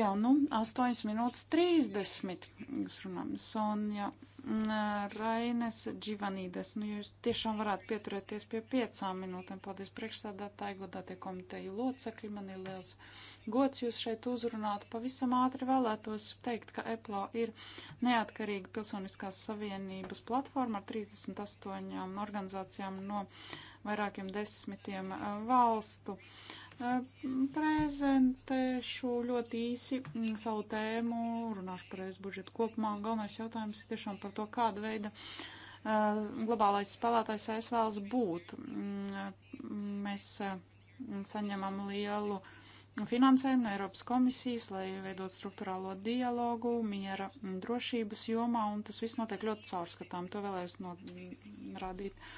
Jā, nu, 8 minūtes 30 jūs runājam. Sonja Mm, Raines Dživanīdes, nu jūs tiešām varētu pieturēties pie piecām minūtēm. Paldies priekšsādātāji, godātie komiteju locekļi, man ir liels gods jūs šeit uzrunāt. Pavisam ātri vēlētos teikt, ka EPLO ir neatkarīga pilsoniskās savienības platforma ar 38 organizācijām no vairākiem desmitiem eh, valstu. Uh, Prezentēšu ļoti īsi mm, savu tēmu, runāšu par es budžetu kopumā. Galvenais jautājums ir tiešām par to, kāda veida globālais spēlētājs es vēlas būt. Mm, mēs saņemam lielu finansējumu no Eiropas komisijas, lai veidot struktūrālo dialogu miera drošības jomā, un tas viss notiek ļoti caurskatām. To vēlējos norādīt. No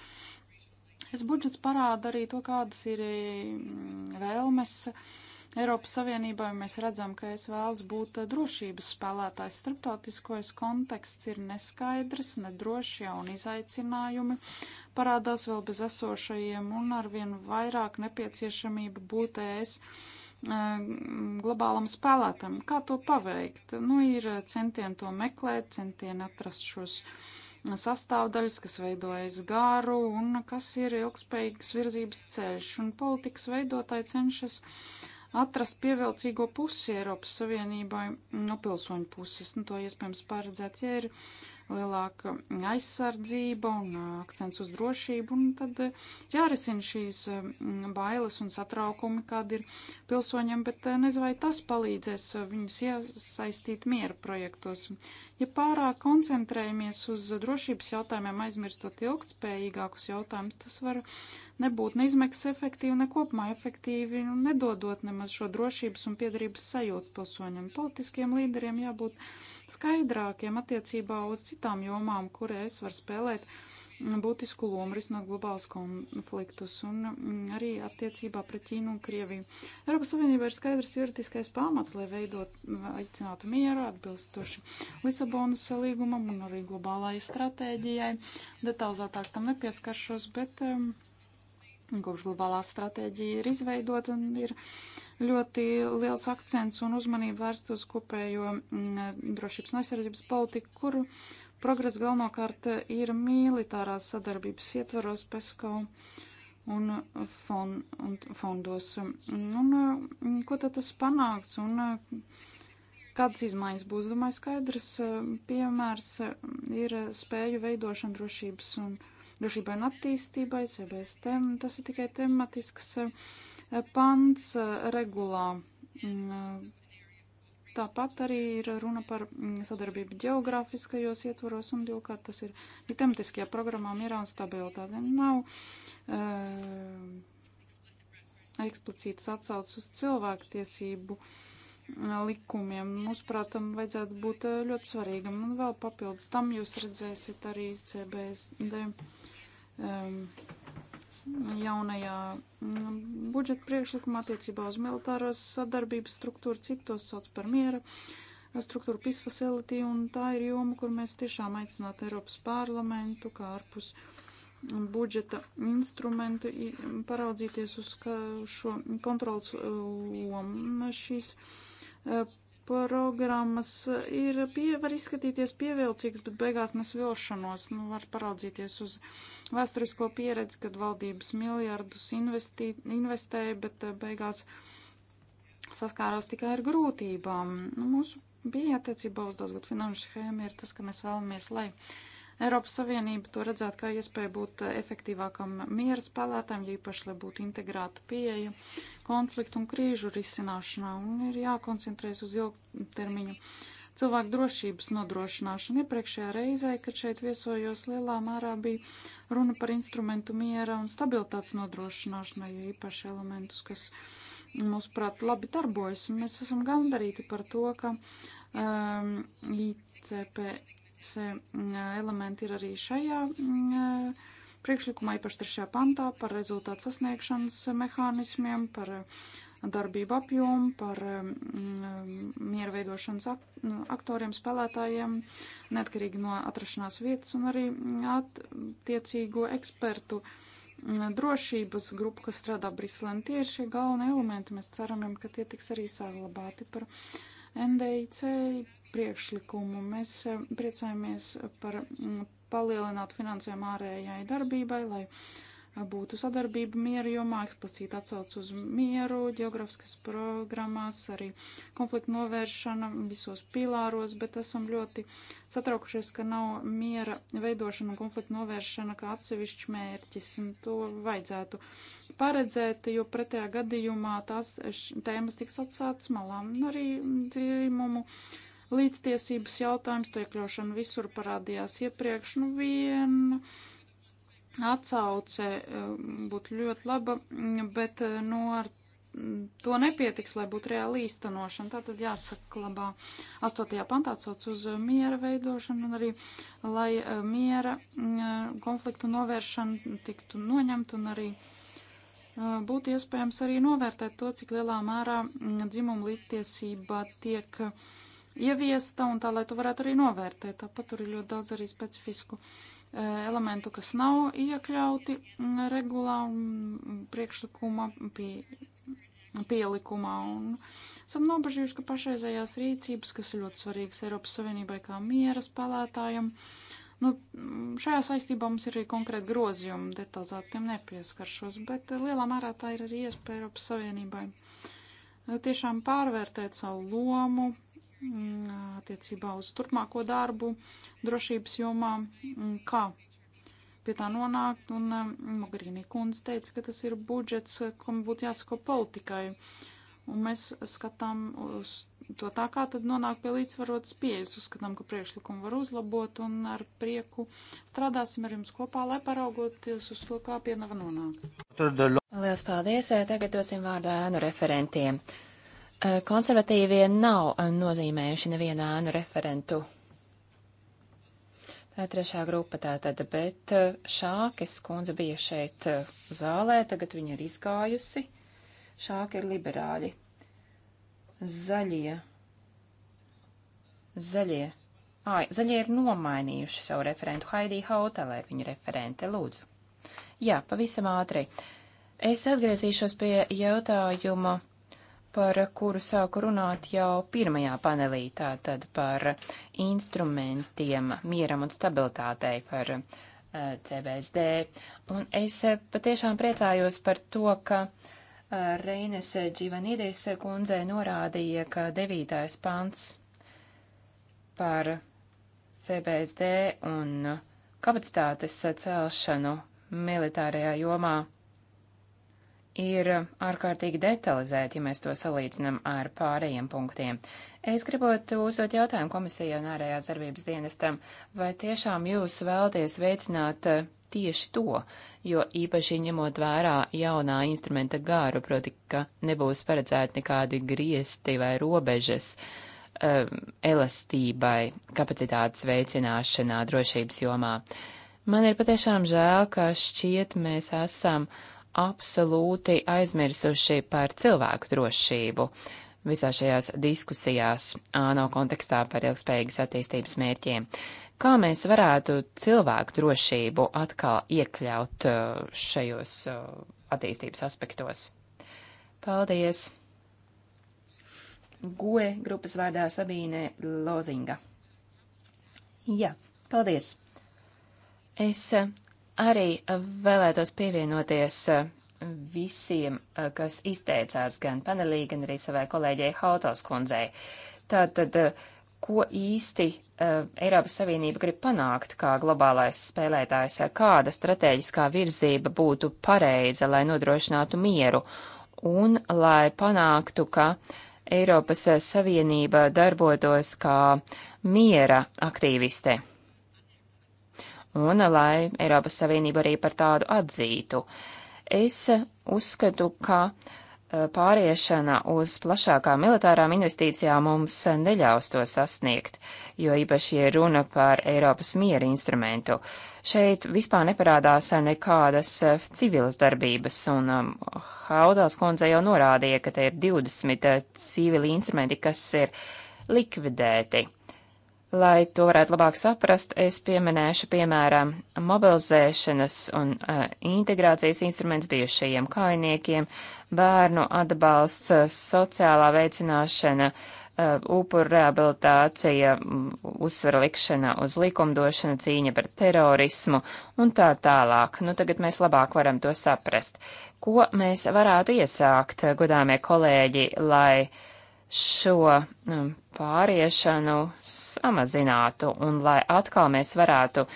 Es budžets parāda arī to, kādas ir mm, vēlmes Eiropas Savienībai. Mēs redzam, ka es vēlas būt drošības spēlētājs. Starptautiskojas konteksts ir neskaidrs, nedrošs, ja un izaicinājumi parādās vēl bez esošajiem un arvien vairāk nepieciešamība būt ES e, globālam spēlētam. Kā to paveikt? Nu, ir centieni to meklēt, centieni atrast šos uh, sastāvdaļas, kas veidojas gāru un kas ir ilgspējīgas virzības ceļš. Un politikas veidotāji cenšas atrast pievilcīgo pusi Eiropas Savienībai no nu, pilsoņu puses. Nu, to iespējams paredzēt, ja ir lielāka aizsardzība un uh, akcents uz drošību, un tad uh, jārisina šīs um, bailes un satraukumi, kāda ir pilsoņiem, bet uh, nezinu, vai tas palīdzēs viņus iesaistīt miera projektos. Ja pārāk koncentrējamies uz drošības jautājumiem, aizmirstot ilgtspējīgākus jautājumus, tas var nebūt ne izmaksas efektīvi, ne kopumā efektīvi, un nedodot nemaz šo drošības un piedarības sajūtu pilsoņiem. Politiskiem līderiem jābūt skaidrākiem attiecībā uz citām jomām, kur es varu spēlēt būtisku lomu risinot globālus konfliktus un mm, arī attiecībā pret Ķīnu un Krieviju. Eiropas Savienība ir skaidrs juridiskais pamats, lai veidot, aicinātu mieru atbilstoši Lisabonas līgumam un arī globālajai stratēģijai. Detalizētāk tam nepieskaršos, bet. Um, kopš globālā stratēģija ir izveidota un ir ļoti liels akcents un uzmanība vērst uz kopējo mm, drošības un aizsardzības politiku, kuru progress galvenokārt ir militārās sadarbības ietvaros PESCO un, fon, un fondos. Un, un mm, ko tad tas panāks un mm, kādas izmaiņas būs? Domāju, skaidrs piemērs ir spēju veidošana drošības un aizsardzības drošībai un attīstībai, CBSTM. Tas ir tikai tematisks eh, pants eh, regulā. Mm, eh, tāpat arī ir runa par mm, sadarbību geogrāfiskajos ietvaros, un divkārt tas ir ja tematiskajā programmā mierā un stabilitāte. Nav uh, eksplicītas atsaucas uz cilvēktiesību likumiem. Mūsuprāt, tam vajadzētu būt ļoti svarīgam. Un vēl papildus tam jūs redzēsiet arī CBSD. Uh, Um, jaunajā mm, budžeta priekšlikumā attiecībā uz militārās sadarbības struktūru, citos sauc par miera eh, struktūru PIS facility, un tā ir joma, kur mēs tiešām aicinātu Eiropas parlamentu, kā ārpus budžeta instrumentu, paraudzīties uz šo kontrols eh, lomu. Šīs eh, programmas ir pie, var izskatīties pievilcīgas, bet beigās nes vilšanos. Nu, var paraudzīties uz vēsturisko pieredzi, kad valdības miljardus investī, investēja, bet eh, beigās saskārās tikai ar grūtībām. Nu, mūsu bija attiecībā uz daudzgad finanšu schēmu ir tas, ka mēs vēlamies, lai. Uh, Eiropas Savienība to redzētu kā iespēju būt efektīvākam miera spēlētājam, ja īpaši, lai būtu integrēta pieeja konfliktu un krīžu risināšanā, un ir jākoncentrējas uz ilgtermiņu cilvēku drošības nodrošināšanu. Iepriekšējā reizē, kad šeit viesojos, lielā mērā bija runa par instrumentu miera un stabilitātes nodrošināšanai, jo īpaši elementus, kas mūsuprāt, labi darbojas. Mēs esam gandarīti par to, ka um, ICP Mm, elementi ir arī šajā mm, e, priekšlikumā, īpaši trešajā pantā, par rezultātu sasniegšanas mehānismiem, par e, darbību apjomu, par e, mm, mieru veidošanas nu, aktoriem, spēlētājiem, neatkarīgi no atrašanās vietas un arī attiecīgo ekspertu drošības grupu, kas strādā Briselē. Tie ir šie galvenie elementi. Mēs ceram, ka tie tiks arī saglabāti par NDIC priekšlikumu. Mēs eh, priecājamies par mm, palielinātu finansējumu ārējai darbībai, lai eh, būtu sadarbība miera jomā, eksplicīti atsauc uz mieru, geografiskas programmās, arī konfliktu novēršana visos pilāros, bet esam ļoti satraukušies, ka nav miera veidošana un konfliktu novēršana kā atsevišķs mērķis, un to vajadzētu paredzēt, jo pretējā gadījumā tās tēmas tiks atsāts malām, arī dzīvumu līdztiesības jautājums, to iekļaušana visur parādījās iepriekš. Nu, viena atsauce eh, būtu ļoti laba, mm, bet eh, nu, ar to nepietiks, lai būtu reāli īstenošana. Tā tad jāsaklabā 8. pantā atsauc uz eh, miera veidošanu un arī, lai miera mm, konfliktu novēršana tiktu noņemt un arī būtu iespējams arī novērtēt to, cik lielā mērā mm, dzimuma līdztiesība tiek uh, ieviesta un tā, lai to varētu arī novērtēt. Tāpat tur ir ļoti daudz arī specifisku e, elementu, kas nav iekļauti mm, regulā un mm, priekšlikuma pie, pielikumā. Un esam nobežījuši, ka pašreizējās rīcības, kas ir ļoti svarīgas Eiropas Savienībai kā miera spēlētājiem, nu, mm, šajā saistībā mums ir arī konkrēti grozījumi, detalizētiem nepieskaršos, bet e, lielā mērā tā ir arī iespēja Eiropas Savienībai e, tiešām pārvērtēt savu lomu, Mm, attiecībā uz turpmāko darbu drošības jomā, mm, kā pie tā nonākt, un mm, Mogherini kundze teica, ka tas ir budžets, kam būtu jāsako politikai, un mēs skatām uz to tā, kā tad nonāk pie līdzsvarotas pieejas, uzskatām, ka priekšlikumu var uzlabot, un ar prieku strādāsim ar jums kopā, lai paraugoties uz to, kā pie nav nonākt. Lielas paldies, tagad dosim vārdu ēnu referentiem. Eh, konservatīvie nav eh, nozīmējuši nevienu ēnu referentu. Tā ir trešā grupa tātad, bet eh, Šākes kundze bija šeit zālē, tagad viņa ir izgājusi. Šāki ir liberāļi. Zaļie. Zaļie. Ai, zaļie ir nomainījuši savu referentu Haidī Hautelē, viņa referente, lūdzu. Jā, pavisam ātri. Es atgriezīšos pie jautājuma par kuru sāku runāt jau pirmajā panelī, tātad par instrumentiem mieram un stabilitātei, par eh, CBSD. Un es eh, patiešām priecājos par to, ka eh, Reines Dživanīdis kundze norādīja, ka devītais pants par CBSD un kapacitātes celšanu militārajā jomā ir ārkārtīgi detalizēti, ja mēs to salīdzinām ar pārējiem punktiem. Es gribētu uzdot jautājumu komisijai un ārējās darbības dienestam, vai tiešām jūs vēlaties veicināt eh, tieši to, jo īpaši ņemot vērā jaunā instrumenta gāru, proti, ka nebūs paredzēti nekādi griesti vai robežas um, elastībai, kapacitātes veicināšanā, drošības jomā. Man ir patiešām žēl, ka šķiet mēs esam uh, absolūti aizmirsuši par cilvēku drošību visā šajās diskusijās ANO kontekstā par ilgspējīgas attīstības mērķiem. Kā mēs varētu cilvēku drošību atkal iekļaut uh, šajos uh, attīstības aspektos? Paldies! GUE grupas vārdā Sabīne Lozinga. Jā, paldies! Es uh, arī eh, vēlētos pievienoties eh, visiem, eh, kas izteicās gan panelī, gan arī savai kolēģei Hautos kundzei. Tātad, ko īsti Eiropas Savienība grib panākt kā globālais spēlētājs, kāda strateģiskā virzība būtu pareiza, lai nodrošinātu mieru un lai panāktu, ka Eiropas Savienība darbotos kā miera aktīviste un lai Eiropas Savienība arī par tādu atzītu. Es uzskatu, ka e, pāriešana uz plašākām militārām investīcijām mums neļaus to sasniegt, jo īpaši ir runa par Eiropas miera instrumentu. Šeit vispār neparādās nekādas e, civilas darbības, un um, Haudals kundze jau norādīja, ka te ir 20 e, civili instrumenti, kas ir likvidēti. Lai to varētu labāk saprast, es pieminēšu, piemēram, mobilizēšanas un uh, integrācijas instruments bijušajiem kainiekiem, bērnu atbalsts, sociālā veicināšana, uh, upuru rehabilitācija, uzsvera likšana uz likumdošanu, cīņa par terorismu un tā tālāk. Nu, tagad mēs labāk varam to saprast. Ko mēs varētu iesākt, godāmie kolēģi, lai uh, šo um, pāriešanu samazinātu un lai atkal mēs varētu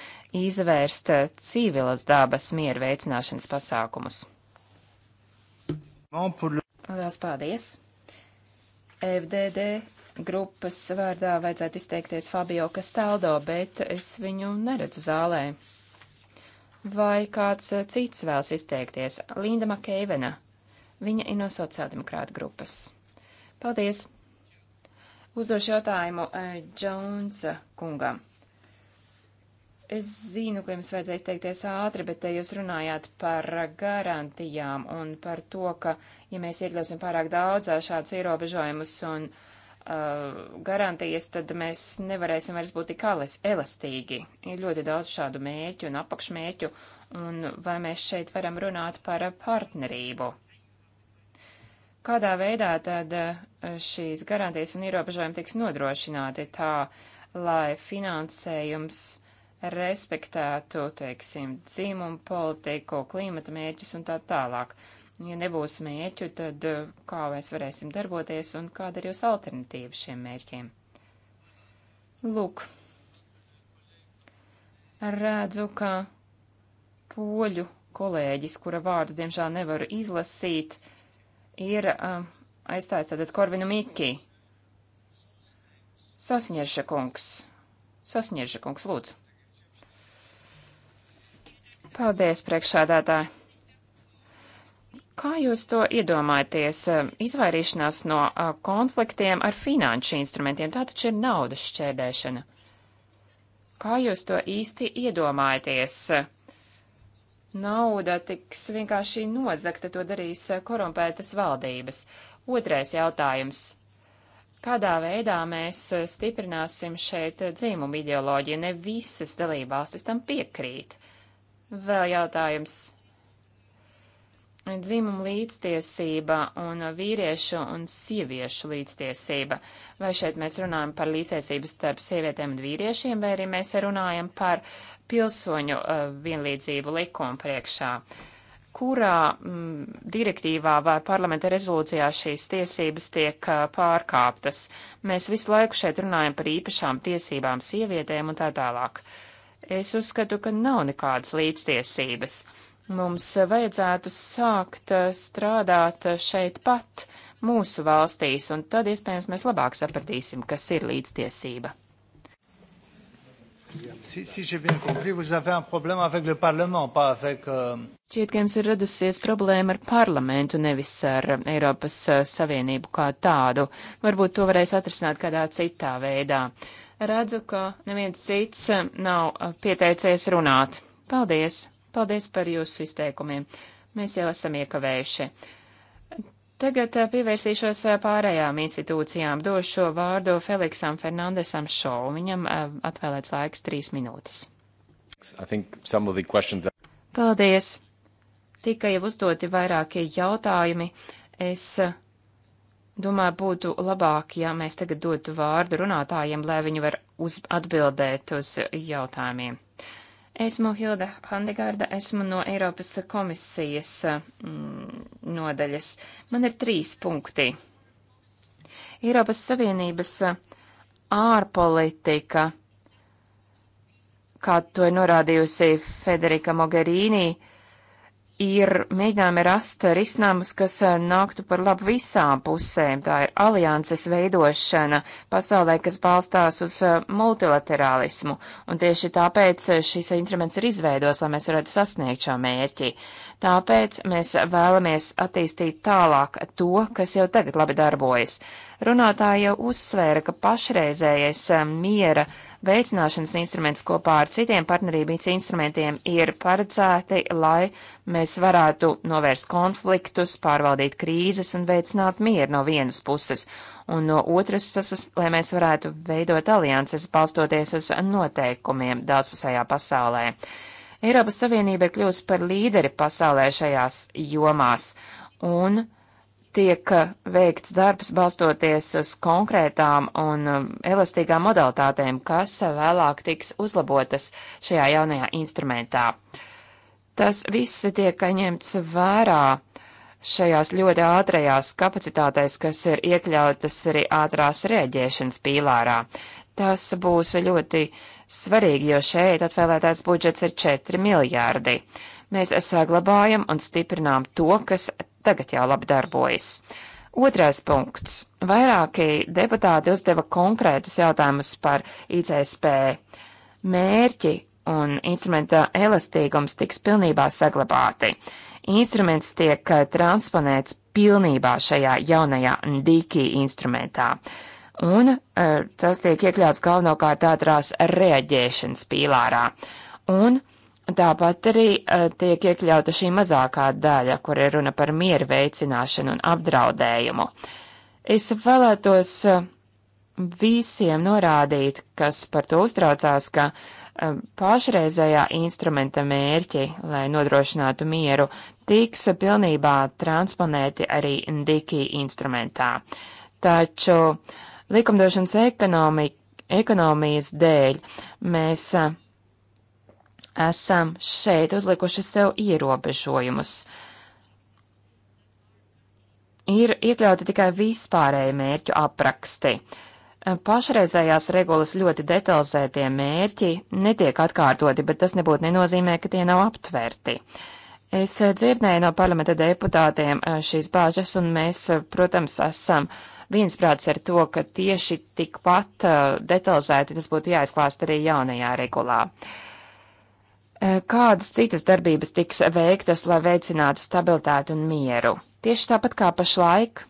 izvērst uh, civilas dabas mieru veicināšanas pasākumus. Lielas paldies! FDD grupas vārdā vajadzētu izteikties Fabio Kastaldo, bet es viņu neredzu zālē. Vai kāds uh, cits vēlas izteikties? Linda Makeivena. Viņa ir no sociāldemokrāta grupas. Paldies! Uzdošu jautājumu Džonsa eh, kungam. Es zinu, ka jums vajadzēja izteikties ātri, bet te eh, jūs runājāt par garantijām un par to, ka, ja mēs iekļausim pārāk daudz eh, šādus ierobežojumus un uh, garantijas, tad mēs nevarēsim vairs būt tik elastīgi. Ir ļoti daudz šādu mērķu un apakšmērķu, un vai mēs šeit varam runāt par partnerību? Kādā veidā tad eh, šīs garantijas un ierobežojumi tiks nodrošināti tā, lai finansējums respektētu, teiksim, dzīmumu politiku, klimata mērķus un tā tālāk? Ja nebūs mērķu, tad eh, kā mēs varēsim darboties un kāda ir jūsu alternatīva šiem mērķiem? Lūk, redzu, ka poļu kolēģis, kura vārdu diemžēl nevaru izlasīt, uh, ir uh, aizstājis tātad Korvinu Miki. Sosņieša kungs. Sosņieša kungs, lūdzu. Paldies, priekšādātāji. Kā jūs to iedomājaties? Uh, izvairīšanās no uh, konfliktiem ar finanšu instrumentiem, tā taču ir naudas šķērdēšana. Kā jūs to īsti iedomājaties? nauda tiks vienkārši nozagta, to darīs eh, korumpētas valdības. Otrais jautājums. Kādā veidā mēs eh, stiprināsim šeit eh, dzīmumu ideoloģiju? Ne visas dalībvalstis tam piekrīt. Vēl jautājums dzimuma līdztiesība un vīriešu un sieviešu līdztiesība. Vai šeit mēs runājam par līdztiesību starp sievietēm un vīriešiem, vai arī mēs runājam par pilsoņu uh, vienlīdzību likumu priekšā? kurā mm, direktīvā vai parlamenta rezolūcijā šīs tiesības tiek uh, pārkāptas. Mēs visu laiku šeit runājam par īpašām tiesībām sievietēm un tā tālāk. Es uzskatu, ka nav nekādas līdztiesības. Uh, Mums vajadzētu sākt eh, strādāt šeit pat mūsu valstīs, un tad iespējams mēs labāk sapratīsim, kas ir līdztiesība. Si, si j'ai bien compris, vous avez un problème avec le Parlement, pas avec. Euh, Šķiet, ka jums ir radusies problēma ar parlamentu, nevis ar eh, Eiropas eh, Savienību kā tādu. Varbūt to varēs atrisināt kādā citā veidā. Redzu, ka neviens cits nav pieteicies runāt. Paldies! Paldies par jūsu izteikumiem. Mēs jau esam iekavējuši. Tagad eh, pievērsīšos eh, pārējām institūcijām. Došu vārdu Feliksam Fernandesam Šo. Viņam eh, atvēlēts laiks trīs minūtes. That... Paldies! Tika jau uzdoti vairākie jautājumi. Es Domāju, būtu labāk, ja mēs tagad dotu vārdu runātājiem, lai viņi var uz atbildēt uz jautājumiem. Esmu Hilda Handegarda, esmu no Eiropas komisijas mm, nodaļas. Man ir trīs punkti. Eiropas Savienības ārpolitika, kā to ir norādījusi Federika Mogherīnija, ir mēģinājumi rast risinājumus, kas eh, nāktu par labu visām pusēm. Tā ir alianses veidošana pasaulē, kas balstās uz eh, multilaterālismu, un tieši tāpēc eh, šis instruments ir izveidots, lai mēs varētu sasniegt šo mērķi. Tāpēc mēs vēlamies attīstīt tālāk to, kas jau tagad labi darbojas. Runātāja jau uzsvēra, ka pašreizējais um, miera veicināšanas instruments kopā ar citiem partnerības instrumentiem ir paredzēti, lai mēs varētu novērst konfliktus, pārvaldīt krīzes un veicināt mieru no vienas puses, un no otras puses, lai mēs varētu veidot alianses balstoties uz noteikumiem daudzpusējā pasaulē. Eiropas Savienība ir kļuvusi par līderi pasaulē šajās jomās un tiek uh, veikts darbs balstoties uz konkrētām un um, elastīgām modalitātēm, kas vēlāk tiks uzlabotas šajā jaunajā instrumentā. Tas viss tiek ņemts vērā šajās ļoti ātrajās kapacitātēs, kas ir iekļautas arī ātrās rēģēšanas pīlārā. Tas būs ļoti uh, svarīgi, jo šeit atvēlētais budžets ir 4 miljārdi. Mēs saglabājam un stiprinām to, kas tagad jau labi darbojas. Otrais punkts. Vairāki deputāti uzdeva konkrētus jautājumus par ICSP. Mērķi un instrumenta elastīgums tiks pilnībā saglabāti. Instruments tiek transponēts pilnībā šajā jaunajā DIKI instrumentā. Uh, un e, tas tiek iekļauts galvenokārt ātrās reaģēšanas pīlārā. Un tāpat arī e, tiek iekļauta šī mazākā daļa, kur ir runa par mieru veicināšanu un apdraudējumu. Es vēlētos e, visiem norādīt, kas par to uztraucās, ka pašreizējā instrumenta mērķi, lai nodrošinātu mieru, tiks pilnībā transponēti arī Diki instrumentā. Taču likumdošanas ekonomi, ekonomijas dēļ mēs esam šeit uzlikuši sev ierobežojumus. Ir iekļauti tikai vispārēji mērķu apraksti. Pašreizējās regulas ļoti detalizētie mērķi netiek atkārtoti, bet tas nebūtu nenozīmē, ka tie nav aptverti. Uh, Es eh, dzirdēju no parlamenta deputātiem eh, šīs bāžas, un mēs, eh, protams, esam viensprāts ar to, ka tieši tikpat detalizēti tas būtu jāizklāst arī jaunajā regulā. Kādas citas darbības tiks veiktas, lai veicinātu stabilitāti un mieru? Tieši tāpat kā pašlaik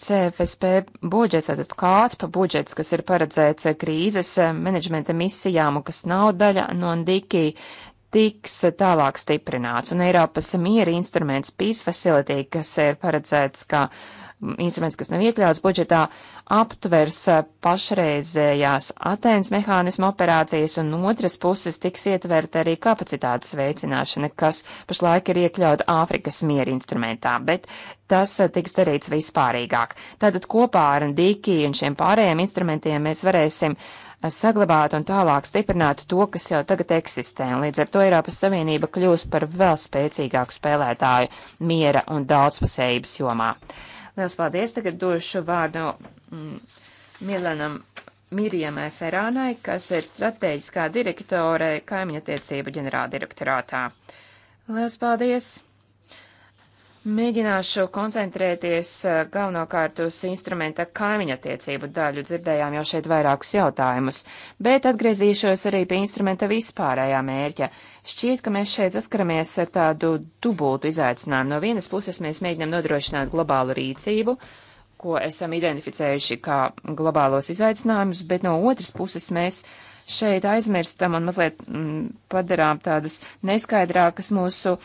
CFSP budžets, tātad kātpa budžets, kas ir paredzēts krīzes menedžmenta misijām un kas nav daļa no Ndiki, tiks tālāk stiprināts, un Eiropas miera instruments Peace Facility, kas ir paredzēts kā mm, instruments, kas nav iekļauts budžetā, aptvers eh, pašreizējās Atēnas mehānismu operācijas, un no otras puses tiks ietverta arī kapacitātes veicināšana, kas pašlaik ir iekļauta Āfrikas miera instrumentā, bet tas eh, tiks darīts vispārīgāk. Tātad kopā ar Dīki un šiem pārējiem instrumentiem mēs varēsim uh, saglabātu un tālāk stiprinātu to, kas jau tagad eksistē, un līdz ar to Eiropas Savienība kļūst par vēl spēcīgāku spēlētāju miera un daudzpusējības jomā. Liels paldies! Tagad došu vārdu mm, Milanam Mirjamai Ferānai, kas ir strateģiskā direktore kaimiņattiecību ģenerāldirektorātā. Liels paldies! Mēģināšu koncentrēties eh, galvenokārt uz instrumenta kaimiņa attiecību daļu. Dzirdējām jau šeit vairākus jautājumus, bet atgriezīšos arī pie instrumenta vispārējā mērķa. Šķiet, ka mēs šeit saskaramies ar tādu dubultu izaicinājumu. No vienas puses mēs mēģinām nodrošināt globālu rīcību, ko esam identificējuši kā globālos izaicinājumus, bet no otras puses mēs šeit aizmirstam un mazliet mm, padarām tādas neskaidrākas mūsu uh,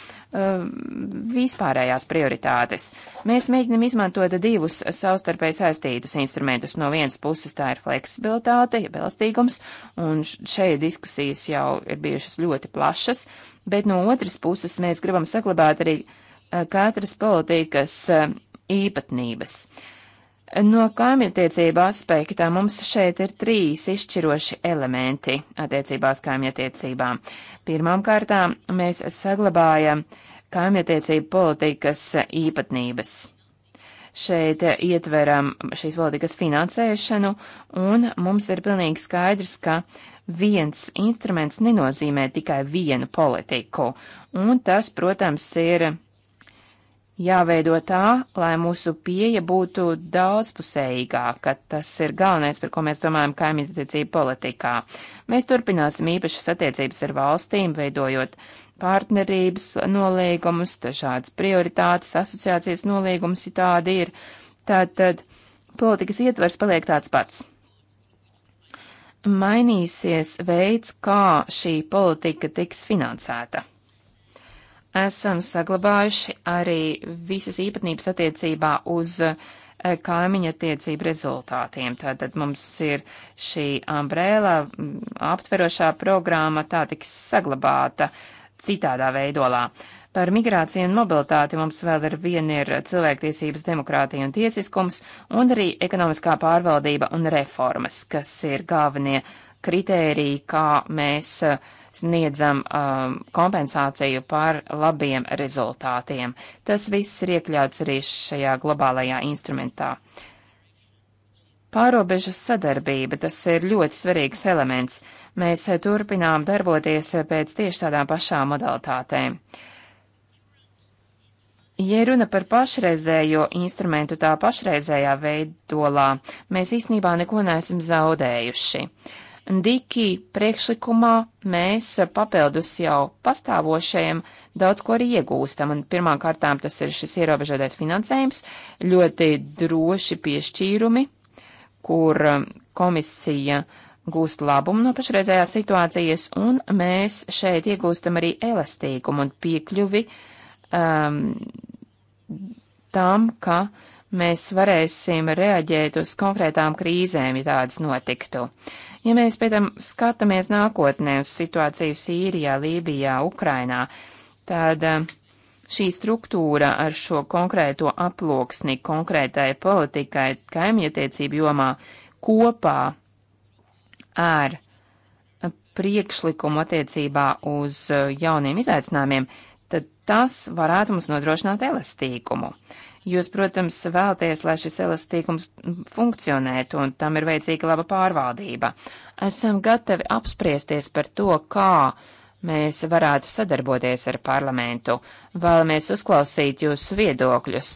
vispārējās prioritātes. Mēs mēģinam izmantot divus savstarpēji saistītus instrumentus. No vienas puses tā ir fleksibilitāte, jeb elastīgums, un šeit diskusijas jau ir bijušas ļoti plašas, bet no otras puses mēs gribam saglabāt arī uh, katras politikas uh, īpatnības. Uh, No kaimietiecība aspektā mums šeit ir trīs izšķiroši elementi attiecībās kaimietiecībām. Pirmām kārtām mēs saglabājam kaimietiecību politikas īpatnības. Šeit ietveram šīs politikas finansēšanu, un mums ir pilnīgi skaidrs, ka viens instruments nenozīmē tikai vienu politiku, un tas, protams, ir jāveido tā, lai mūsu pieeja būtu daudzpusējīgāka. Tas ir galvenais, par ko mēs domājam kaimiņattiecību politikā. Mēs turpināsim īpašas attiecības ar valstīm, veidojot partnerības nolīgumus, dažādas prioritātes, asociācijas nolīgumus, ja tādi ir. Tātad politikas ietvers paliek tāds pats. Mainīsies veids, kā šī politika tiks finansēta esam saglabājuši arī visas īpatnības attiecībā uz eh, kaimiņa attiecību rezultātiem. Tātad mums ir šī ambrēla mm, aptverošā programma, tā tiks saglabāta citādā veidolā. Par migrāciju un mobilitāti mums vēl ar vienu ir cilvēktiesības, demokrātija un tiesiskums, un arī ekonomiskā pārvaldība un reformas, kas ir galvenie kritēriji, kā mēs eh, sniedzam um, kompensāciju par labiem rezultātiem. Tas viss ir iekļauts arī šajā globālajā instrumentā. Pārobežu sadarbība, tas ir ļoti svarīgs elements. Mēs turpinām darboties pēc tieši tādām pašām modalitātēm. Ja runa par pašreizējo instrumentu tā pašreizējā veidolā, mēs īstenībā neko neesam zaudējuši. Uh, Diki priekšlikumā mēs papildus jau pastāvošajiem daudz ko arī iegūstam, un pirmām kārtām tas ir šis ierobežotais finansējums, ļoti droši piešķīrumi, kur komisija gūst labumu no pašreizējās situācijas, un mēs šeit iegūstam arī elastīgumu un piekļuvi um, tam, ka uh, mēs varēsim reaģēt uz konkrētām krīzēm, ja tādas notiktu. Ja mēs pēc tam skatāmies nākotnē uz situāciju Sīrijā, Lībijā, Ukrainā, tad um, šī struktūra ar šo konkrēto aploksni konkrētai politikai kaimietiecību jomā kopā ar priekšlikumu attiecībā uz uh, jauniem izaicinājumiem, tad tas varētu mums nodrošināt elastīgumu. Uh, Jūs, protams, vēlaties, lai šis elastīgums funkcionētu, un tam ir vajadzīga laba pārvaldība. Esam gatavi apspriesties par to, kā mēs varētu sadarboties ar parlamentu. Vēlamies uzklausīt jūsu viedokļus.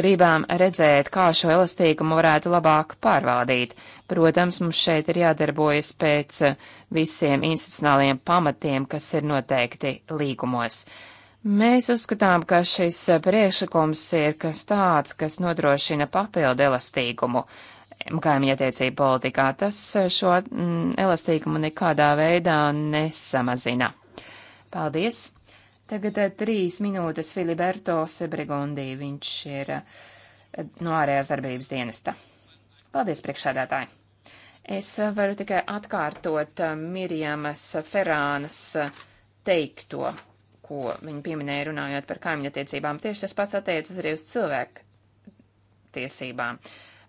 Gribām redzēt, kā šo elastīgumu varētu labāk pārvaldīt. Protams, mums šeit ir jādarbojas pēc visiem institucionāliem pamatiem, kas ir noteikti līgumos. Mēs uzskatām, ka šis priekšlikums ir kas tāds, kas nodrošina papildu elastīgumu kaimiņattiecību politikā. Tas šo mm, elastīgumu nekādā veidā nesamazina. Paldies! Tagad eh, trīs minūtes Filiberto Sebrigondī. Viņš ir eh, no ārējās darbības dienesta. Paldies, priekšsēdētāji! Es eh, varu tikai atkārtot Mirjamas Ferānas teikto ko viņi pieminēja runājot par kaimiņattiecībām. Tieši tas pats attiecas arī uz cilvēku tiesībām.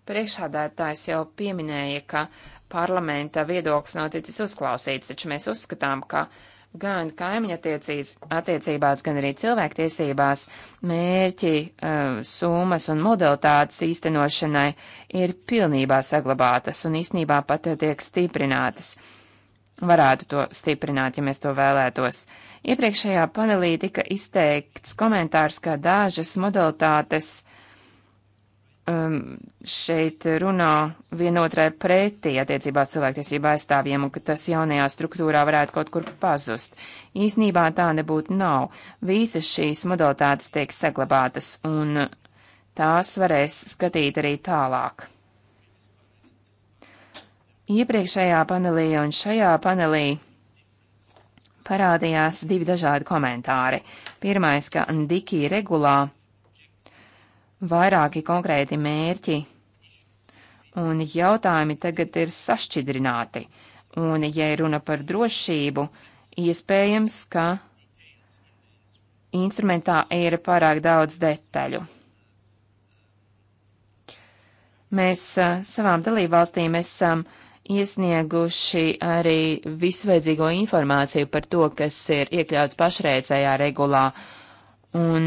Priekšādātājs jau pieminēja, ka parlamenta viedoklis nav ticis uzklausīts, taču mēs uzskatām, ka gan kaimiņattiecībās, gan arī cilvēktiesībās mērķi, eh, summas un modalitātes īstenošanai ir pilnībā saglabātas un īsnībā pat tiek stiprinātas varētu to stiprināt, ja mēs to vēlētos. Iepriekšējā panelī tika izteikts komentārs, ka dažas modalitātes um, šeit runā vienotrai pretī attiecībā cilvēktiesība aizstāvjiem un ka tas jaunajā struktūrā varētu kaut kur pazust. Īsnībā tā nebūtu nav. Visas šīs modalitātes tiek saglabātas un tās varēs skatīt arī tālāk. Iepriekšējā panelī un šajā panelī parādījās divi dažādi komentāri. Pirmais, ka Dikī regulā vairāki konkrēti mērķi un jautājumi tagad ir sašķidrināti. Un, ja runa par drošību, iespējams, ka instrumentā ir pārāk daudz detaļu. Mēs eh, savām dalībvalstīm esam uh, iesnieguši arī visveidzīgo informāciju par to, kas ir iekļauts pašreizējā regulā, un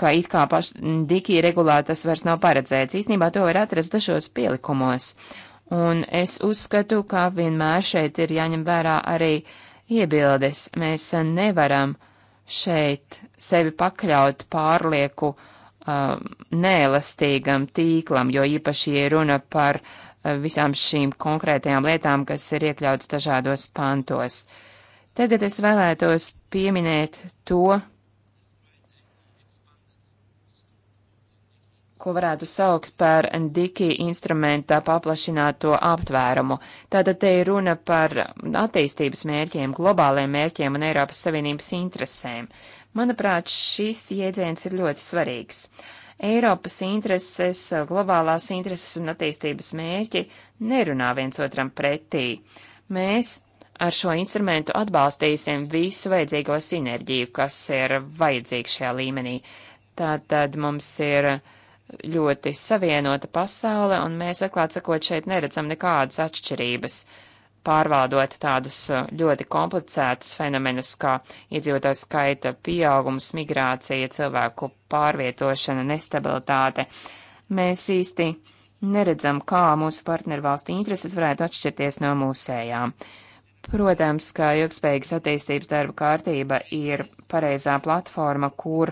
ka it kā paš, dikī regulā tas vairs nav paredzēts. Īsnībā to var atrast dažos pielikumos, un es uzskatu, ka vienmēr šeit ir jāņem vērā arī iebildes. Mēs nevaram šeit sevi pakļaut pārlieku uh, neelastīgam tīklam, jo īpaši, ja runa par uh, Eh, visām šīm konkrētajām lietām, kas ir iekļautas dažādos pantos. Tagad es vēlētos pieminēt to, ko varētu saukt par Diki instrumenta paplašināto aptvērumu. Tātad te ir runa par attīstības mērķiem, globāliem mērķiem un Eiropas Savienības interesēm. Manuprāt, šis jēdziens ir ļoti svarīgs. Uh, Eiropas intereses, globālās intereses un attīstības mērķi nerunā viens otram pretī. Mēs ar šo instrumentu atbalstīsim visu vajadzīgo sinerģiju, kas ir vajadzīga šajā līmenī. Tātad mums ir ļoti savienota pasaule, un mēs atklāt sakot šeit neredzam nekādas atšķirības. Uh, pārvaldot tādus uh, ļoti komplicētus fenomenus kā iedzīvotāju skaita pieaugums, migrācija, cilvēku pārvietošana, nestabilitāte. Mēs īsti neredzam, kā mūsu partnervalstu intereses varētu atšķirties no mūsējām. Protams, ka ilgspējīgas attīstības darba kārtība ir pareizā platforma, kur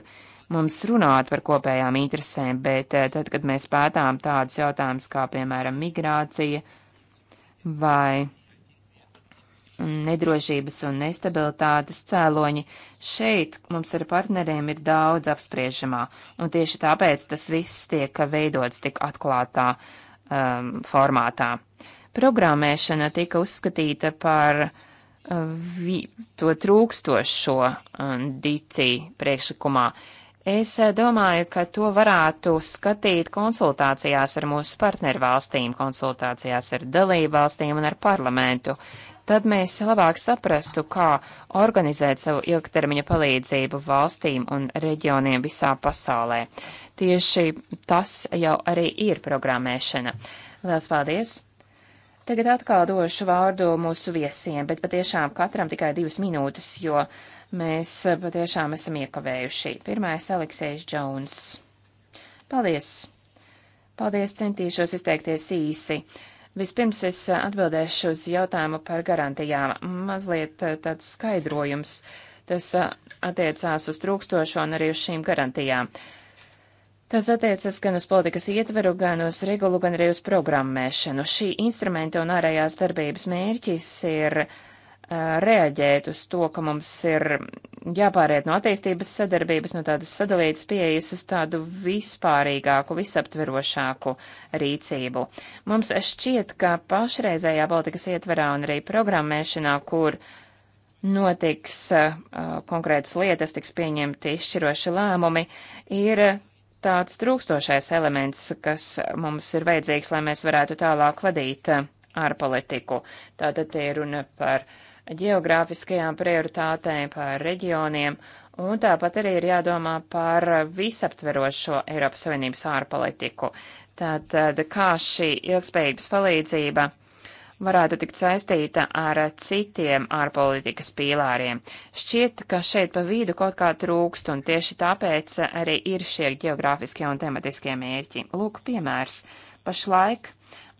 mums runāt par kopējām interesēm, bet uh, tad, kad mēs pētām tādus jautājumus kā, piemēram, migrācija vai nedrošības un nestabilitātes cēloņi, šeit mums ar partneriem ir daudz apspriežamā, un tieši tāpēc tas viss tiek veidots tik atklātā um, formātā. Programmēšana tika uzskatīta par uh, vi, to trūkstošo um, dicī priekšlikumā. Es uh, domāju, ka to varētu skatīt konsultācijās ar mūsu partnervalstīm, konsultācijās ar dalībvalstīm un ar parlamentu. Tad mēs labāk saprastu, kā organizēt savu ilgtermiņa palīdzību valstīm un reģioniem visā pasaulē. Tieši tas jau arī ir programmēšana. Lielas paldies! Tagad atkal došu vārdu mūsu viesiem, bet patiešām katram tikai divas minūtes, jo mēs patiešām esam iekavējuši. Pirmais Aleksējs Džons. Paldies! Paldies, centīšos izteikties īsi. Uh, Vispirms es atbildēšu uz jautājumu par garantijām. Mazliet eh, tāds skaidrojums. Tas eh, attiecās uz trūkstošo un arī uz šīm garantijām. Tas attiecas gan uz politikas ietveru, gan uz regulu, gan arī uz programmēšanu. Šī instrumenta un ārējās darbības mērķis ir uh, reaģēt uz to, ka mums ir jāpāriet no attīstības sadarbības, no tādas sadalītas pieejas uz tādu vispārīgāku, visaptverošāku rīcību. Mums šķiet, ka pašreizējā politikas ietverā un arī programmēšanā, kur notiks uh, konkrētas lietas, tiks pieņemti izšķiroši lēmumi, ir tāds trūkstošais elements, kas mums ir vajadzīgs, lai mēs varētu tālāk vadīt ārpolitiku. Tātad te ir runa par uh, geogrāfiskajām prioritātēm, par reģioniem, un tāpat arī ir jādomā par visaptverošo Eiropas Savienības ārpolitiku. Tātad, kā šī ilgspējības palīdzība varētu tikt saistīta ar citiem ārpolitikas pīlāriem. Šķiet, ka šeit pa vidu kaut kā trūkst, un tieši tāpēc arī ir šie geogrāfiskie un tematiskie mērķi. Lūk, piemērs. Pašlaik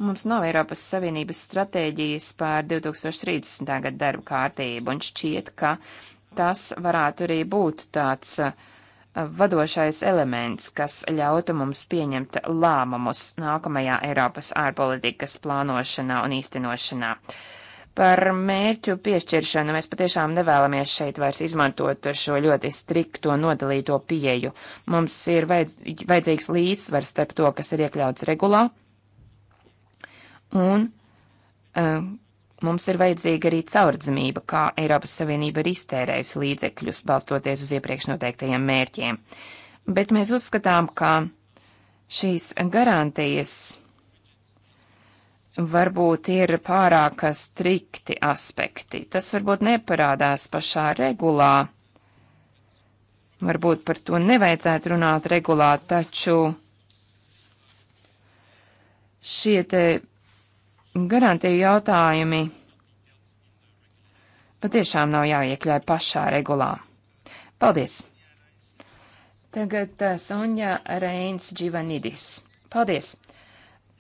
Mums nav Eiropas Savienības stratēģijas pār 2030. gadu darbu kārtību, un šķiet, ka tas varētu arī būt tāds uh, vadošais elements, kas ļautu mums pieņemt lēmumus nākamajā Eiropas ārpolitikas plānošanā un īstenošanā. Par mērķu piešķiršanu mēs patiešām nevēlamies šeit vairs izmantot šo ļoti strikto nodalīto pieeju. Mums ir vajadz, vajadzīgs līdzsvars starp to, kas ir iekļauts regulā un uh, mums ir vajadzīga arī caurdzamība, kā Eiropas Savienība ir iztērējusi līdzekļus, balstoties uz iepriekš noteiktajiem mērķiem. Bet mēs uzskatām, ka šīs garantijas varbūt ir pārāk strikti aspekti. Tas varbūt neparādās pašā regulā. Varbūt par to nevajadzētu runāt regulā, taču šie te Garantija jautājumi patiešām nav jāiekļauj pašā regulā. Paldies! Tagad eh, Sonja Reins Dživanidis. Paldies!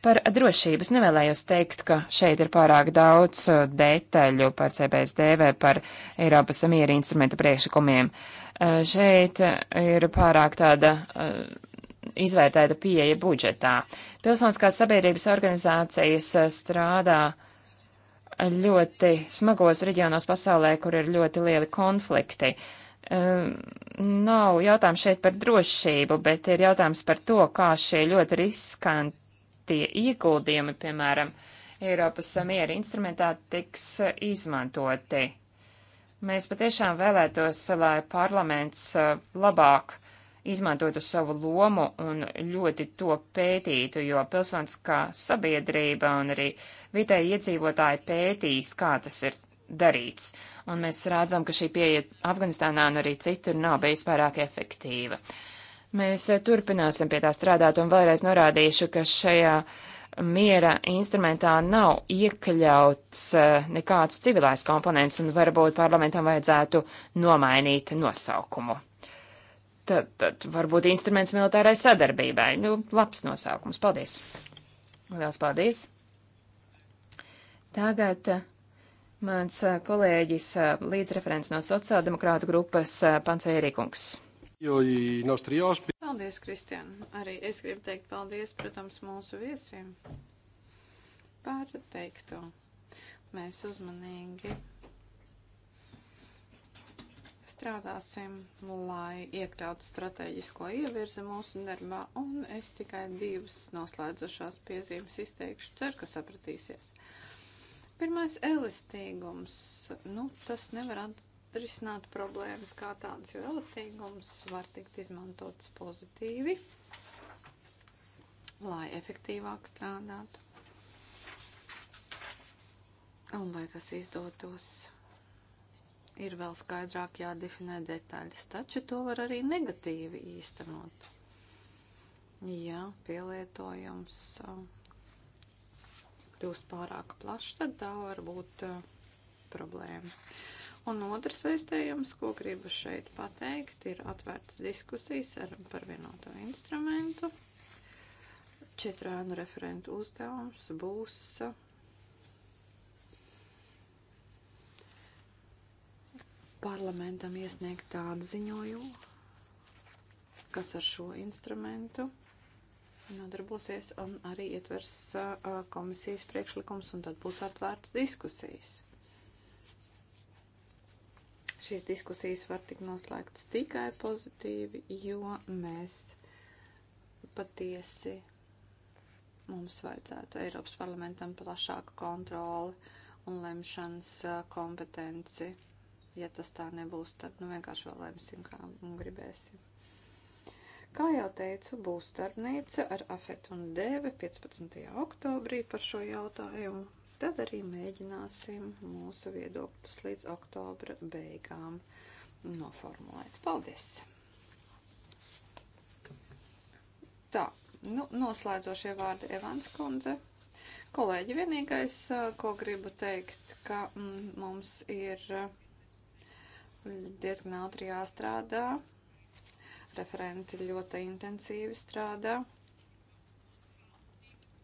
Par drošības nevēlējos teikt, ka šeit ir pārāk daudz eh, detaļu par CBSD vai par Eiropas miera instrumentu priekšlikumiem. Eh, šeit ir pārāk tāda izvērtēta pieeja budžetā. Pilsoniskās sabiedrības organizācijas eh, strādā ļoti smagos reģionos pasaulē, kur ir ļoti lieli konflikti. Um, nav jautājums šeit par drošību, bet ir jautājums par to, kā šie ļoti riskantie ieguldījumi, piemēram, Eiropas miera instrumentā tiks izmantoti. Mēs patiešām vēlētos, lai parlaments eh, labāk izmantotu savu lomu un ļoti to pētītu, jo pilsoniskā sabiedrība un arī vietēji iedzīvotāji pētīs, kā tas ir darīts. Un mēs redzam, ka šī pieeja Afganistānā un arī citur nav bijis pārāk efektīva. Mēs eh, turpināsim pie tā strādāt un vēlreiz norādīšu, ka šajā miera instrumentā nav iekļauts eh, nekāds civilais komponents un varbūt parlamentam vajadzētu nomainīt nosaukumu. Tad, tad varbūt instruments militārai sadarbībai. Nu, labs nosaukums. Paldies! Lielas paldies! Tagad eh, mans eh, kolēģis eh, līdzreferents no sociāldemokrāta grupas Pancērīkungs. Paldies, Kristian. Arī es gribu teikt paldies, protams, mūsu viesiem par teikto. Mēs uzmanīgi strādāsim, lai iekļautu strateģisko ievirzi mūsu darbā, un es tikai divas noslēdzošās piezīmes izteikšu. Ceru, ka sapratīsies. Pirmais - elastīgums. Nu, tas nevar atrisināt problēmas kā tādas, jo elastīgums var tikt izmantots pozitīvi, lai efektīvāk strādātu. Un lai tas izdotos ir vēl skaidrāk jādefinē detaļas, taču to var arī negatīvi īstenot. Ja pielietojums uh, kļūst pārāk plašs, tad tā var būt uh, problēma. Un otrs veistējums, ko gribu šeit pateikt, ir atvērts diskusijas ar, par vienoto instrumentu. Četrānu referentu uzdevums būs uh, parlamentam iesniegt tādu ziņojumu, kas ar šo instrumentu nodarbosies un arī ietvers komisijas priekšlikums, un tad būs atvērts diskusijas. Šīs diskusijas var tik noslēgtas tikai pozitīvi, jo mēs patiesi mums vajadzētu Eiropas parlamentam plašāku kontroli un lemšanas kompetenci Ja tas tā nebūs, tad nu, vienkārši vēl lemsim, kā nu, gribēsim. Kā jau teicu, būs starpnīca ar Afetu un Dēvi 15. oktobrī par šo jautājumu. Tad arī mēģināsim mūsu viedokļus līdz oktobra beigām noformulēt. Paldies! Tā, nu, noslēdzošie vārdi Evans kundze. Kolēģi, vienīgais, ko gribu teikt, ka mm, mums ir diezgan ātri jāstrādā. Referenti ļoti intensīvi strādā.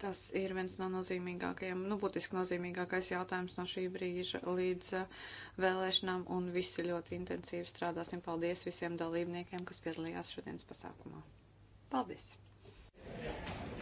Tas ir viens no nozīmīgākajiem, nu, būtiski nozīmīgākais jautājums no šī brīža līdz eh, vēlēšanām, un visi ļoti intensīvi strādāsim. Paldies visiem dalībniekiem, kas piedalījās šodienas pasākumā. Paldies! Yeah.